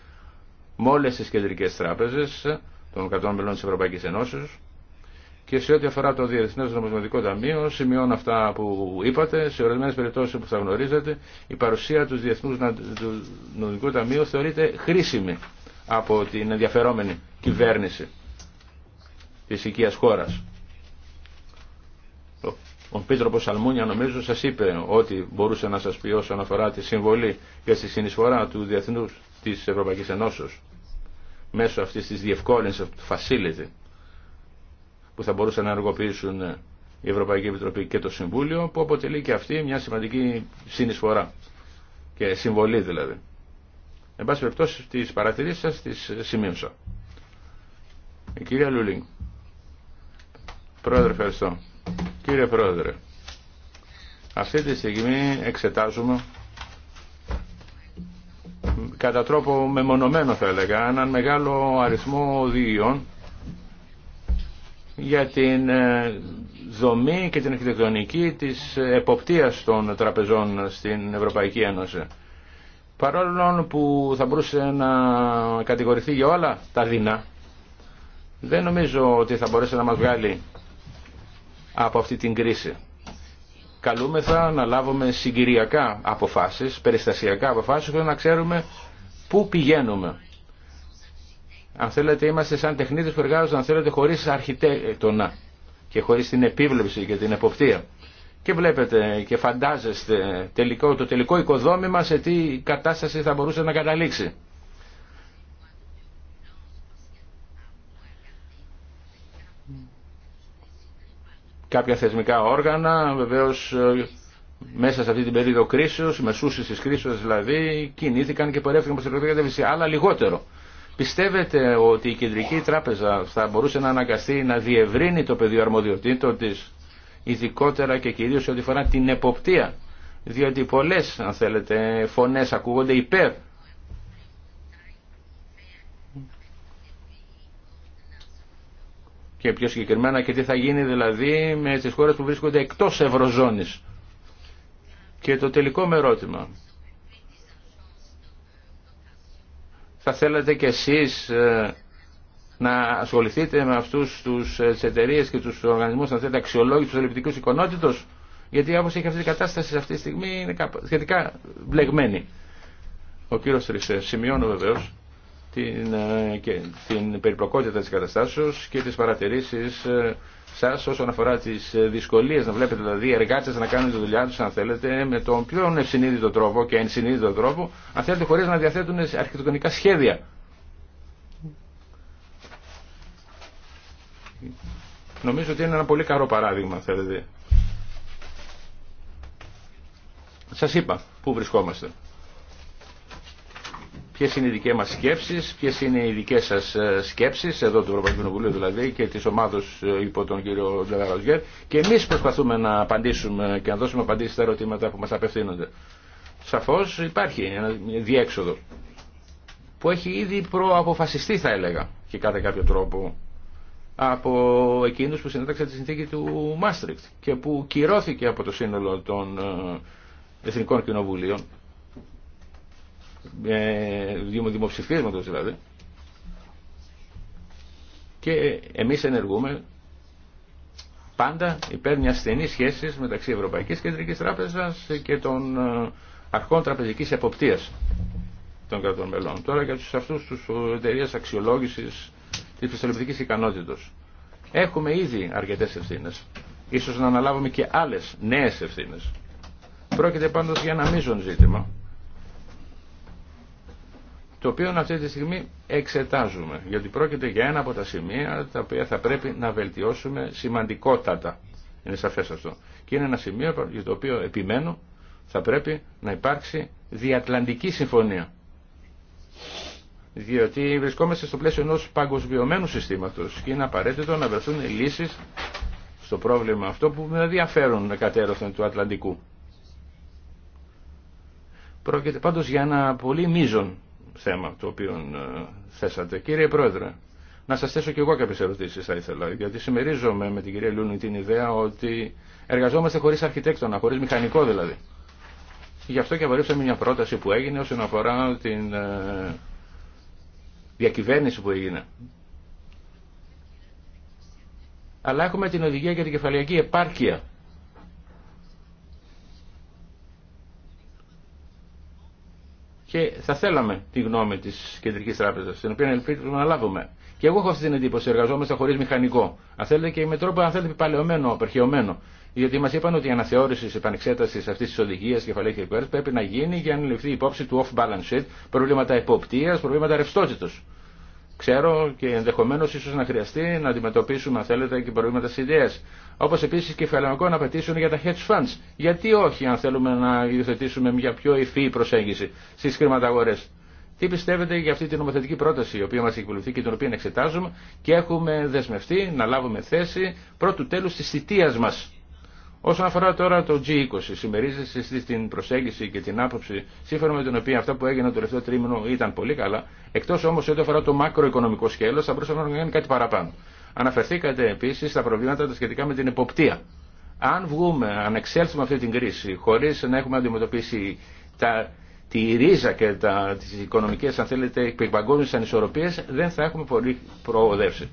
με όλε τι κεντρικέ τράπεζε των 100 μελών τη Ευρωπαϊκή Ενώσης Και σε ό,τι αφορά το Διεθνέ Νομισματικό Ταμείο, σημειώνω αυτά που είπατε. Σε ορισμένε περιπτώσει που θα γνωρίζετε, η παρουσία του Διεθνού Νομισματικού Ταμείου θεωρείται χρήσιμη από την ενδιαφερόμενη κυβέρνηση τη οικία χώρα. Ο Πίτροπος Σαλμούνια νομίζω σας είπε ότι μπορούσε να σας πει όσον αφορά τη συμβολή και τη συνεισφορά του διεθνού της Ευρωπαϊκής Ενώσεω μέσω αυτής της διευκόλυνσης του facility που θα μπορούσαν να εργοποιήσουν η Ευρωπαϊκή Επιτροπή και το Συμβούλιο που αποτελεί και αυτή μια σημαντική συνεισφορά και συμβολή δηλαδή. Εν πάση περιπτώσει τις παρατηρήσεις σας τις σημείωσα. Η ε, κυρία Λούλινγκ. Πρόεδρε ευχαριστώ. Κύριε Πρόεδρε, αυτή τη στιγμή εξετάζουμε κατά τρόπο μεμονωμένο θα έλεγα έναν μεγάλο αριθμό οδηγιών για την ε, δομή και την αρχιτεκτονική της εποπτείας των τραπεζών στην Ευρωπαϊκή Ένωση. Παρόλο που θα μπορούσε να κατηγορηθεί για όλα τα δεινά, δεν νομίζω ότι θα μπορέσει να μας βγάλει από αυτή την κρίση. Καλούμεθα να λάβουμε συγκυριακά αποφάσεις, περιστασιακά αποφάσεις, ώστε να ξέρουμε Πού πηγαίνουμε. Αν θέλετε είμαστε σαν τεχνίτες που εργάζονται, αν θέλετε, χωρίς αρχιτέκτονα και χωρίς την επίβλεψη και την εποπτεία. Και βλέπετε και φαντάζεστε τελικό, το τελικό οικοδόμημα σε τι κατάσταση θα μπορούσε να καταλήξει. Κάποια θεσμικά όργανα βεβαίως μέσα σε αυτή την περίοδο κρίσεως, μεσούσε τη κρίσεω δηλαδή, κινήθηκαν και πορεύτηκαν προς την ευρωπαϊκή αλλά λιγότερο. Πιστεύετε ότι η Κεντρική Τράπεζα θα μπορούσε να αναγκαστεί να διευρύνει το πεδίο αρμοδιοτήτων τη ειδικότερα και κυρίω σε ό,τι φορά την εποπτεία, διότι πολλέ, αν θέλετε, φωνέ ακούγονται υπέρ και πιο συγκεκριμένα και τι θα γίνει δηλαδή με τις χώρες που βρίσκονται εκτός Ευρωζώνης. Και το τελικό με ερώτημα. Θα θέλατε κι εσείς ε, να ασχοληθείτε με αυτούς τους ε, εταιρείε και τους οργανισμούς, να θέλετε αξιολόγηση του ελληνικού εικονότητος, γιατί όπως έχει αυτή η κατάσταση αυτή τη στιγμή είναι σχετικά μπλεγμένη. Ο κύριος Τρισέ, σημειώνω βεβαίως την, ε, και, την περιπλοκότητα της καταστάσεως και τις παρατηρήσεις ε, σας όσον αφορά τις ε, δυσκολίες να βλέπετε δηλαδή εργάτες να κάνουν τη δουλειά τους αν θέλετε με τον πιο ευσυνείδητο τρόπο και ενσυνείδητο τρόπο αν θέλετε χωρίς να διαθέτουν αρχιτεκτονικά σχέδια. Νομίζω ότι είναι ένα πολύ καρό παράδειγμα θέλετε. Σας είπα πού βρισκόμαστε ποιες είναι οι δικές μας σκέψεις, ποιες είναι οι δικές σας ε, σκέψεις, εδώ του Ευρωπαϊκού Κοινοβουλίου δηλαδή και της ομάδος ε, υπό τον κύριο Ντεβαροζιέρ και εμείς προσπαθούμε να απαντήσουμε και να δώσουμε απαντήσεις στα ερωτήματα που μας απευθύνονται. Σαφώς υπάρχει ένα διέξοδο που έχει ήδη προαποφασιστεί θα έλεγα και κατά κάποιο τρόπο από εκείνους που συνέταξαν τη συνθήκη του Μάστρικτ και που κυρώθηκε από το σύνολο των ε, Εθνικών Κοινοβουλίων ε, δημοψηφίσματος δηλαδή και εμείς ενεργούμε πάντα υπέρ μια στενή σχέση μεταξύ Ευρωπαϊκής Κεντρικής Τράπεζας και των ε, αρχών τραπεζικής εποπτείας των κρατών μελών. Τώρα για τους αυτούς τους εταιρείε αξιολόγησης της πιστοληπτικής ικανότητος. Έχουμε ήδη αρκετές ευθύνε. Ίσως να αναλάβουμε και άλλες νέες ευθύνε. Πρόκειται πάντως για ένα μείζον ζήτημα το οποίο αυτή τη στιγμή εξετάζουμε, γιατί πρόκειται για ένα από τα σημεία τα οποία θα πρέπει να βελτιώσουμε σημαντικότατα. Είναι σαφές αυτό. Και είναι ένα σημείο για το οποίο επιμένω θα πρέπει να υπάρξει διατλαντική συμφωνία. Διότι βρισκόμαστε στο πλαίσιο ενός παγκοσμιωμένου συστήματος και είναι απαραίτητο να βρεθούν λύσεις στο πρόβλημα αυτό που με με κατέρωθεν του Ατλαντικού. Πρόκειται πάντως για ένα πολύ μείζον θέμα το οποίο ε, θέσατε. Κύριε Πρόεδρε, να σας θέσω και εγώ κάποιε ερωτήσει θα ήθελα, γιατί συμμερίζομαι με την κυρία Λούνη την ιδέα ότι εργαζόμαστε χωρίς αρχιτέκτονα, χωρίς μηχανικό δηλαδή. Γι' αυτό και απορρίψαμε μια πρόταση που έγινε όσον αφορά την ε, διακυβέρνηση που έγινε. Αλλά έχουμε την οδηγία για την κεφαλιακή επάρκεια και θα θέλαμε τη γνώμη τη Κεντρική Τράπεζα, την οποία ελπίζουμε να λάβουμε. Και εγώ έχω αυτή την εντύπωση, εργαζόμαστε χωρί μηχανικό. Αν θέλετε και με τρόπο, αν θέλετε, παλαιωμένο, απερχαιωμένο. Γιατί μα είπαν ότι η αναθεώρηση τη επανεξέταση αυτή τη οδηγία κεφαλαίου και πρέπει να γίνει για να ληφθεί υπόψη του off-balance sheet, προβλήματα εποπτεία, προβλήματα ρευστότητο ξέρω και ενδεχομένω ίσω να χρειαστεί να αντιμετωπίσουμε, αν θέλετε, και προβλήματα ιδέε. Όπω επίση και να απαιτήσεων για τα hedge funds. Γιατί όχι, αν θέλουμε να υιοθετήσουμε μια πιο υφή προσέγγιση στι χρηματαγορέ. Τι πιστεύετε για αυτή την νομοθετική πρόταση η οποία μα έχει και την οποία εξετάζουμε και έχουμε δεσμευτεί να λάβουμε θέση πρώτου τέλου τη θητεία μα. Όσον αφορά τώρα το G20, συμμερίζεσαι εσείς την προσέγγιση και την άποψη σύμφωνα με την οποία αυτά που έγιναν το τελευταίο τρίμηνο ήταν πολύ καλά, εκτός όμως ό,τι αφορά το μακροοικονομικό σκέλος θα μπορούσαμε να κάνει κάτι παραπάνω. Αναφερθήκατε επίσης στα προβλήματα τα σχετικά με την εποπτεία. Αν βγούμε, αν εξέλθουμε αυτή την κρίση χωρίς να έχουμε αντιμετωπίσει τα, τη ρίζα και τι τις οικονομικές αν θέλετε παγκόσμιε ανισορροπίες δεν θα έχουμε πολύ προοδεύσει.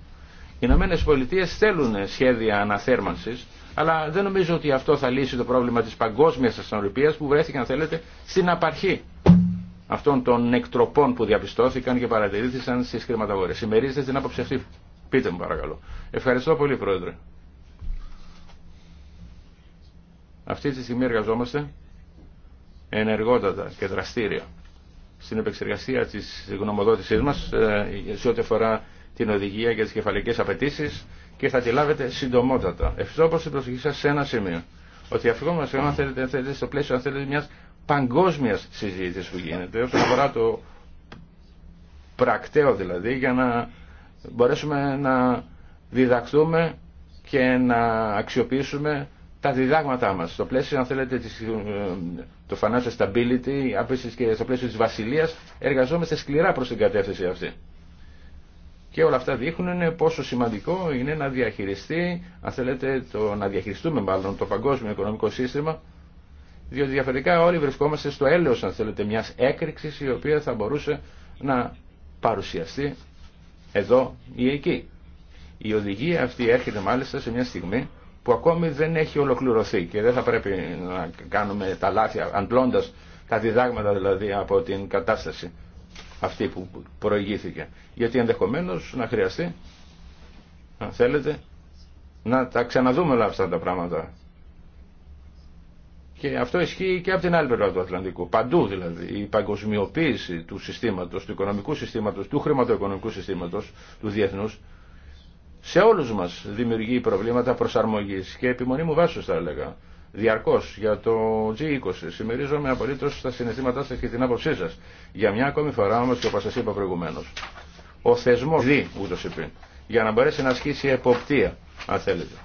Οι Ηνωμένε Πολιτείε θέλουν σχέδια αναθέρμανσης αλλά δεν νομίζω ότι αυτό θα λύσει το πρόβλημα της παγκόσμιας αστυνομίας που βρέθηκε, αν θέλετε, στην απαρχή αυτών των εκτροπών που διαπιστώθηκαν και παρατηρήθησαν στις χρηματαγορές. Συμμερίζετε την άποψη αυτή. Πείτε μου παρακαλώ. Ευχαριστώ πολύ Πρόεδρε. Αυτή τη στιγμή εργαζόμαστε ενεργότατα και δραστήρια στην επεξεργασία της γνωμοδότησής μας ε, σε ό,τι αφορά την οδηγία για τις κεφαλικές απαιτήσει και θα τη λάβετε συντομότατα. Ευχαριστώ την προσοχή σα σε ένα σημείο. Ότι μα αν θέλετε, αν θέλετε, στο πλαίσιο αν θέλετε, μιας παγκόσμιας συζήτησης που γίνεται όσον αφορά το πρακτέο δηλαδή για να μπορέσουμε να διδαχθούμε και να αξιοποιήσουμε τα διδάγματά μας στο πλαίσιο αν θέλετε της, ε, το financial stability και στο πλαίσιο της βασιλείας εργαζόμαστε σκληρά προς την κατεύθυνση αυτή. Και όλα αυτά δείχνουν πόσο σημαντικό είναι να διαχειριστεί, αν θέλετε, το, να διαχειριστούμε μάλλον το παγκόσμιο οικονομικό σύστημα, διότι διαφορετικά όλοι βρισκόμαστε στο έλεος, αν θέλετε, μιας έκρηξης η οποία θα μπορούσε να παρουσιαστεί εδώ ή εκεί. Η οδηγία αυτή έρχεται μάλιστα σε μια στιγμή που ακόμη δεν έχει ολοκληρωθεί και δεν θα πρέπει να κάνουμε τα λάθη αντλώντας τα διδάγματα δηλαδή από την κατάσταση αυτή που προηγήθηκε. Γιατί ενδεχομένως να χρειαστεί, αν θέλετε, να τα ξαναδούμε όλα αυτά τα πράγματα. Και αυτό ισχύει και από την άλλη πλευρά του Ατλαντικού. Παντού δηλαδή. Η παγκοσμιοποίηση του συστήματος, του οικονομικού συστήματος, του χρηματοοικονομικού συστήματος, του διεθνούς, σε όλους μας δημιουργεί προβλήματα προσαρμογής και επιμονή μου βάσος θα έλεγα διαρκώς για το G20. Συμμερίζομαι απολύτως στα συναισθήματά σα και την άποψή σα. Για μια ακόμη φορά όμω και όπω σα είπα προηγουμένω. Ο θεσμό δει ούτως πριν για να μπορέσει να ασκήσει εποπτεία αν θέλετε.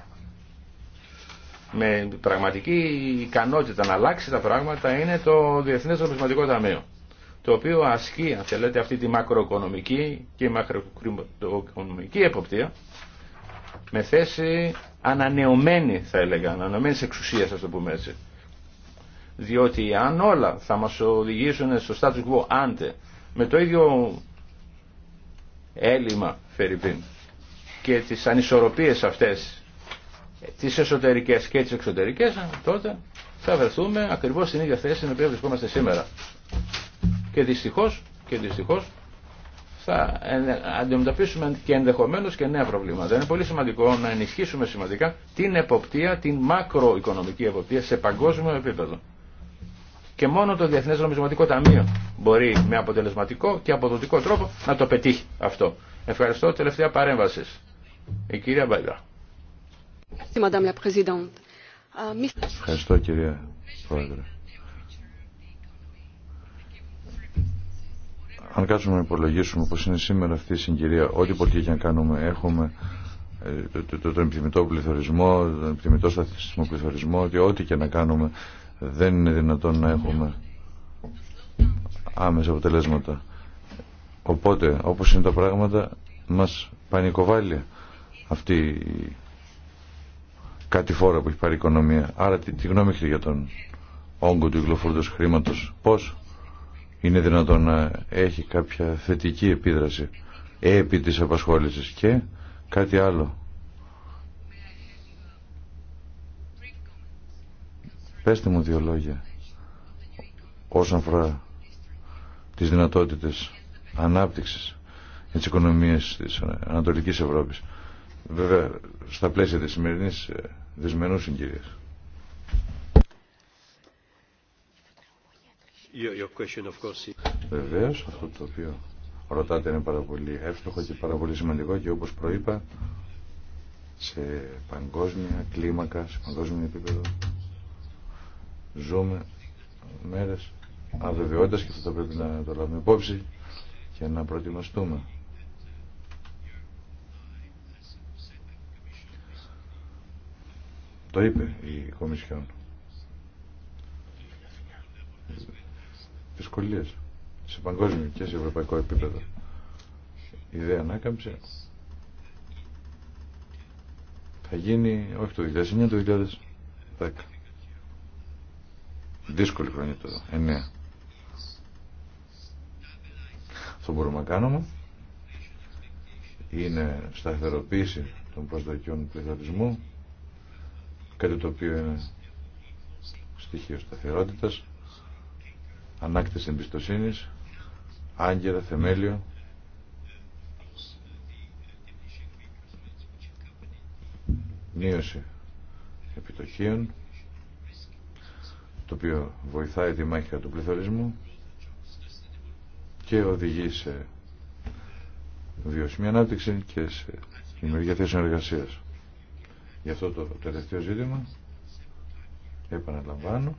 Με πραγματική ικανότητα να αλλάξει τα πράγματα είναι το Διεθνές Νομισματικό Ταμείο το οποίο ασκεί, αν θέλετε, αυτή τη μακροοικονομική και μακροοικονομική εποπτεία με θέση ανανεωμένη θα έλεγα, ανανεωμένη εξουσία θα το πούμε έτσι. Διότι αν όλα θα μας οδηγήσουν στο status quo άντε, με το ίδιο έλλειμμα Φερρυπίν και τις ανισορροπίες αυτές, τις εσωτερικές και τις εξωτερικές, τότε θα βρεθούμε ακριβώς στην ίδια θέση στην οποία βρισκόμαστε σήμερα. Και δυστυχώς, και δυστυχώς θα αντιμετωπίσουμε και ενδεχομένως και νέα προβλήματα. Είναι πολύ σημαντικό να ενισχύσουμε σημαντικά την εποπτεία, την μακροοικονομική εποπτεία σε παγκόσμιο επίπεδο. Και μόνο το Διεθνές Νομισματικό Ταμείο μπορεί με αποτελεσματικό και αποδοτικό τρόπο να το πετύχει αυτό. Ευχαριστώ. Τελευταία παρέμβαση. Η κυρία Μπαϊδά.
Ευχαριστώ ah, κυρία Πρόεδρε. αν κάτσουμε να υπολογίσουμε πως είναι σήμερα αυτή η συγκυρία, ό,τι πολιτική και να κάνουμε, έχουμε ε, τον επιθυμητό πληθωρισμό, τον επιθυμητό σταθμισμό πληθωρισμό, ότι ό,τι και να κάνουμε δεν είναι δυνατόν να έχουμε άμεσα αποτελέσματα. Οπότε, όπως είναι τα πράγματα, μας πανικοβάλλει αυτή η κατηφόρα που έχει πάρει η οικονομία. Άρα, τη γνώμη έχετε για τον όγκο του κυκλοφορούντος χρήματος, πώς είναι δυνατόν να έχει κάποια θετική επίδραση επί της απασχόλησης και κάτι άλλο. Πέστε μου δύο λόγια όσον αφορά τις δυνατότητες ανάπτυξης της οικονομίας της Ανατολικής Ευρώπης. Βέβαια, στα πλαίσια της σημερινής ε, δυσμενούς συγκυρίας. Βεβαίω, αυτό το οποίο ρωτάτε είναι πάρα πολύ εύστοχο και πάρα πολύ σημαντικό και όπως προείπα σε παγκόσμια κλίμακα, σε παγκόσμιο επίπεδο ζούμε μέρες αβεβαιότητας και αυτό θα πρέπει να το λάβουμε υπόψη και να προετοιμαστούμε. Το είπε η Κομισιόν. σε παγκόσμιο και σε ευρωπαϊκό επίπεδο. Η ιδέα ανάκαμψη θα γίνει όχι το 2009, το 2010. Δύσκολη χρονιά το 9. Αυτό μπορούμε να κάνουμε. Είναι σταθεροποίηση των προσδοκιών του πληθωρισμού, κάτι το οποίο είναι στοιχείο σταθερότητας ανάκτηση εμπιστοσύνη, άγγερα, θεμέλιο. Μείωση επιτοχίων, το οποίο βοηθάει τη μάχη του πληθωρισμού και οδηγεί σε βιώσιμη ανάπτυξη και σε δημιουργία θέσεων εργασία. Γι' αυτό το τελευταίο ζήτημα επαναλαμβάνω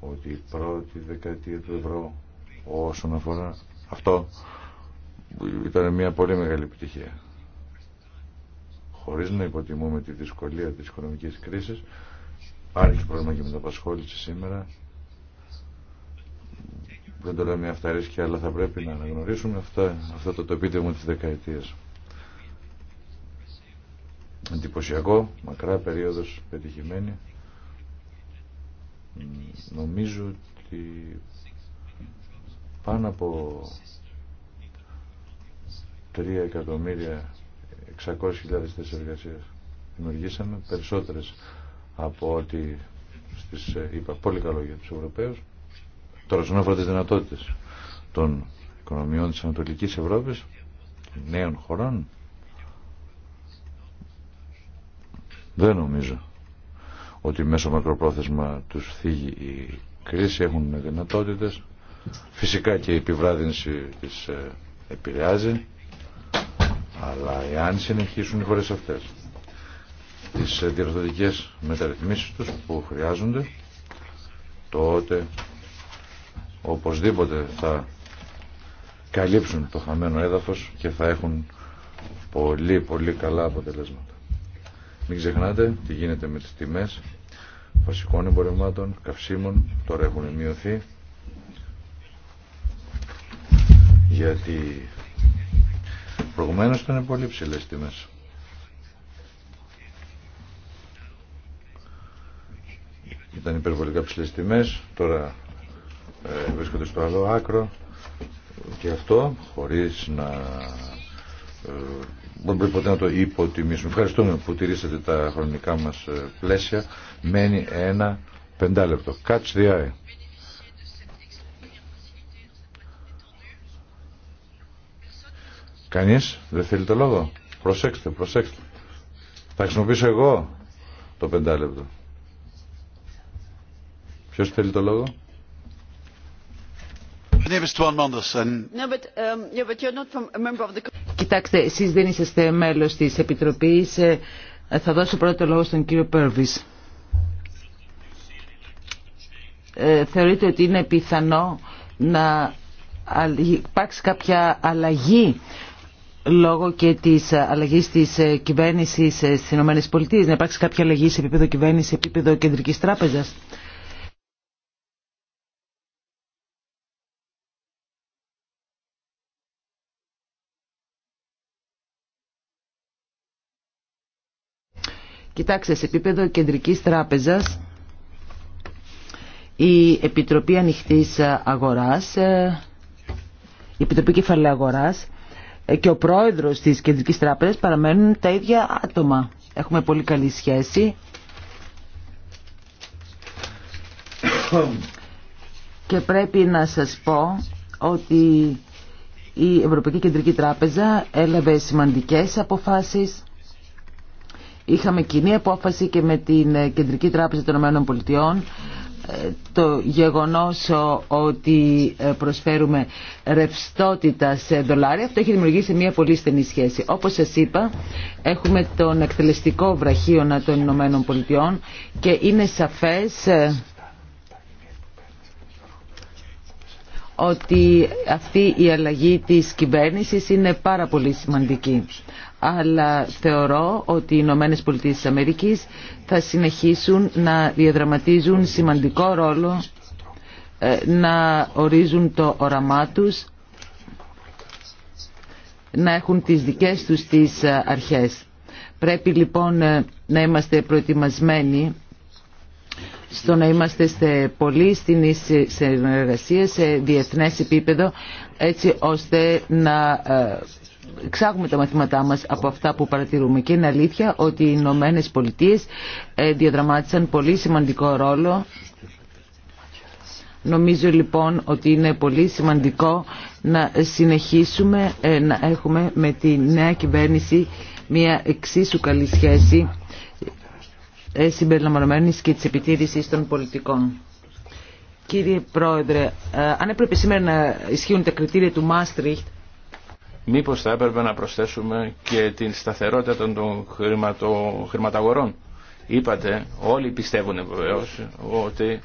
ότι η πρώτη δεκαετία του ευρώ όσον αφορά αυτό ήταν μια πολύ μεγάλη επιτυχία. Χωρίς να υποτιμούμε τη δυσκολία της οικονομικής κρίσης, άρχισε πρόβλημα και με τα απασχόληση σήμερα. Δεν το λέμε αυτά ρίσκια, αλλά θα πρέπει να αναγνωρίσουμε αυτά, αυτό το, το μου της δεκαετίας. Εντυπωσιακό, μακρά περίοδος πετυχημένη νομίζω ότι πάνω από 3 εκατομμύρια 600.000 θέσει εργασία δημιουργήσαμε περισσότερες από ό,τι στις ε, είπα πολύ καλό για του Ευρωπαίους τώρα σχετικά αφορά τι δυνατότητε των οικονομιών της Ανατολικής Ευρώπης νέων χωρών δεν νομίζω ότι μέσω μακροπρόθεσμα τους θίγει η κρίση, έχουν δυνατότητες. Φυσικά και η επιβράδυνση της ε, επηρεάζει, αλλά εάν συνεχίσουν οι χώρες αυτές τις ε, διορθωτικές μεταρρυθμίσεις τους που χρειάζονται, τότε οπωσδήποτε θα καλύψουν το χαμένο έδαφος και θα έχουν πολύ πολύ καλά αποτελέσματα. Μην ξεχνάτε τι γίνεται με τις τιμές βασικών εμπορευμάτων, καυσίμων, τώρα έχουν μειωθεί γιατί προηγουμένως ήταν πολύ ψηλές τιμές. Ήταν υπερβολικά ψηλές τιμές, τώρα ε, βρίσκονται στο άλλο άκρο και αυτό χωρίς να ε, Μπορείτε ποτέ να το υποτιμήσουμε. Ευχαριστούμε που τηρήσατε τα χρονικά μας ε, πλαίσια. Μένει ένα πεντάλεπτο. Catch the eye. Κανείς δεν θέλει το λόγο. Προσέξτε, προσέξτε. Θα χρησιμοποιήσω εγώ το πεντάλεπτο. Ποιος θέλει το λόγο.
Κοιτάξτε, εσεί δεν είσαστε μέλο της Επιτροπής. Ε, θα δώσω πρώτο λόγο στον κύριο Πέρβις. Ε, θεωρείτε ότι είναι πιθανό να υπάρξει κάποια αλλαγή λόγω και της αλλαγής της ε, κυβέρνησης στις ΗΠΑ, να υπάρξει κάποια αλλαγή σε επίπεδο κυβέρνηση, σε επίπεδο κεντρικής τράπεζας. Κοιτάξτε, σε επίπεδο κεντρικής τράπεζας η Επιτροπή Ανοιχτής Αγοράς, ε, η Επιτροπή Κεφαλαίου Αγοράς ε, και ο πρόεδρος της Κεντρικής Τράπεζας παραμένουν τα ίδια άτομα. Έχουμε πολύ καλή σχέση. Και πρέπει να σας πω ότι η Ευρωπαϊκή Κεντρική Τράπεζα έλαβε σημαντικές αποφάσεις Είχαμε κοινή απόφαση και με την ε, Κεντρική Τράπεζα των Ηνωμένων Πολιτειών ε, το γεγονός ότι ε, προσφέρουμε ρευστότητα σε δολάρια αυτό έχει δημιουργήσει μια πολύ στενή σχέση όπως σας είπα έχουμε τον εκτελεστικό βραχίωνα των Ηνωμένων Πολιτειών και είναι σαφές ότι αυτή η αλλαγή της κυβέρνησης είναι πάρα πολύ σημαντική αλλά θεωρώ ότι οι Ηνωμένε Πολιτείε Αμερικής θα συνεχίσουν να διαδραματίζουν σημαντικό ρόλο ε, να ορίζουν το όραμά τους να έχουν τις δικές τους τις ε, αρχές. Πρέπει λοιπόν ε, να είμαστε προετοιμασμένοι στο να είμαστε σε πολύ στενή συνεργασία σε διεθνές επίπεδο έτσι ώστε να εξάγουμε τα μαθήματά μας από αυτά που παρατηρούμε. Και είναι αλήθεια ότι οι Ηνωμένε Πολιτείε ε, διαδραμάτισαν πολύ σημαντικό ρόλο. Νομίζω λοιπόν ότι είναι πολύ σημαντικό να συνεχίσουμε ε, να έχουμε με τη νέα κυβέρνηση μια εξίσου καλή σχέση ε, συμπεριλαμβανομένη και της επιτήρησης των πολιτικών. Κύριε Πρόεδρε,
αν έπρεπε σήμερα να ισχύουν τα κριτήρια του Μάστριχτ, μήπως θα έπρεπε να προσθέσουμε και την σταθερότητα των χρηματο, χρηματαγορών. Είπατε, όλοι πιστεύουν βεβαίω ότι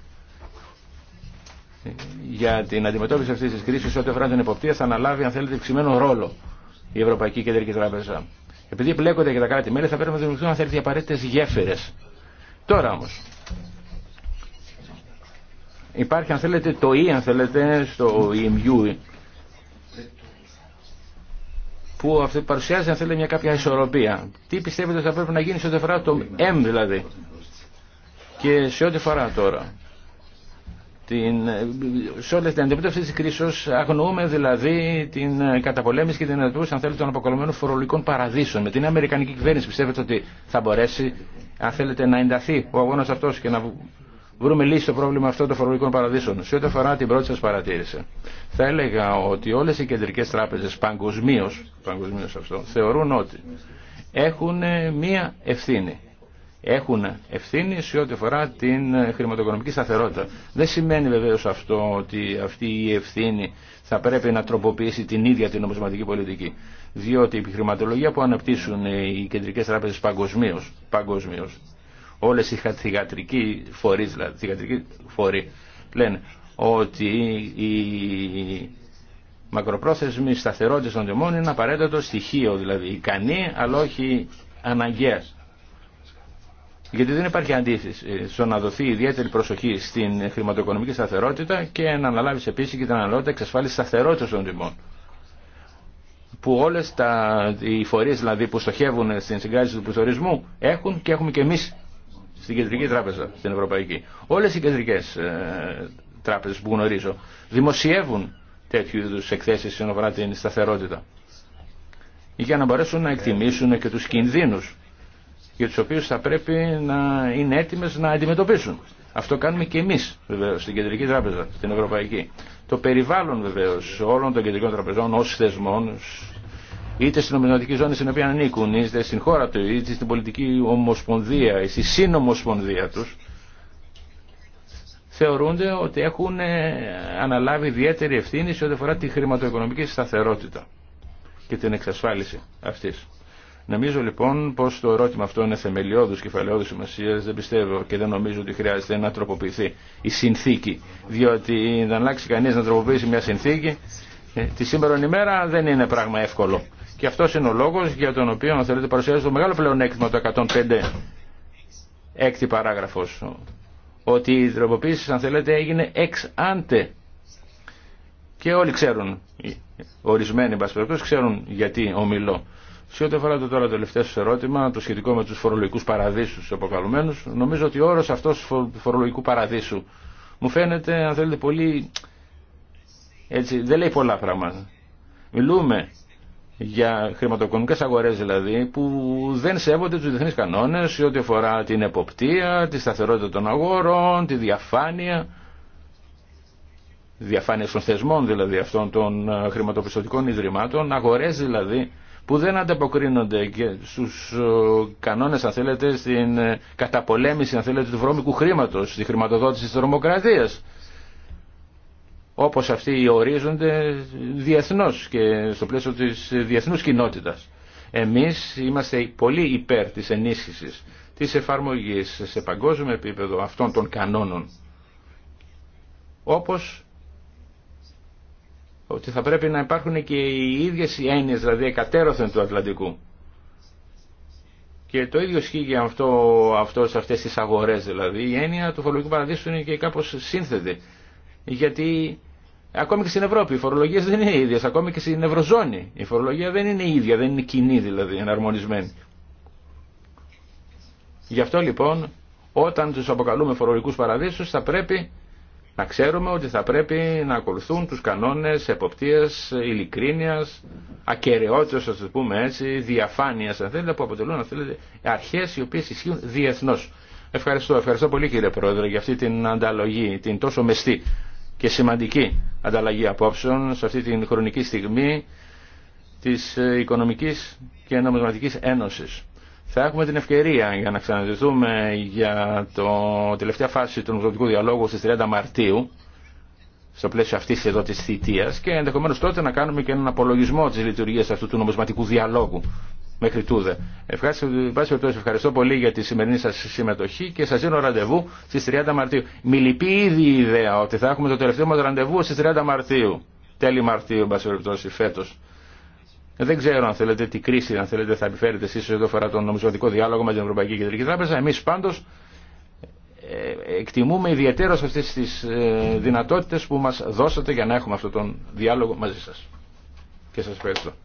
για την αντιμετώπιση αυτής της κρίσης ό,τι αφορά την εποπτεία θα αναλάβει αν θέλετε ξημένο ρόλο η Ευρωπαϊκή Κεντρική Τράπεζα. Επειδή πλέκονται και τα κράτη-μέλη θα πρέπει να δημιουργηθούν αν θέλετε απαραίτητε απαραίτητες γέφυρες. Τώρα όμως, υπάρχει αν θέλετε το «ή» αν θέλετε στο EMU που παρουσιάζει αν θέλει μια κάποια ισορροπία. Τι πιστεύετε ότι θα πρέπει να γίνει σε ό,τι αφορά το M δηλαδή και σε ό,τι αφορά τώρα. Την, σε όλη την αντιμετώπιση τη κρίση, αγνοούμε δηλαδή την καταπολέμηση και την αντιμετώπιση αν θέλετε των αποκαλωμένων φορολογικών παραδείσων. Με την Αμερικανική κυβέρνηση πιστεύετε ότι θα μπορέσει αν θέλετε να ενταθεί ο αγώνα αυτό και να βρούμε λύση στο πρόβλημα αυτό των φορολογικών παραδείσων. Σε ό,τι αφορά την πρώτη σα παρατήρηση, θα έλεγα ότι όλε οι κεντρικέ τράπεζε παγκοσμίω αυτό θεωρούν ότι έχουν ε, μία ευθύνη. Έχουν ευθύνη σε ό,τι αφορά την ε, χρηματοοικονομική σταθερότητα. Δεν σημαίνει βεβαίω αυτό ότι αυτή η ευθύνη θα πρέπει να τροποποιήσει την ίδια την νομισματική πολιτική. Διότι η επιχειρηματολογία που αναπτύσσουν οι κεντρικέ τράπεζε παγκοσμίω όλες οι θηγατρικοί φορείς, δηλαδή θηγατρικοί φορεί, λένε ότι η μακροπρόθεσμη σταθερότητα των τιμών είναι απαραίτητο στοιχείο, δηλαδή ικανή αλλά όχι αναγκαία. Γιατί δεν υπάρχει αντίθεση ε, στο να δοθεί ιδιαίτερη προσοχή στην χρηματοοικονομική σταθερότητα και να αναλάβει επίση και την αναλότητα εξασφάλιση σταθερότητα των τιμών. Που όλε οι φορεί δηλαδή που στοχεύουν στην συγκράτηση του πληθωρισμού έχουν και έχουμε και εμεί στην Κεντρική Τράπεζα, στην Ευρωπαϊκή. Όλες οι κεντρικές ε, τράπεζες που γνωρίζω δημοσιεύουν τέτοιου είδου εκθέσεις σύνοπρα αφορά την σταθερότητα. Για να μπορέσουν να εκτιμήσουν και τους κινδύνους για τους οποίους θα πρέπει να είναι έτοιμες να αντιμετωπίσουν. Αυτό κάνουμε και εμείς βεβαίως στην Κεντρική Τράπεζα, στην Ευρωπαϊκή. Το περιβάλλον βεβαίως όλων των κεντρικών τραπεζών ως θεσμών είτε στην ομιλωτική ζώνη στην οποία ανήκουν, είτε στην χώρα του, είτε στην πολιτική ομοσπονδία, ή στη συνομοσπονδία τους, θεωρούνται ότι έχουν ε, αναλάβει ιδιαίτερη ευθύνη σε ό,τι αφορά τη χρηματοοικονομική σταθερότητα και την εξασφάλιση αυτής. Νομίζω λοιπόν πως το ερώτημα αυτό είναι θεμελιώδου κεφαλαιώδου σημασία. Δεν πιστεύω και δεν νομίζω ότι χρειάζεται να τροποποιηθεί η συνθήκη. Διότι να αλλάξει κανεί να τροποποιήσει μια συνθήκη ε, τη σήμερα ημέρα δεν είναι πράγμα εύκολο. Και αυτός είναι ο λόγος για τον οποίο, αν θέλετε, παρουσιάζει το μεγάλο πλεονέκτημα το 105 έκτη παράγραφος. Ότι η τροποποίηση, αν θέλετε, έγινε εξ άντε. Και όλοι ξέρουν, ορισμένοι μπασπερτός, ξέρουν γιατί ομιλώ. Σε ό,τι αφορά το τώρα τελευταίο σα ερώτημα, το σχετικό με του φορολογικού παραδείσου αποκαλουμένους. νομίζω ότι ο όρο αυτό φορολογικού παραδείσου μου φαίνεται, αν θέλετε, πολύ. Έτσι, δεν λέει πολλά πράγματα. Μιλούμε για χρηματοοικονομικές αγορές δηλαδή που δεν σέβονται τους διεθνείς κανόνες σε ό,τι αφορά την εποπτεία, τη σταθερότητα των αγορών, τη διαφάνεια διαφάνεια των θεσμών δηλαδή αυτών των ε, χρηματοπιστωτικών ιδρυμάτων αγορές δηλαδή που δεν ανταποκρίνονται και στους ε, κανόνες αν θέλετε στην ε, καταπολέμηση αν θέλετε του βρώμικου χρήματος, στη χρηματοδότηση της τρομοκρατίας όπως αυτοί ορίζονται διεθνώς και στο πλαίσιο της διεθνούς κοινότητας. Εμείς είμαστε πολύ υπέρ της ενίσχυσης της εφαρμογής σε παγκόσμιο επίπεδο αυτών των κανόνων όπως ότι θα πρέπει να υπάρχουν και οι ίδιες οι έννοιες, δηλαδή εκατέρωθεν του Ατλαντικού. Και το ίδιο ισχύει αυτό, αυτό σε αυτές τις αγορές δηλαδή. Η έννοια του φορολογικού παραδείσου είναι και κάπως σύνθετη. Γιατί Ακόμη και στην Ευρώπη οι φορολογίε δεν είναι ίδιε. Ακόμη και στην Ευρωζώνη η φορολογία δεν είναι ίδια, δεν είναι κοινή δηλαδή, εναρμονισμένη. Γι' αυτό λοιπόν όταν του αποκαλούμε φορολογικούς παραδείσους θα πρέπει να ξέρουμε ότι θα πρέπει να ακολουθούν του κανόνε εποπτεία, ειλικρίνεια, ακαιρεότητα, α το πούμε έτσι, διαφάνειας, αν θέλετε, που αποτελούν αρχέ οι οποίες ισχύουν διεθνώς. Ευχαριστώ, ευχαριστώ πολύ κύριε Πρόεδρε για αυτή την ανταλλαγή, την τόσο μεστή και σημαντική ανταλλαγή απόψεων σε αυτή την χρονική στιγμή της ε, Οικονομικής και Νομισματικής Ένωσης. Θα έχουμε την ευκαιρία για να ξαναζητούμε για το τελευταία φάση του νομισματικού διαλόγου στις 30 Μαρτίου στο πλαίσιο αυτής εδώ της θητείας και ενδεχομένως τότε να κάνουμε και έναν απολογισμό της λειτουργίας αυτού του νομισματικού διαλόγου μέχρι τούδε. Ευχαριστώ, ευχαριστώ πολύ για τη σημερινή σας συμμετοχή και σας δίνω ραντεβού στις 30 Μαρτίου. Μη λυπεί ήδη η ιδέα ότι θα έχουμε το τελευταίο μας ραντεβού στις 30 Μαρτίου. Τέλη Μαρτίου, εν περιπτώσει, φέτος. Δεν ξέρω αν θέλετε τι κρίση, αν θέλετε θα επιφέρετε εσείς εδώ φορά τον νομισματικό διάλογο με την Ευρωπαϊκή Κεντρική Τράπεζα. Εμείς πάντως ε, εκτιμούμε ιδιαίτερα αυτές τις ε, δυνατότητες που μας δώσατε για να έχουμε αυτόν τον διάλογο μαζί σας. Και σας ευχαριστώ.